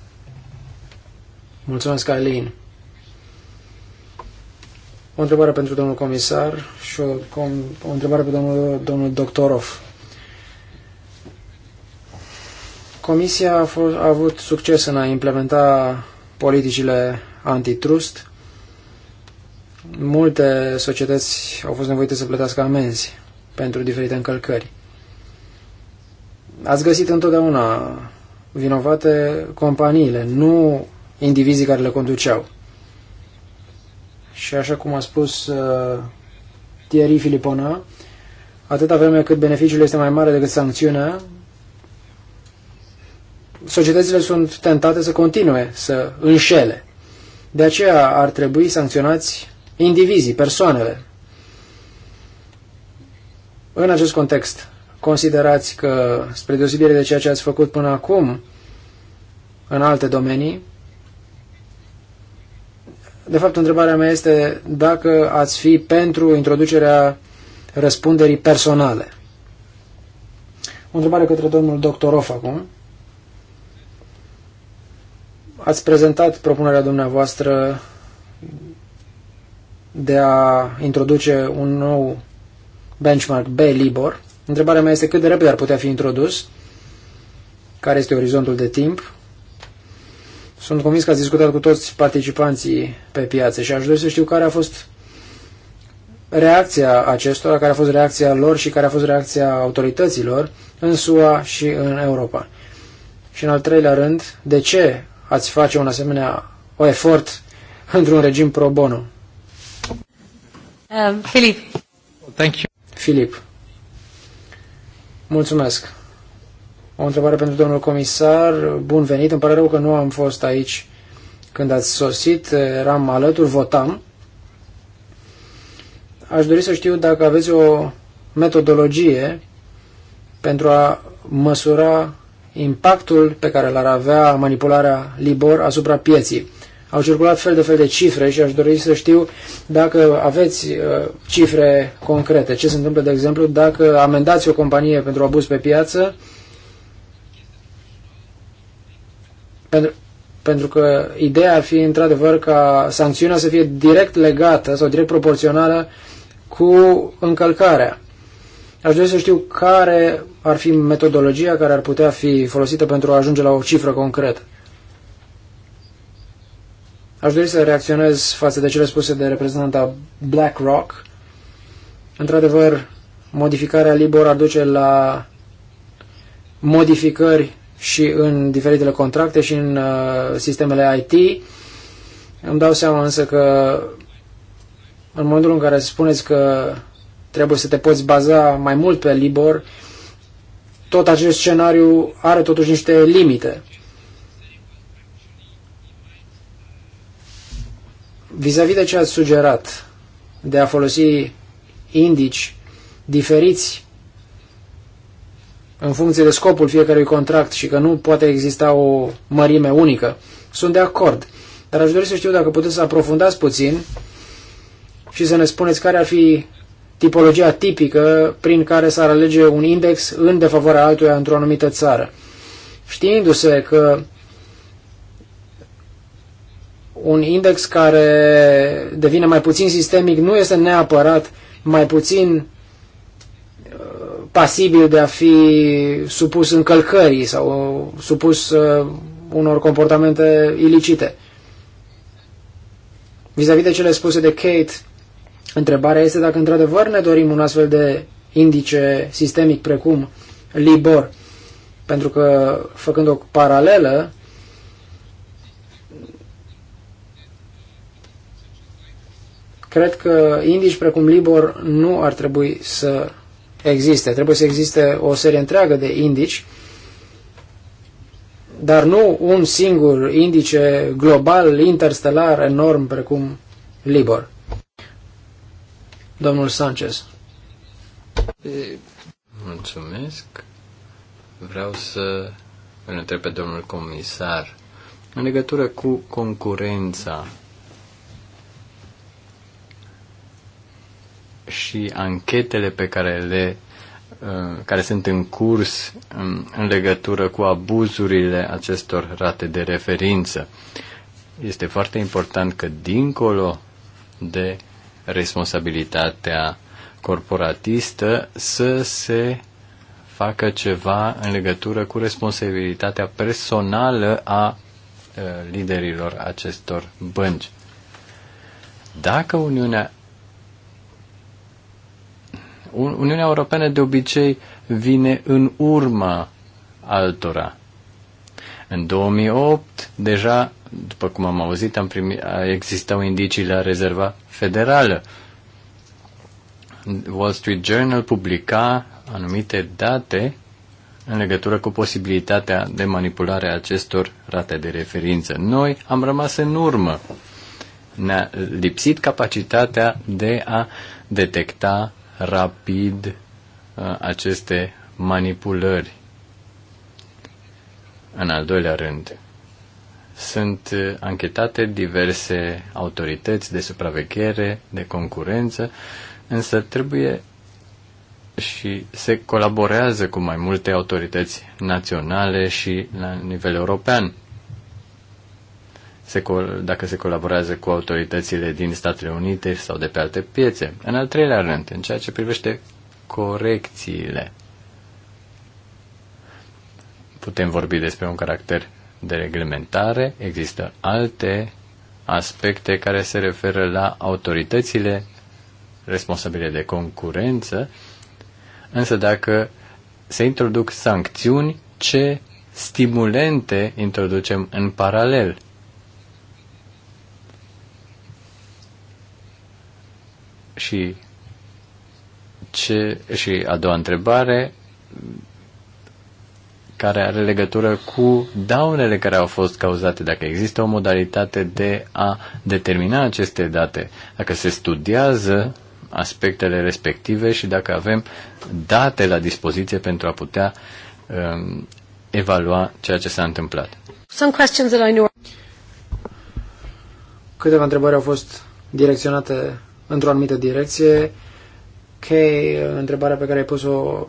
Mulțumesc, Aileen. O întrebare pentru domnul comisar și o, o întrebare pentru domnul, domnul Doctorov. Comisia a, fost, a avut succes în a implementa politicile antitrust. Multe societăți au fost nevoite să plătească amenzi pentru diferite încălcări. Ați găsit întotdeauna vinovate companiile, nu indivizii care le conduceau. Și așa cum a spus uh, Thierry Filipona, atâta vreme cât beneficiul este mai mare decât sancțiunea, societățile sunt tentate să continue să înșele. De aceea ar trebui sancționați indivizii, persoanele. În acest context, considerați că, spre deosebire de ceea ce ați făcut până acum, în alte domenii, de fapt, întrebarea mea este dacă ați fi pentru introducerea răspunderii personale. O întrebare către domnul doctor Of acum. Ați prezentat propunerea dumneavoastră de a introduce un nou benchmark B-Libor. Întrebarea mea este cât de repede ar putea fi introdus, care este orizontul de timp. Sunt convins că ați discutat cu toți participanții pe piață și aș dori să știu care a fost reacția acestora, care a fost reacția lor și care a fost reacția autorităților în SUA și în Europa. Și în al treilea rând, de ce ați face un asemenea o efort într-un regim pro bono? Um, Filip. Thank you. Filip. Mulțumesc. O întrebare pentru domnul comisar. Bun venit. Îmi pare rău că nu am fost aici când ați sosit. Eram alături, votam. Aș dori să știu dacă aveți o metodologie pentru a măsura impactul pe care l-ar avea manipularea Libor asupra pieții. Au circulat fel de fel de cifre și aș dori să știu dacă aveți uh, cifre concrete. Ce se întâmplă, de exemplu, dacă amendați o companie pentru abuz pe piață, pentru, pentru că ideea ar fi într-adevăr ca sancțiunea să fie direct legată sau direct proporțională cu încălcarea. Aș dori să știu care ar fi metodologia care ar putea fi folosită pentru a ajunge la o cifră concretă. Aș dori să reacționez față de cele spuse de reprezentanta BlackRock. Într-adevăr, modificarea LIBOR ar duce la modificări și în diferitele contracte și în uh, sistemele IT. Îmi dau seama însă că în momentul în care spuneți că trebuie să te poți baza mai mult pe Libor, tot acest scenariu are totuși niște limite. Vis-a-vis de ce ați sugerat de a folosi indici diferiți în funcție de scopul fiecărui contract și că nu poate exista o mărime unică, sunt de acord. Dar aș dori să știu dacă puteți să aprofundați puțin și să ne spuneți care ar fi tipologia tipică prin care s-ar alege un index în defavoarea altuia într-o anumită țară. Știindu-se că un index care devine mai puțin sistemic nu este neapărat mai puțin uh, pasibil de a fi supus încălcării sau uh, supus uh, unor comportamente ilicite. Vis-a-vis -vis de cele spuse de Kate, Întrebarea este dacă într-adevăr ne dorim un astfel de indice sistemic precum LIBOR, pentru că, făcând o paralelă, cred că indici precum LIBOR nu ar trebui să existe. Trebuie să existe o serie întreagă de indici, dar nu un singur indice global, interstelar, enorm, precum LIBOR. Domnul Sanchez. Mulțumesc. Vreau să îl întreb pe domnul comisar în legătură cu concurența și anchetele pe care le uh, care sunt în curs um, în legătură cu abuzurile acestor rate de referință. Este foarte important că dincolo de responsabilitatea corporatistă să se facă ceva în legătură cu responsabilitatea personală a liderilor acestor bănci. Dacă Uniunea Uniunea Europeană de obicei vine în urma altora. În 2008, deja, după cum am auzit, am primit, existau indicii la rezerva federală. Wall Street Journal publica anumite date în legătură cu posibilitatea de manipulare a acestor rate de referință. Noi am rămas în urmă. Ne-a lipsit capacitatea de a detecta rapid aceste manipulări. În al doilea rând, sunt uh, anchetate diverse autorități de supraveghere, de concurență, însă trebuie și se colaborează cu mai multe autorități naționale și la nivel european. Se dacă se colaborează cu autoritățile din Statele Unite sau de pe alte piețe. În al treilea rând, în ceea ce privește corecțiile putem vorbi despre un caracter de reglementare, există alte aspecte care se referă la autoritățile responsabile de concurență, însă dacă se introduc sancțiuni, ce stimulente introducem în paralel? Și, ce, și a doua întrebare, care are legătură cu daunele care au fost cauzate, dacă există o modalitate de a determina aceste date, dacă se studiază aspectele respective și dacă avem date la dispoziție pentru a putea um, evalua ceea ce s-a întâmplat. Some questions that I know. Câteva întrebări au fost direcționate într-o anumită direcție. Kay, întrebarea pe care ai pus-o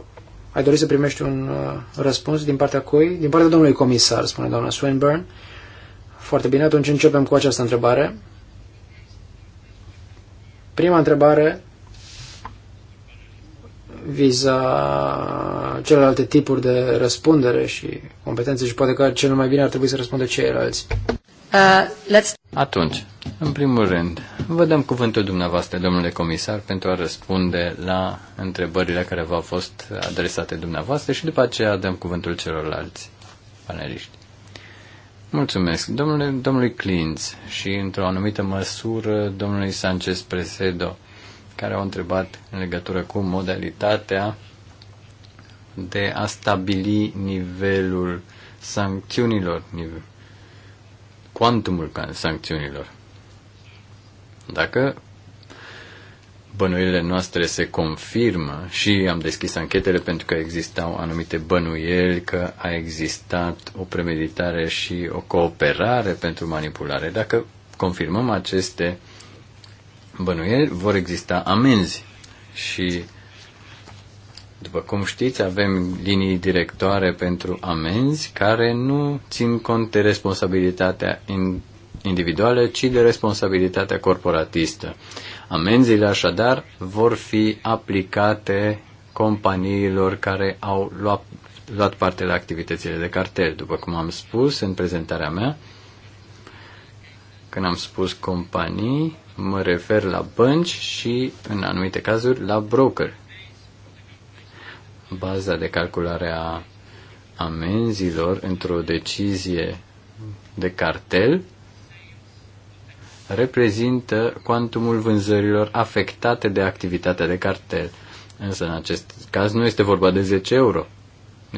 ai dori să primești un uh, răspuns din partea cui? Din partea domnului comisar, spune doamna Swinburne. Foarte bine, atunci începem cu această întrebare. Prima întrebare viza celelalte tipuri de răspundere și competențe și poate că cel mai bine ar trebui să răspundă ceilalți. Uh, let's... Atunci, în primul rând, vă dăm cuvântul dumneavoastră, domnule comisar, pentru a răspunde la întrebările care v-au fost adresate dumneavoastră și după aceea dăm cuvântul celorlalți paneliști. Mulțumesc. Domnule, domnului Clinț și, într-o anumită măsură, domnului Sanchez Presedo, care au întrebat în legătură cu modalitatea de a stabili nivelul sancțiunilor, nivel, quantumul sancțiunilor. Dacă bănuirile noastre se confirmă și am deschis anchetele pentru că existau anumite bănuieli că a existat o premeditare și o cooperare pentru manipulare. Dacă confirmăm aceste bănuieli, vor exista amenzi și după cum știți, avem linii directoare pentru amenzi care nu țin cont de responsabilitatea individuale, ci de responsabilitatea corporatistă. Amenziile așadar vor fi aplicate companiilor care au luat, luat parte la activitățile de cartel. După cum am spus în prezentarea mea, când am spus companii, mă refer la bănci și, în anumite cazuri, la broker. Baza de calculare a amenzilor într-o decizie de cartel reprezintă cuantumul vânzărilor afectate de activitatea de cartel. Însă, în acest caz, nu este vorba de 10 euro.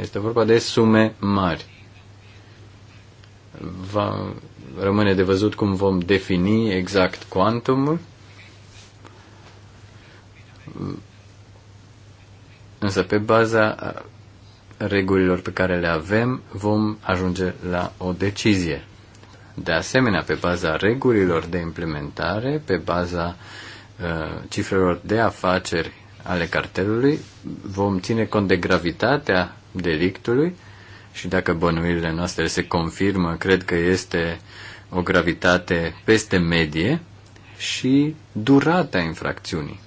Este vorba de sume mari. Va rămâne de văzut cum vom defini exact cuantumul. Însă, pe baza regulilor pe care le avem, vom ajunge la o decizie. De asemenea, pe baza regulilor de implementare, pe baza uh, cifrelor de afaceri ale cartelului, vom ține cont de gravitatea delictului și dacă bănuirile noastre se confirmă, cred că este o gravitate peste medie și durata infracțiunii.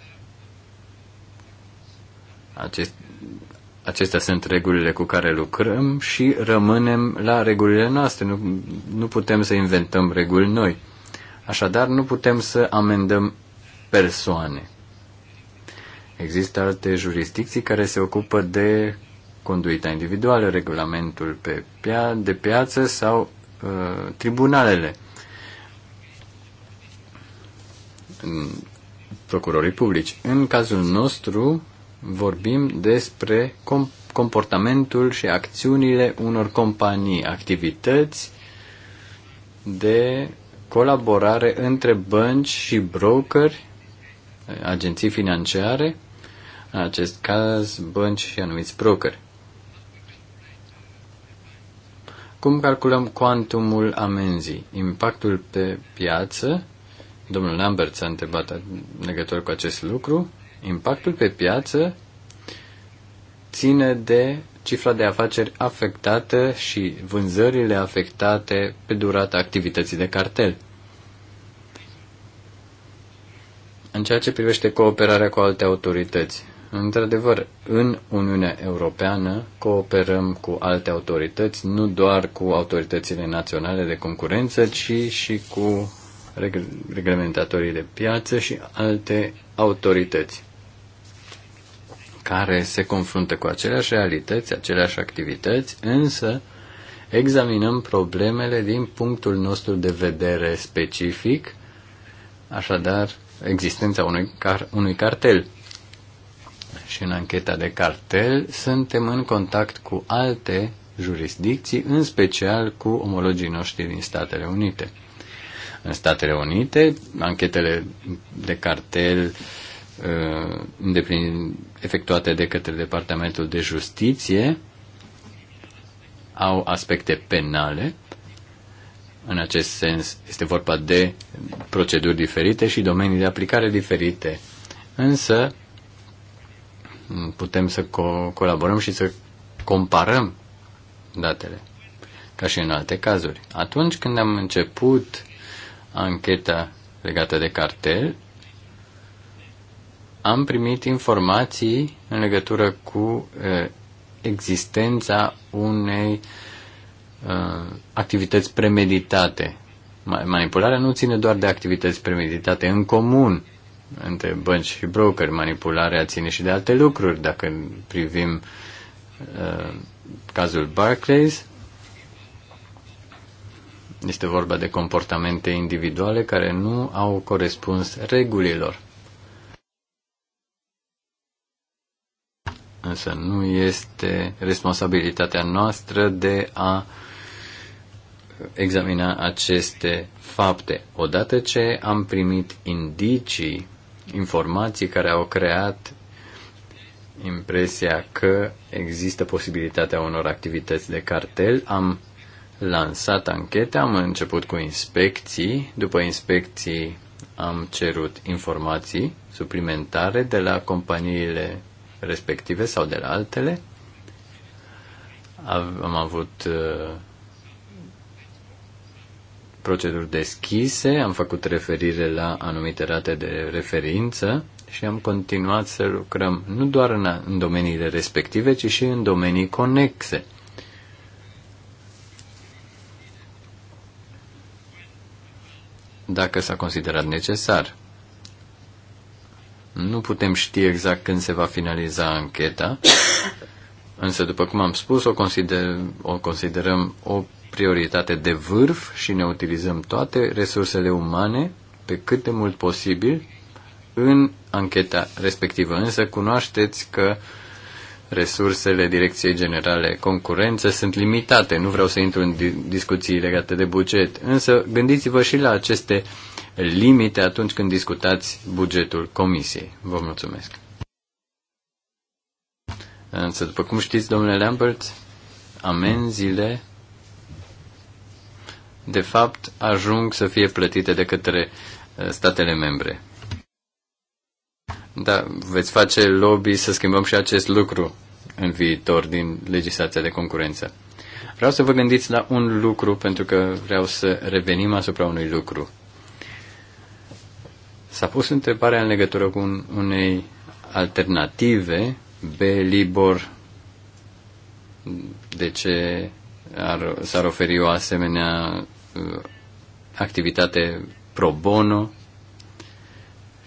Acest, Acestea sunt regulile cu care lucrăm și rămânem la regulile noastre. Nu, nu putem să inventăm reguli noi. Așadar, nu putem să amendăm persoane. Există alte jurisdicții care se ocupă de conduita individuală, regulamentul pe pia- de piață sau uh, tribunalele. Procurorii publici. În cazul nostru, vorbim despre comportamentul și acțiunile unor companii, activități de colaborare între bănci și brokeri, agenții financiare, în acest caz bănci și anumiți brokeri. Cum calculăm cuantumul amenzii? Impactul pe piață? Domnul Lambert s-a întrebat legător cu acest lucru. Impactul pe piață ține de cifra de afaceri afectată și vânzările afectate pe durata activității de cartel. În ceea ce privește cooperarea cu alte autorități, într-adevăr, în Uniunea Europeană cooperăm cu alte autorități, nu doar cu autoritățile naționale de concurență, ci și cu reglementatorii de piață și alte autorități care se confruntă cu aceleași realități, aceleași activități, însă examinăm problemele din punctul nostru de vedere specific, așadar existența unui, car- unui cartel. Și în ancheta de cartel suntem în contact cu alte jurisdicții, în special cu omologii noștri din Statele Unite. În Statele Unite, anchetele de cartel uh, Uh, efectuate de către Departamentul de Justiție au aspecte penale. În acest sens este vorba de proceduri diferite și domenii de aplicare diferite. Însă putem să co- colaborăm și să comparăm datele, ca și în alte cazuri. Atunci când am început ancheta legată de cartel, am primit informații în legătură cu existența unei activități premeditate. Manipularea nu ține doar de activități premeditate în comun între bănci și brokeri. Manipularea ține și de alte lucruri. Dacă privim uh, cazul Barclays, este vorba de comportamente individuale care nu au corespuns regulilor. Însă nu este responsabilitatea noastră de a examina aceste fapte. Odată ce am primit indicii, informații care au creat impresia că există posibilitatea unor activități de cartel, am lansat anchete, am început cu inspecții, după inspecții am cerut informații suplimentare de la companiile respective sau de la altele. Am avut uh, proceduri deschise, am făcut referire la anumite rate de referință și am continuat să lucrăm nu doar în, domeniile respective, ci și în domenii conexe. dacă s-a considerat necesar. Nu putem ști exact când se va finaliza ancheta, însă, după cum am spus, o, consider, o considerăm o prioritate de vârf și ne utilizăm toate resursele umane pe cât de mult posibil în ancheta respectivă. Însă cunoașteți că uh, resursele Direcției Generale Concurență sunt limitate. Nu vreau să intru în discuții legate de buget, însă gândiți-vă și la aceste limite atunci când discutați bugetul Comisiei. Vă mulțumesc. Însă, după cum știți, domnule Lambert, amenziile de fapt ajung să fie plătite de către uh, statele membre. Da, veți face lobby să schimbăm și acest lucru în viitor din legislația de concurență. Vreau să vă gândiți la un lucru pentru că vreau să revenim asupra unui lucru. S-a pus întrebarea în legătură cu un, unei alternative B-Libor. De ce ar, s-ar oferi o asemenea uh, activitate pro bono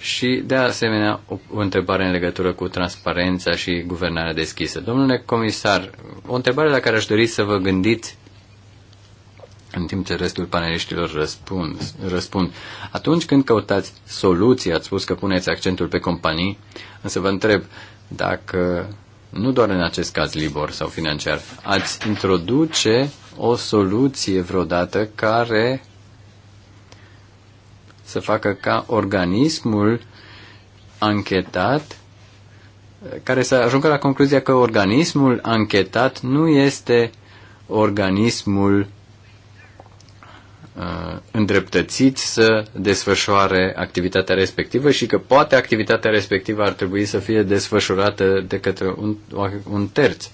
și, de asemenea, o, o întrebare în legătură cu transparența și guvernarea deschisă. Domnule comisar, o întrebare la care aș dori să vă gândiți în timp ce restul paneliștilor răspund, răspund. Atunci când căutați soluții, ați spus că puneți accentul pe companii, însă vă întreb dacă, nu doar în acest caz Libor sau financiar, ați introduce o soluție vreodată care să facă ca organismul anchetat care să ajungă la concluzia că organismul anchetat nu este organismul uh, îndreptățit să desfășoare activitatea respectivă și că poate activitatea respectivă ar trebui să fie desfășurată de către un, un terț.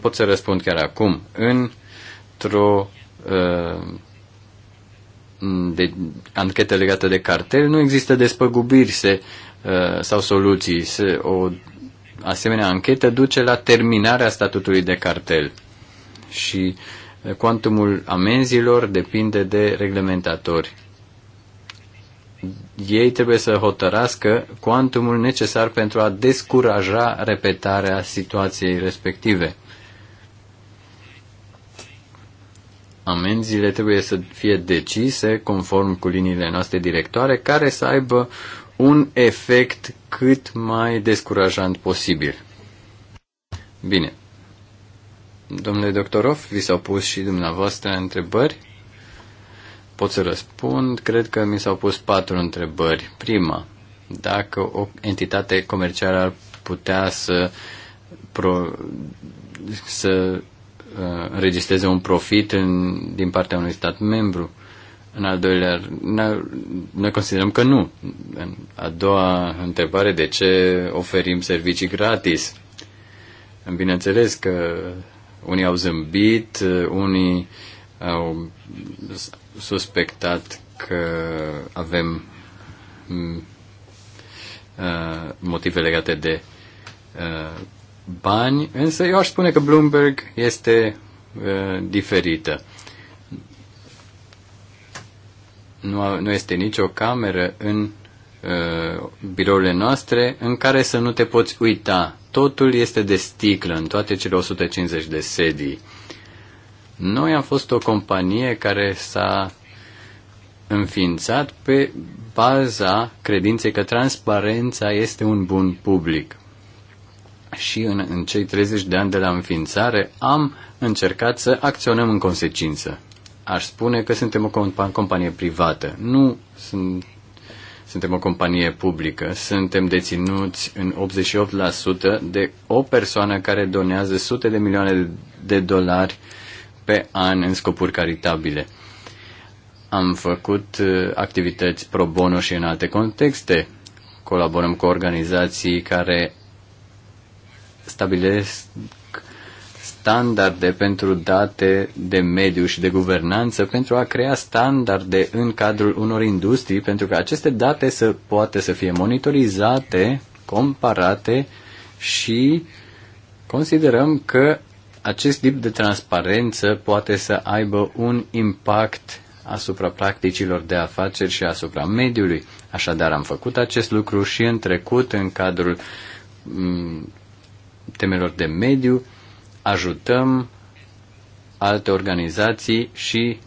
Pot să răspund chiar acum. Într-o uh, de anchete legate de cartel, nu există despăgubiri se, uh, sau soluții. Se, o asemenea anchetă duce la terminarea statutului de cartel și uh, cuantumul amenzilor depinde de reglementatori. Ei trebuie să hotărască cuantumul necesar pentru a descuraja repetarea situației respective. amenziile trebuie să fie decise conform cu liniile noastre directoare care să aibă un efect cât mai descurajant posibil. Bine. Domnule doctorov, vi s-au pus și dumneavoastră întrebări? Pot să răspund? Cred că mi s-au pus patru întrebări. Prima, dacă o entitate comercială ar putea să, pro, să Uh, înregistreze un profit în, din partea unui stat membru. În al doilea, noi considerăm că nu. În a doua întrebare, de ce oferim servicii gratis? Bineînțeles că unii au zâmbit, unii au suspectat că avem mm, uh, motive legate de uh, bani, însă eu aș spune că Bloomberg este uh, diferită. Nu, nu este nicio cameră în uh, birourile noastre în care să nu te poți uita. Totul este de sticlă în toate cele 150 de sedii. Noi am fost o companie care s-a înființat pe baza credinței că transparența este un bun public și în, în cei 30 de ani de la înființare am încercat să acționăm în consecință. Aș spune că suntem o companie privată, nu sunt, suntem o companie publică. Suntem deținuți în 88% de o persoană care donează sute de milioane de dolari pe an în scopuri caritabile. Am făcut uh, activități pro bono și în alte contexte. Colaborăm cu organizații care stabilesc standarde pentru date de mediu și de guvernanță pentru a crea standarde în cadrul unor industrii pentru că aceste date să poate să fie monitorizate, comparate și considerăm că acest tip de transparență poate să aibă un impact asupra practicilor de afaceri și asupra mediului. Așadar, am făcut acest lucru și în trecut în cadrul mm, temelor de mediu, ajutăm alte organizații și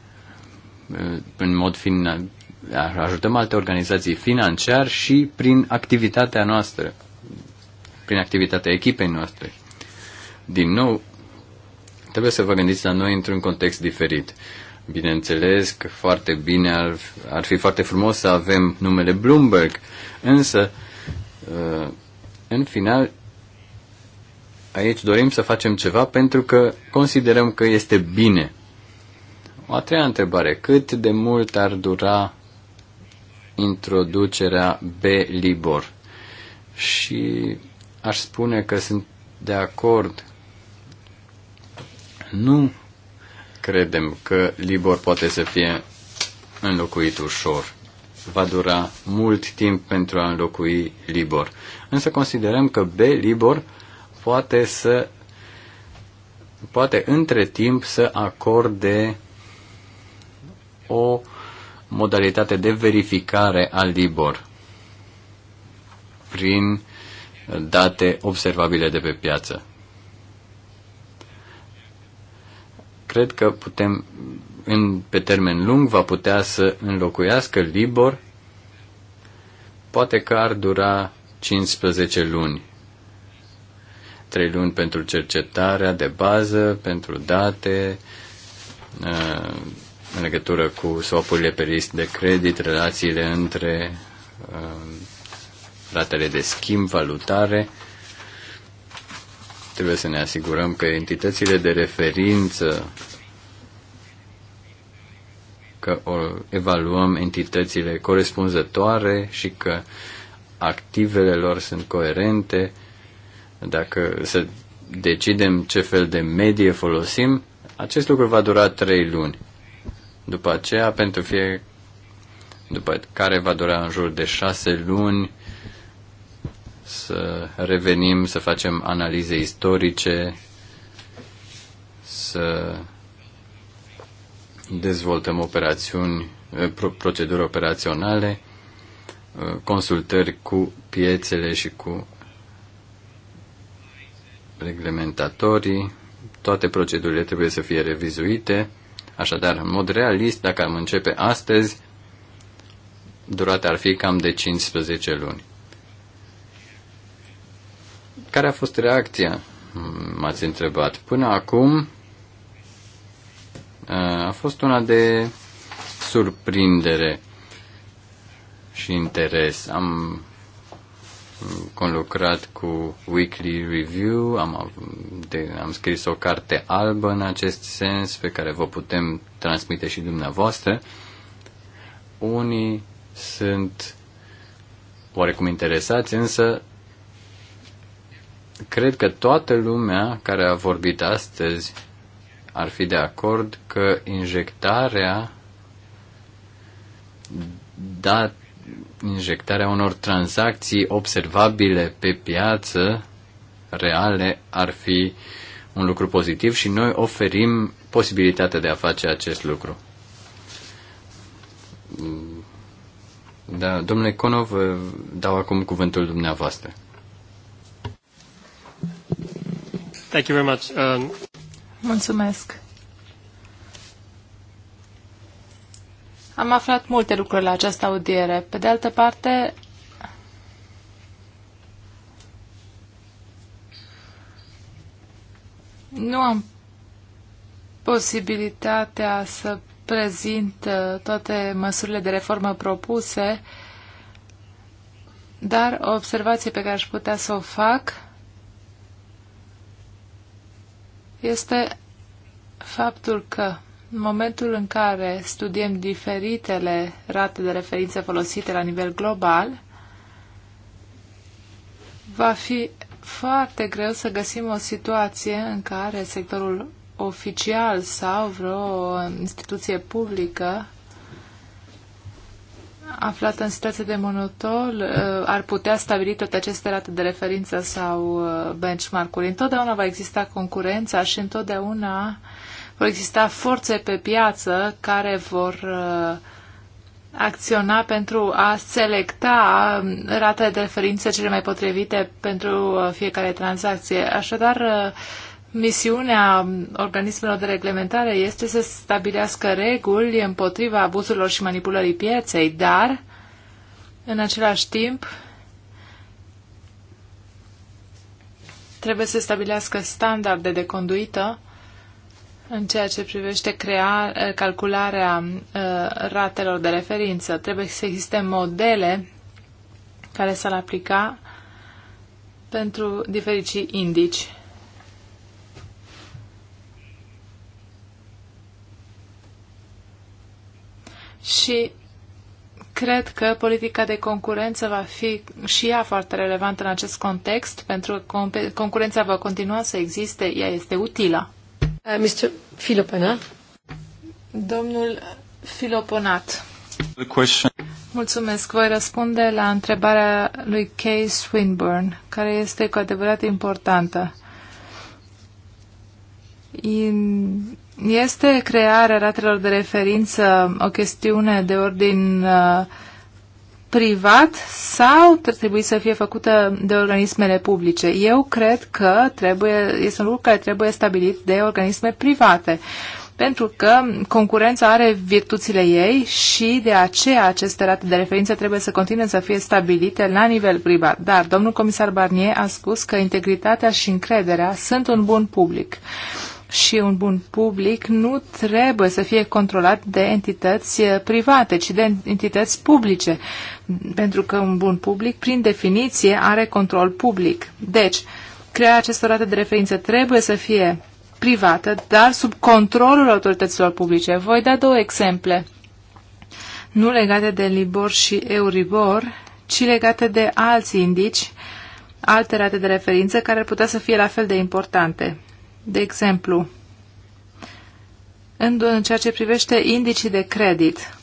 uh, în mod fin, ajutăm alte organizații financiar și prin activitatea noastră, prin activitatea echipei noastre. Din nou, trebuie să vă gândiți la noi într-un context diferit. Bineînțeles că foarte bine ar, ar fi foarte frumos să avem numele Bloomberg, însă, uh, în final, aici dorim să facem ceva pentru că considerăm că este bine. O a treia întrebare. Cât de mult ar dura introducerea B-Libor? Și aș spune că sunt de acord. Nu credem că Libor poate să fie înlocuit ușor. Va dura mult timp pentru a înlocui Libor. Însă considerăm că B-Libor poate să poate între timp să acorde o modalitate de verificare al LIBOR prin date observabile de pe piață. Cred că putem, în, pe termen lung, va putea să înlocuiască LIBOR. Poate că ar dura 15 luni trei luni pentru cercetarea de bază, pentru date, uh, în legătură cu swapurile pe risc de credit, relațiile între uh, ratele de schimb valutare. Trebuie să ne asigurăm că entitățile de referință, că evaluăm entitățile corespunzătoare și că activele lor sunt coerente dacă să decidem ce fel de medie folosim, acest lucru va dura trei luni. După aceea, pentru fie, după care va dura în jur de șase luni să revenim, să facem analize istorice, să dezvoltăm operațiuni, eh, proceduri operaționale, eh, consultări cu piețele și cu reglementatorii, toate procedurile trebuie să fie revizuite. Așadar, în mod realist, dacă am începe astăzi, durata ar fi cam de 15 luni. Care a fost reacția? M-ați întrebat. Până acum a fost una de surprindere și interes. Am conlucrat cu Weekly Review, am, de, am scris o carte albă în acest sens pe care vă putem transmite și dumneavoastră. Unii sunt oarecum interesați, însă cred că toată lumea care a vorbit astăzi ar fi de acord că injectarea dat injectarea unor tranzacții observabile pe piață reale ar fi un lucru pozitiv și noi oferim posibilitatea de a face acest lucru. Da, domnule Conov, dau acum cuvântul dumneavoastră. Thank you very much. Um... Mulțumesc. Am aflat multe lucruri la această audiere. Pe de altă parte, nu am posibilitatea să prezint uh, toate măsurile de reformă propuse, dar o observație pe care aș putea să o fac este faptul că în momentul în care studiem diferitele rate de referință folosite la nivel global, va fi foarte greu să găsim o situație în care sectorul oficial sau vreo instituție publică aflată în situație de monotol uh, ar putea stabili toate aceste rate de referință sau uh, benchmark-uri. Întotdeauna va exista concurența și întotdeauna vor exista forțe pe piață care vor uh, acționa pentru a selecta um, ratele de referință cele mai potrivite pentru uh, fiecare tranzacție. Așadar, uh, misiunea um, organismelor de reglementare este să stabilească reguli împotriva abuzurilor și manipulării pieței, dar, în același timp, trebuie să stabilească standarde de conduită în ceea ce privește crea, eh, calcularea eh, ratelor de referință. Trebuie să existe modele care s-ar aplica pentru diferiți indici. Și cred că politica de concurență va fi și ea foarte relevantă în acest context, pentru că concurența va continua să existe, ea este utilă. Uh, Domnul Filoponat. The question. Mulțumesc. Voi răspunde la întrebarea lui Kay Swinburne, care este cu adevărat importantă. Este crearea ratelor de referință o chestiune de ordin uh, privat sau trebuie să fie făcută de organismele publice. Eu cred că trebuie, este un lucru care trebuie stabilit de organisme private pentru că concurența are virtuțile ei și de aceea aceste rate de referință trebuie să continue să fie stabilite la nivel privat. Dar domnul comisar Barnier a spus că integritatea și încrederea sunt un bun public și un bun public nu trebuie să fie controlat de entități eh, private, ci de entități publice, pentru că un bun public, prin definiție, are control public. Deci, crearea acestor rate de referință trebuie să fie privată, dar sub controlul autorităților publice. Voi da două exemple, nu legate de Libor și Euribor, ci legate de alți indici, alte rate de referință care ar putea să fie la fel de importante. De exemplu, în ceea ce privește indicii de credit,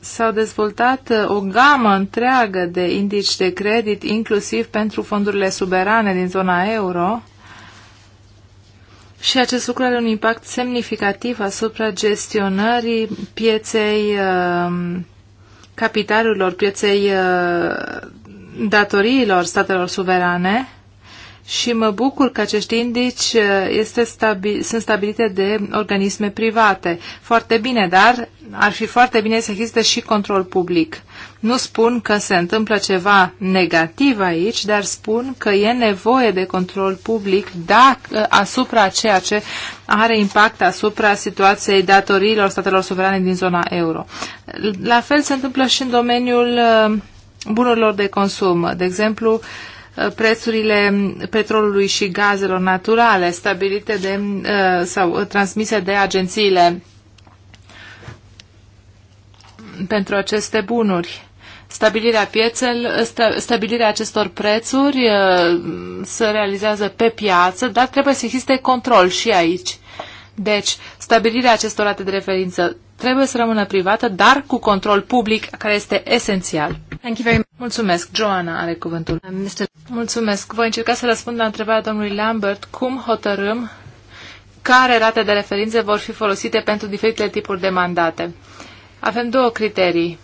s-au dezvoltat uh, o gamă întreagă de indici de credit, inclusiv pentru fondurile suberane din zona euro, și acest lucru are un impact semnificativ asupra gestionării pieței um, capitalurilor, pieței uh, datoriilor statelor suverane și mă bucur că acești indici uh, este stabi sunt stabilite de organisme private. Foarte bine, dar ar fi foarte bine să existe și control public. Nu spun că se întâmplă ceva negativ aici, dar spun că e nevoie de control public dacă, uh, asupra ceea ce are impact asupra situației datoriilor statelor suverane din zona euro. La fel se întâmplă și în domeniul uh, bunurilor de consum. De exemplu, uh, prețurile petrolului și gazelor naturale stabilite de, uh, sau uh, transmise de agențiile pentru aceste bunuri. Stabilirea piețel, sta, stabilirea acestor prețuri uh, se realizează pe piață, dar trebuie să existe control și aici. Deci, stabilirea acestor rate de referință trebuie să rămână privată, dar cu control public, care este esențial. Thank you very much. Mulțumesc. Joana are cuvântul. Um, Mulțumesc. Voi încerca să răspund la întrebarea domnului Lambert. Cum hotărâm care rate de referințe vor fi folosite pentru diferite tipuri de mandate? Avem două criterii.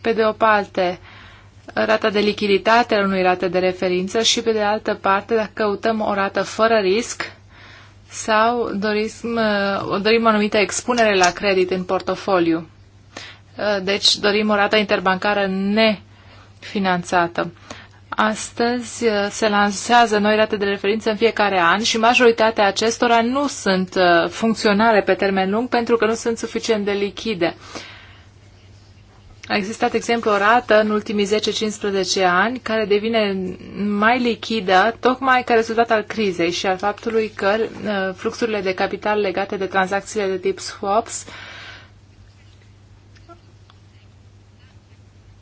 Pe de o parte, rata de lichiditate a unui rate de referință și, pe de altă parte, dacă căutăm o rată fără risc, sau dorim, dorim o anumită expunere la credit în portofoliu. Uh, deci dorim o rată interbancară nefinanțată. Astăzi uh, se lansează noi rate de referință în fiecare an și majoritatea acestora nu sunt uh, funcționale pe termen lung pentru că nu sunt suficient de lichide. Uh, a existat, exemplu, o rată în ultimii 10-15 ani care devine mai lichidă tocmai ca rezultat al crizei și al faptului că uh, fluxurile de capital legate de tranzacțiile de tip swaps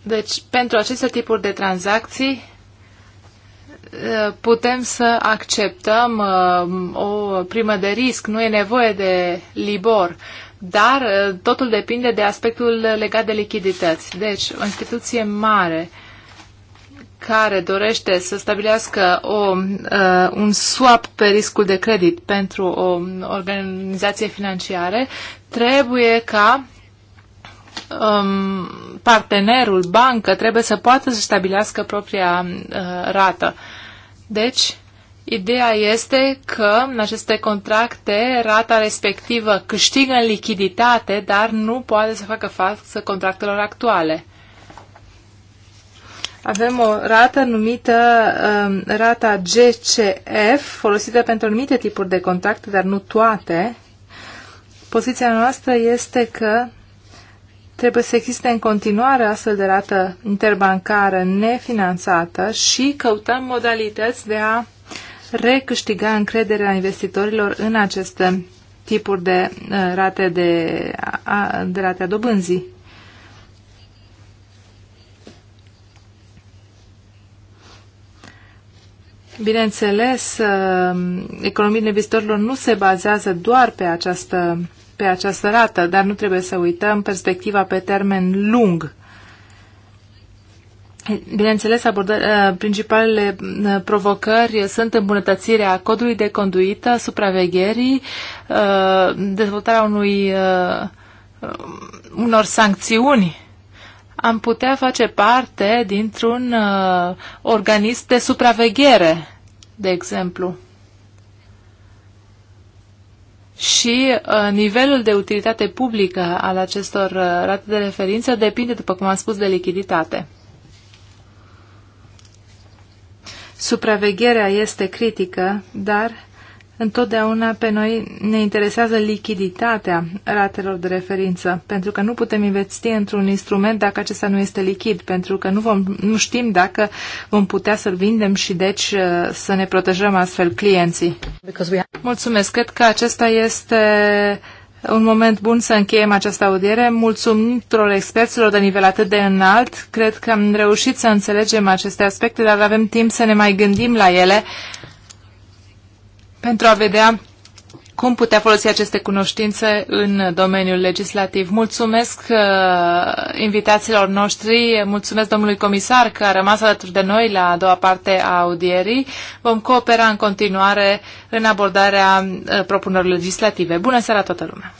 Deci, pentru aceste tipuri de tranzacții, uh, putem să acceptăm uh, o primă de risc. Nu e nevoie de LIBOR dar uh, totul depinde de aspectul legat de lichidități. Deci, o instituție mare care dorește să stabilească o, uh, un swap pe riscul de credit pentru o organizație financiară, trebuie ca um, partenerul, bancă, trebuie să poată să stabilească propria uh, rată. Deci, Ideea este că în aceste contracte rata respectivă câștigă în lichiditate, dar nu poate să facă față contractelor actuale. Avem o rată numită um, rata GCF, folosită pentru anumite tipuri de contracte, dar nu toate. Poziția noastră este că trebuie să existe în continuare astfel de rată interbancară nefinanțată și căutăm modalități de a recâștiga încrederea investitorilor în aceste tipuri de uh, rate de, de rate a dobânzii. Bineînțeles, uh, economiile investitorilor nu se bazează doar pe această, pe această rată, dar nu trebuie să uităm perspectiva pe termen lung Bineînțeles, eh, principalele eh, provocări sunt îmbunătățirea codului de conduită, supravegherii, eh, dezvoltarea unui, unor sancțiuni. Am putea face parte dintr-un organism de supraveghere, de exemplu. Și uh, nivelul de utilitate publică al acestor uh, rate de referință depinde, după cum am spus, de lichiditate. Supravegherea este critică, dar întotdeauna pe noi ne interesează lichiditatea ratelor de referință, pentru că nu putem investi într-un instrument dacă acesta nu este lichid, pentru că nu, vom, nu știm dacă vom putea să-l vindem și deci uh, să ne protejăm astfel clienții. Mulțumesc, cred că acesta este un moment bun să încheiem această audiere. Mulțumim tuturor experților de nivel atât de înalt. Cred că am reușit să înțelegem aceste aspecte, dar avem timp să ne mai gândim la ele pentru a vedea cum putea folosi aceste cunoștințe în domeniul legislativ. Mulțumesc uh, invitațiilor noștri, mulțumesc domnului comisar că a rămas alături de noi la a doua parte a audierii. Vom coopera în continuare în abordarea uh, propunerilor legislative. Bună seara toată lumea!